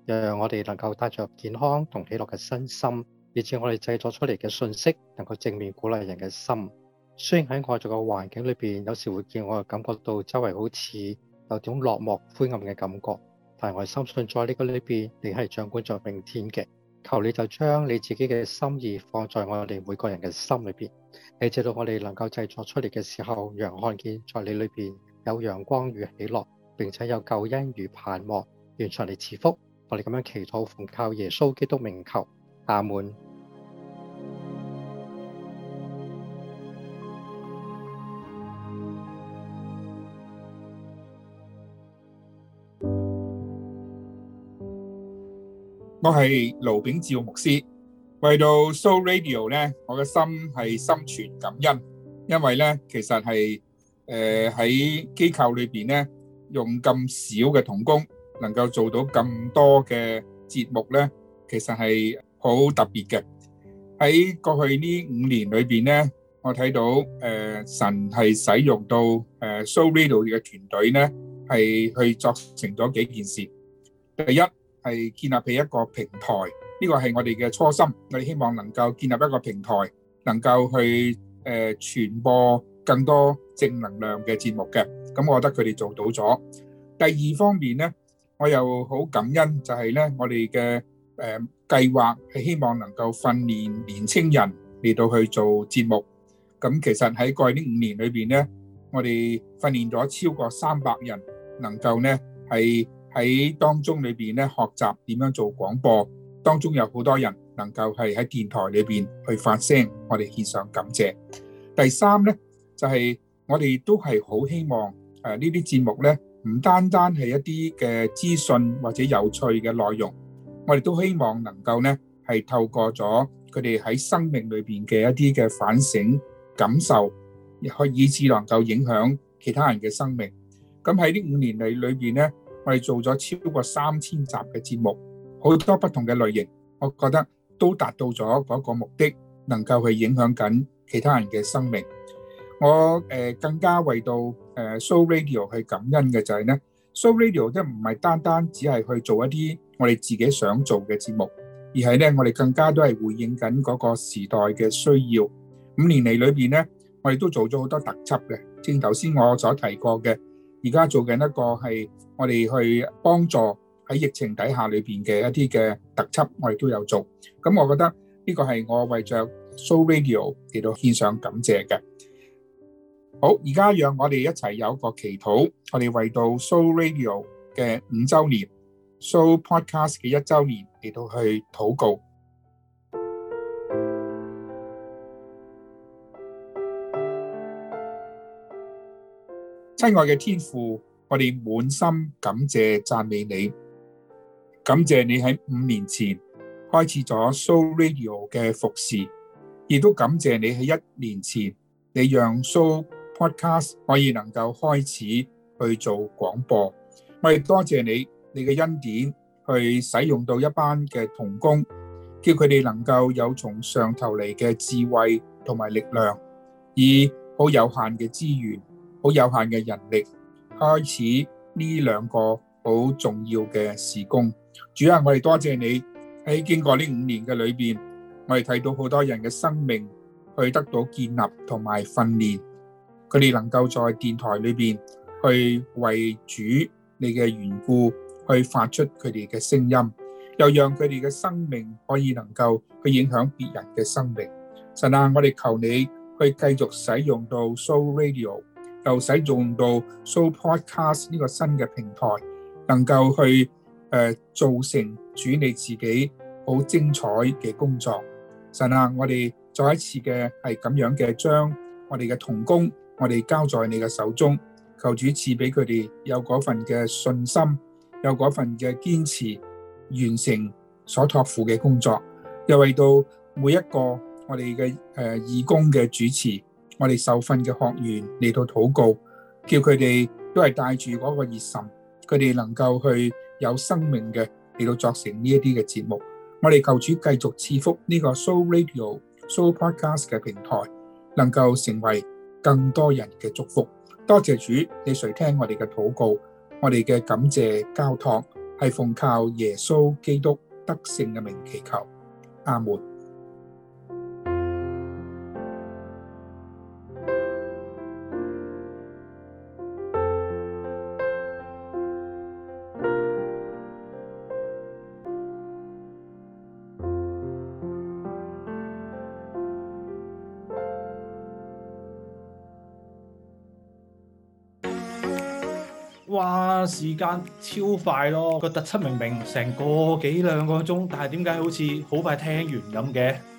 讓讓我哋能夠帶着健康同喜樂嘅身心，以致我哋製作出嚟嘅信息能夠正面鼓勵人嘅心。雖然喺外在嘅環境裏邊，有時會見我感覺到周圍好似有種落寞灰暗嘅感覺，但係我深信在呢個裏邊，你係掌管着明天嘅。求你就將你自己嘅心意放在我哋每個人嘅心裏邊，你直到我哋能夠製作出嚟嘅時候，讓人看見在你裏邊有陽光與喜樂，並且有救恩與盼望，願上帝賜福，我哋咁樣祈禱，奉靠耶穌基督名求，阿門。我係盧炳照牧師，為到 So Radio 咧，我嘅心係心存感恩，因為咧其實係誒喺機構裏邊咧，用咁少嘅同工，能夠做到咁多嘅節目咧，其實係好特別嘅。喺過去呢五年裏邊咧，我睇到誒神係使用到誒 So Radio 嘅團隊咧，係去做成咗幾件事。第一。係建立起一個平台，呢個係我哋嘅初心。我哋希望能夠建立一個平台，能夠去誒傳播更多正能量嘅節目嘅。咁我覺得佢哋做到咗。第二方面呢，我又好感恩，就係呢我哋嘅誒計劃係希望能夠訓練年青人嚟到去做節目。咁其實喺過去呢五年裏邊呢，我哋訓練咗超過三百人，能夠呢係。喺當中裏邊呢，學習點樣做廣播。當中有好多人能夠係喺電台裏邊去發聲。我哋獻上感謝。第三呢，就係我哋都係好希望誒呢啲節目呢，唔單單係一啲嘅資訊或者有趣嘅內容，我哋都希望能夠呢係透過咗佢哋喺生命裏邊嘅一啲嘅反省感受，可以至能夠影響其他人嘅生命。咁喺呢五年嚟裏邊呢。我哋做咗超過三千集嘅節目，好多不同嘅類型，我覺得都達到咗嗰個目的，能夠去影響緊其他人嘅生命。我誒、呃、更加為到誒、呃、So Radio 去感恩嘅就係呢。So Radio 即係唔係單單只係去做一啲我哋自己想做嘅節目，而係呢，我哋更加都係回應緊嗰個時代嘅需要。五年嚟裏邊呢，我哋都做咗好多特輯嘅，正如頭先我所提過嘅。而家做緊一個係我哋去幫助喺疫情底下裏邊嘅一啲嘅特輯，我哋都有做。咁我覺得呢個係我為著 Show Radio 嚟到獻上感謝嘅。好，而家讓我哋一齊有一個祈禱，我哋為到 Show Radio 嘅五週年、Show Podcast 嘅一週年嚟到去禱告。親愛嘅天父，我哋滿心感謝讚美你，感謝你喺五年前開始咗 So Radio 嘅服侍，亦都感謝你喺一年前，你讓 So Podcast 可以能夠開始去做廣播。我亦多謝你，你嘅恩典去使用到一班嘅童工，叫佢哋能夠有從上頭嚟嘅智慧，同埋力量，以好有限嘅資源。好有限嘅人力，開始呢兩個好重要嘅事工。主啊，我哋多謝你喺經過呢五年嘅裏邊，我哋睇到好多人嘅生命去得到建立同埋訓練，佢哋能夠在電台裏邊去為主你嘅緣故去發出佢哋嘅聲音，又讓佢哋嘅生命可以能夠去影響別人嘅生命。神啊，我哋求你去繼續使用到 Show Radio。又使用到 ShowPodcast 呢個新嘅平台，能夠去誒做成主你自己好精彩嘅工作。神啊，我哋再一次嘅係咁樣嘅，將我哋嘅童工，我哋交在你嘅手中。求主賜俾佢哋有嗰份嘅信心，有嗰份嘅堅持，完成所託付嘅工作。又為到每一個我哋嘅誒義工嘅主持。我哋受訓嘅學員嚟到禱告，叫佢哋都係帶住嗰個熱心，佢哋能夠去有生命嘅嚟到作成呢一啲嘅節目。我哋求主繼續賜福呢個 Soul Radio、Soul Podcast 嘅平台，能夠成為更多人嘅祝福。多謝主，你垂聽我哋嘅禱告，我哋嘅感謝交托係奉靠耶穌基督得勝嘅名祈求。阿門。時間超快咯，個特輯明明成個幾兩個鐘，但係點解好似好快聽完咁嘅？啊完噶啦！咁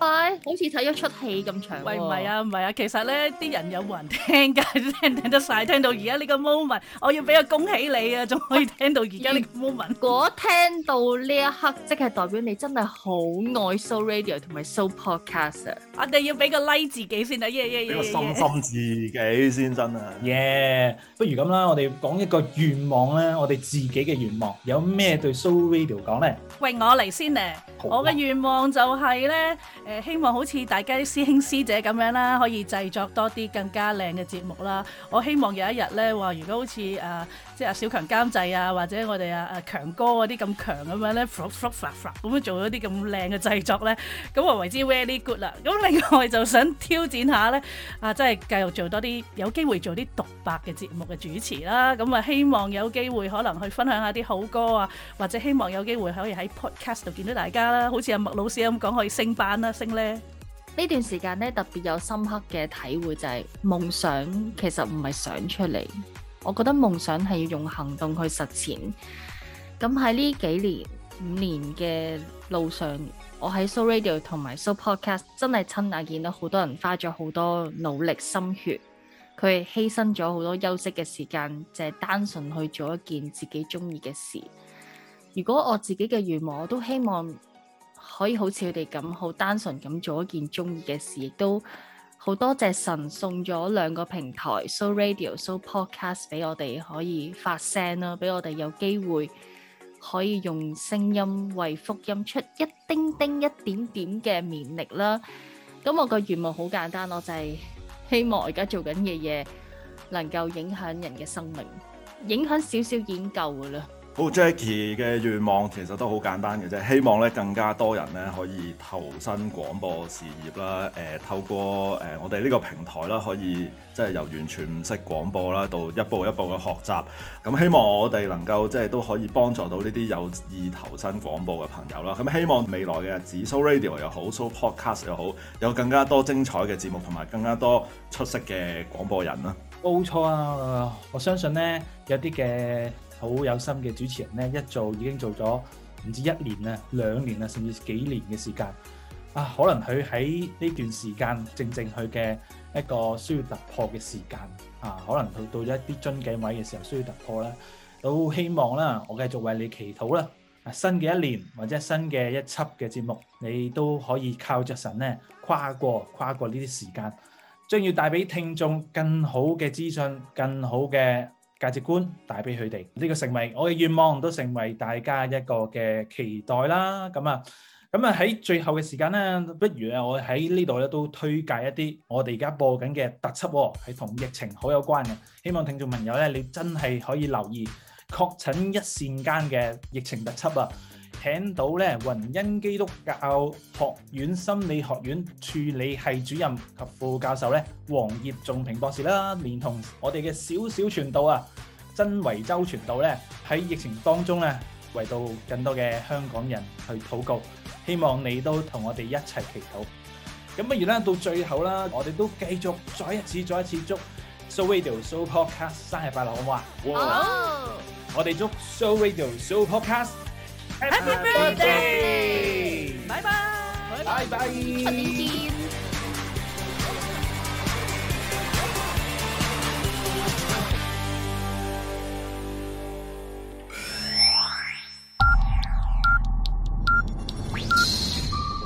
快，好似睇一出戲咁長。喂，唔係啊，唔係啊，其實咧，啲人有冇人聽噶？聽唔聽得晒？聽到而家呢個 moment，我要俾個恭喜你啊！仲可以聽到而家呢個 moment。我聽到呢一刻，即係代表你真係好愛 show radio 同埋 show podcast。我哋要俾個 like 自己先啊！yeah yeah yeah！深深自己先真啊！yeah，不如咁啦，我哋講一個願望咧，我哋自己嘅願望有咩對 show radio 講咧？喂，我嚟先咧，我嘅願望就係。你咧，誒， 希望好似大家啲師兄師姐咁樣啦，可以製作多啲更加靚嘅節目啦。我希望有一日咧，話如果好似誒。啊即係阿小強監製啊，或者我哋阿阿強哥嗰啲咁強咁樣咧，fluff fluff fluff 咁樣做咗啲咁靚嘅製作咧，咁我為之 very good 啦。咁另外就想挑戰下咧，啊，即係繼續做多啲有機會做啲獨白嘅節目嘅主持啦。咁啊，希望有機會可能去分享下啲好歌啊，或者希望有機會可以喺 podcast 度見到大家啦。好似阿麥老師咁講，可以升班啦，升呢呢段時間咧特別有深刻嘅體會就係夢想其實唔係想出嚟。我覺得夢想係要用行動去實踐。咁喺呢幾年五年嘅路上，我喺 Show Radio 同埋 Show Podcast 真係親眼見到好多人花咗好多努力心血，佢犧牲咗好多休息嘅時間，淨係單純去做一件自己中意嘅事。如果我自己嘅願望，我都希望可以好似佢哋咁，好單純咁做一件中意嘅事，亦都。好多謝神送咗兩個平台，So Radio、So Podcast 俾我哋可以發聲啦，俾我哋有機會可以用聲音為福音出一丁丁一點點嘅勉力啦。咁我個願望好簡單囉，我就係希望我而家做緊嘅嘢能夠影響人嘅生命，影響少少已經夠噶啦。好，Jackie 嘅願望其實都好簡單嘅啫，希望咧更加多人咧可以投身廣播事業啦。誒，透過誒我哋呢個平台啦，可以即係由完全唔識廣播啦，到一步一步嘅學習。咁希望我哋能夠即係都可以幫助到呢啲有意投身廣播嘅朋友啦。咁希望未來嘅紫蘇 Radio 又好，蘇 Podcast 又好，有更加多精彩嘅節目同埋更加多出色嘅廣播人啦。冇錯啊！我相信呢有啲嘅。好有心嘅主持人咧，一做已經做咗唔止一年啊、兩年啊，甚至幾年嘅時間啊，可能佢喺呢段時間正正佢嘅一個需要突破嘅時間啊，可能佢到咗一啲樽頸位嘅時候需要突破咧，都希望啦，我繼續為你祈禱啦。新嘅一年或者新嘅一輯嘅節目，你都可以靠着神咧跨過跨過呢啲時間，將要帶俾聽眾更好嘅資訊、更好嘅。價值觀帶俾佢哋呢個成為我嘅願望，都成為大家一個嘅期待啦。咁啊，咁啊喺最後嘅時間咧，不如啊，我喺呢度咧都推介一啲我哋而家播緊嘅特輯，係同疫情好有關嘅。希望聽眾朋友咧，你真係可以留意確診一線間嘅疫情特輯啊！請到咧雲恩基督教學院心理學院處理系主任及副教授咧黃葉仲平博士啦，連同我哋嘅小小傳道啊。真為周全到咧，喺疫情當中咧，為到更多嘅香港人去禱告，希望你都同我哋一齊祈禱。咁不如咧，到最後啦，我哋都繼續再一次再一次祝 Show Radio Show Podcast 生日快樂，好唔好啊？好，我哋祝 Show Radio Show Podcast Happy Birthday！拜拜，拜拜，明年見。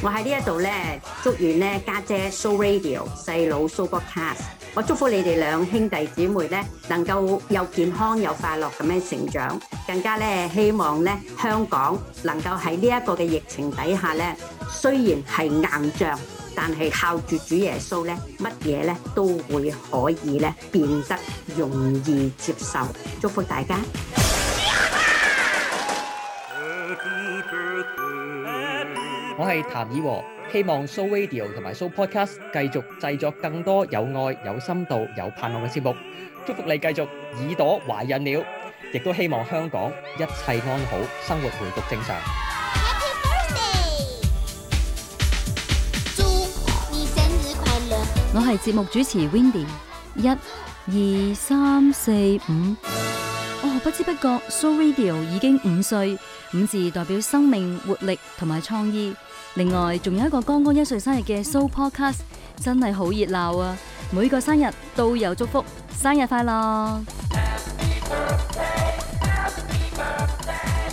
我喺呢一度咧，祝願咧家姐 show Radio，細佬 show podcast。我祝福你哋兩兄弟姊妹咧，能夠又健康又快樂咁樣成長，更加咧希望咧香港能夠喺呢一個嘅疫情底下咧，雖然係硬仗，但係靠住主耶穌咧，乜嘢咧都會可以咧變得容易接受。祝福大家！我係譚以和，希望 Show Radio 同埋 Show Podcast 繼續製作更多有愛、有深度、有盼望嘅節目。祝福你繼續耳朵懷孕了，亦都希望香港一切安好，生活回復正常。Happy Birthday! 祝你生日快樂！我係節目主持 Windy，一、二、三、四、五。哦，不知不覺 Show Radio 已經五歲，五字代表生命活力同埋創意。另外，仲有一個剛剛一歲生日嘅 So Podcast，真係好熱鬧啊！每個生日都有祝福，生日快樂！Happy Birthday，Happy Birthday！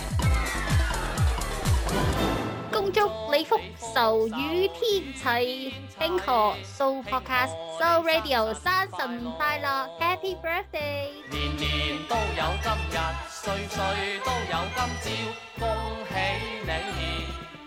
恭祝你福壽與天齊，慶賀 So Podcast So Radio，生辰快樂，Happy Birthday！年年都有今日，歲歲都有今朝，恭喜你！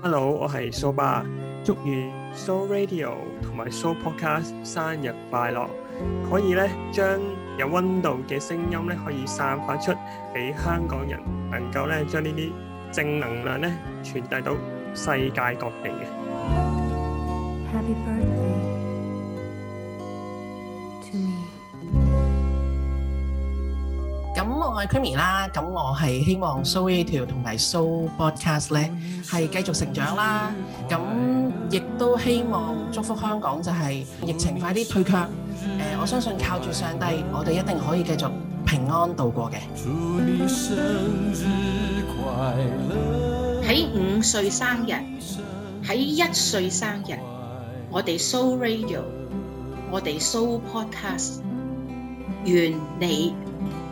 Hello，我係蘇爸，祝願 So Radio 同埋 So Podcast 生日快樂！可以咧將有溫度嘅聲音咧，可以散發出俾香港人，能夠咧將呢啲正能量咧傳遞到世界各地。Happy birthday to me！咁我係 Creamy 啦，咁我係希望 Show Radio 同埋 Show Podcast 呢係繼續成長啦，咁亦都希望祝福香港就係疫情快啲退卻。誒，我相信靠住上帝，我哋一定可以繼續平安度過嘅。喺五歲生日，喺一歲生日，我哋 Show Radio，我哋 Show Podcast，願你。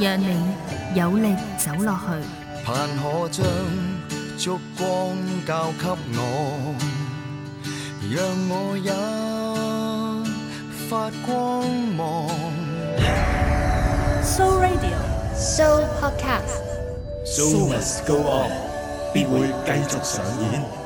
讓你有力走落去，盼可將燭光交給我，讓我也發光芒。So radio, so podcast, so must go on，必會繼續上演。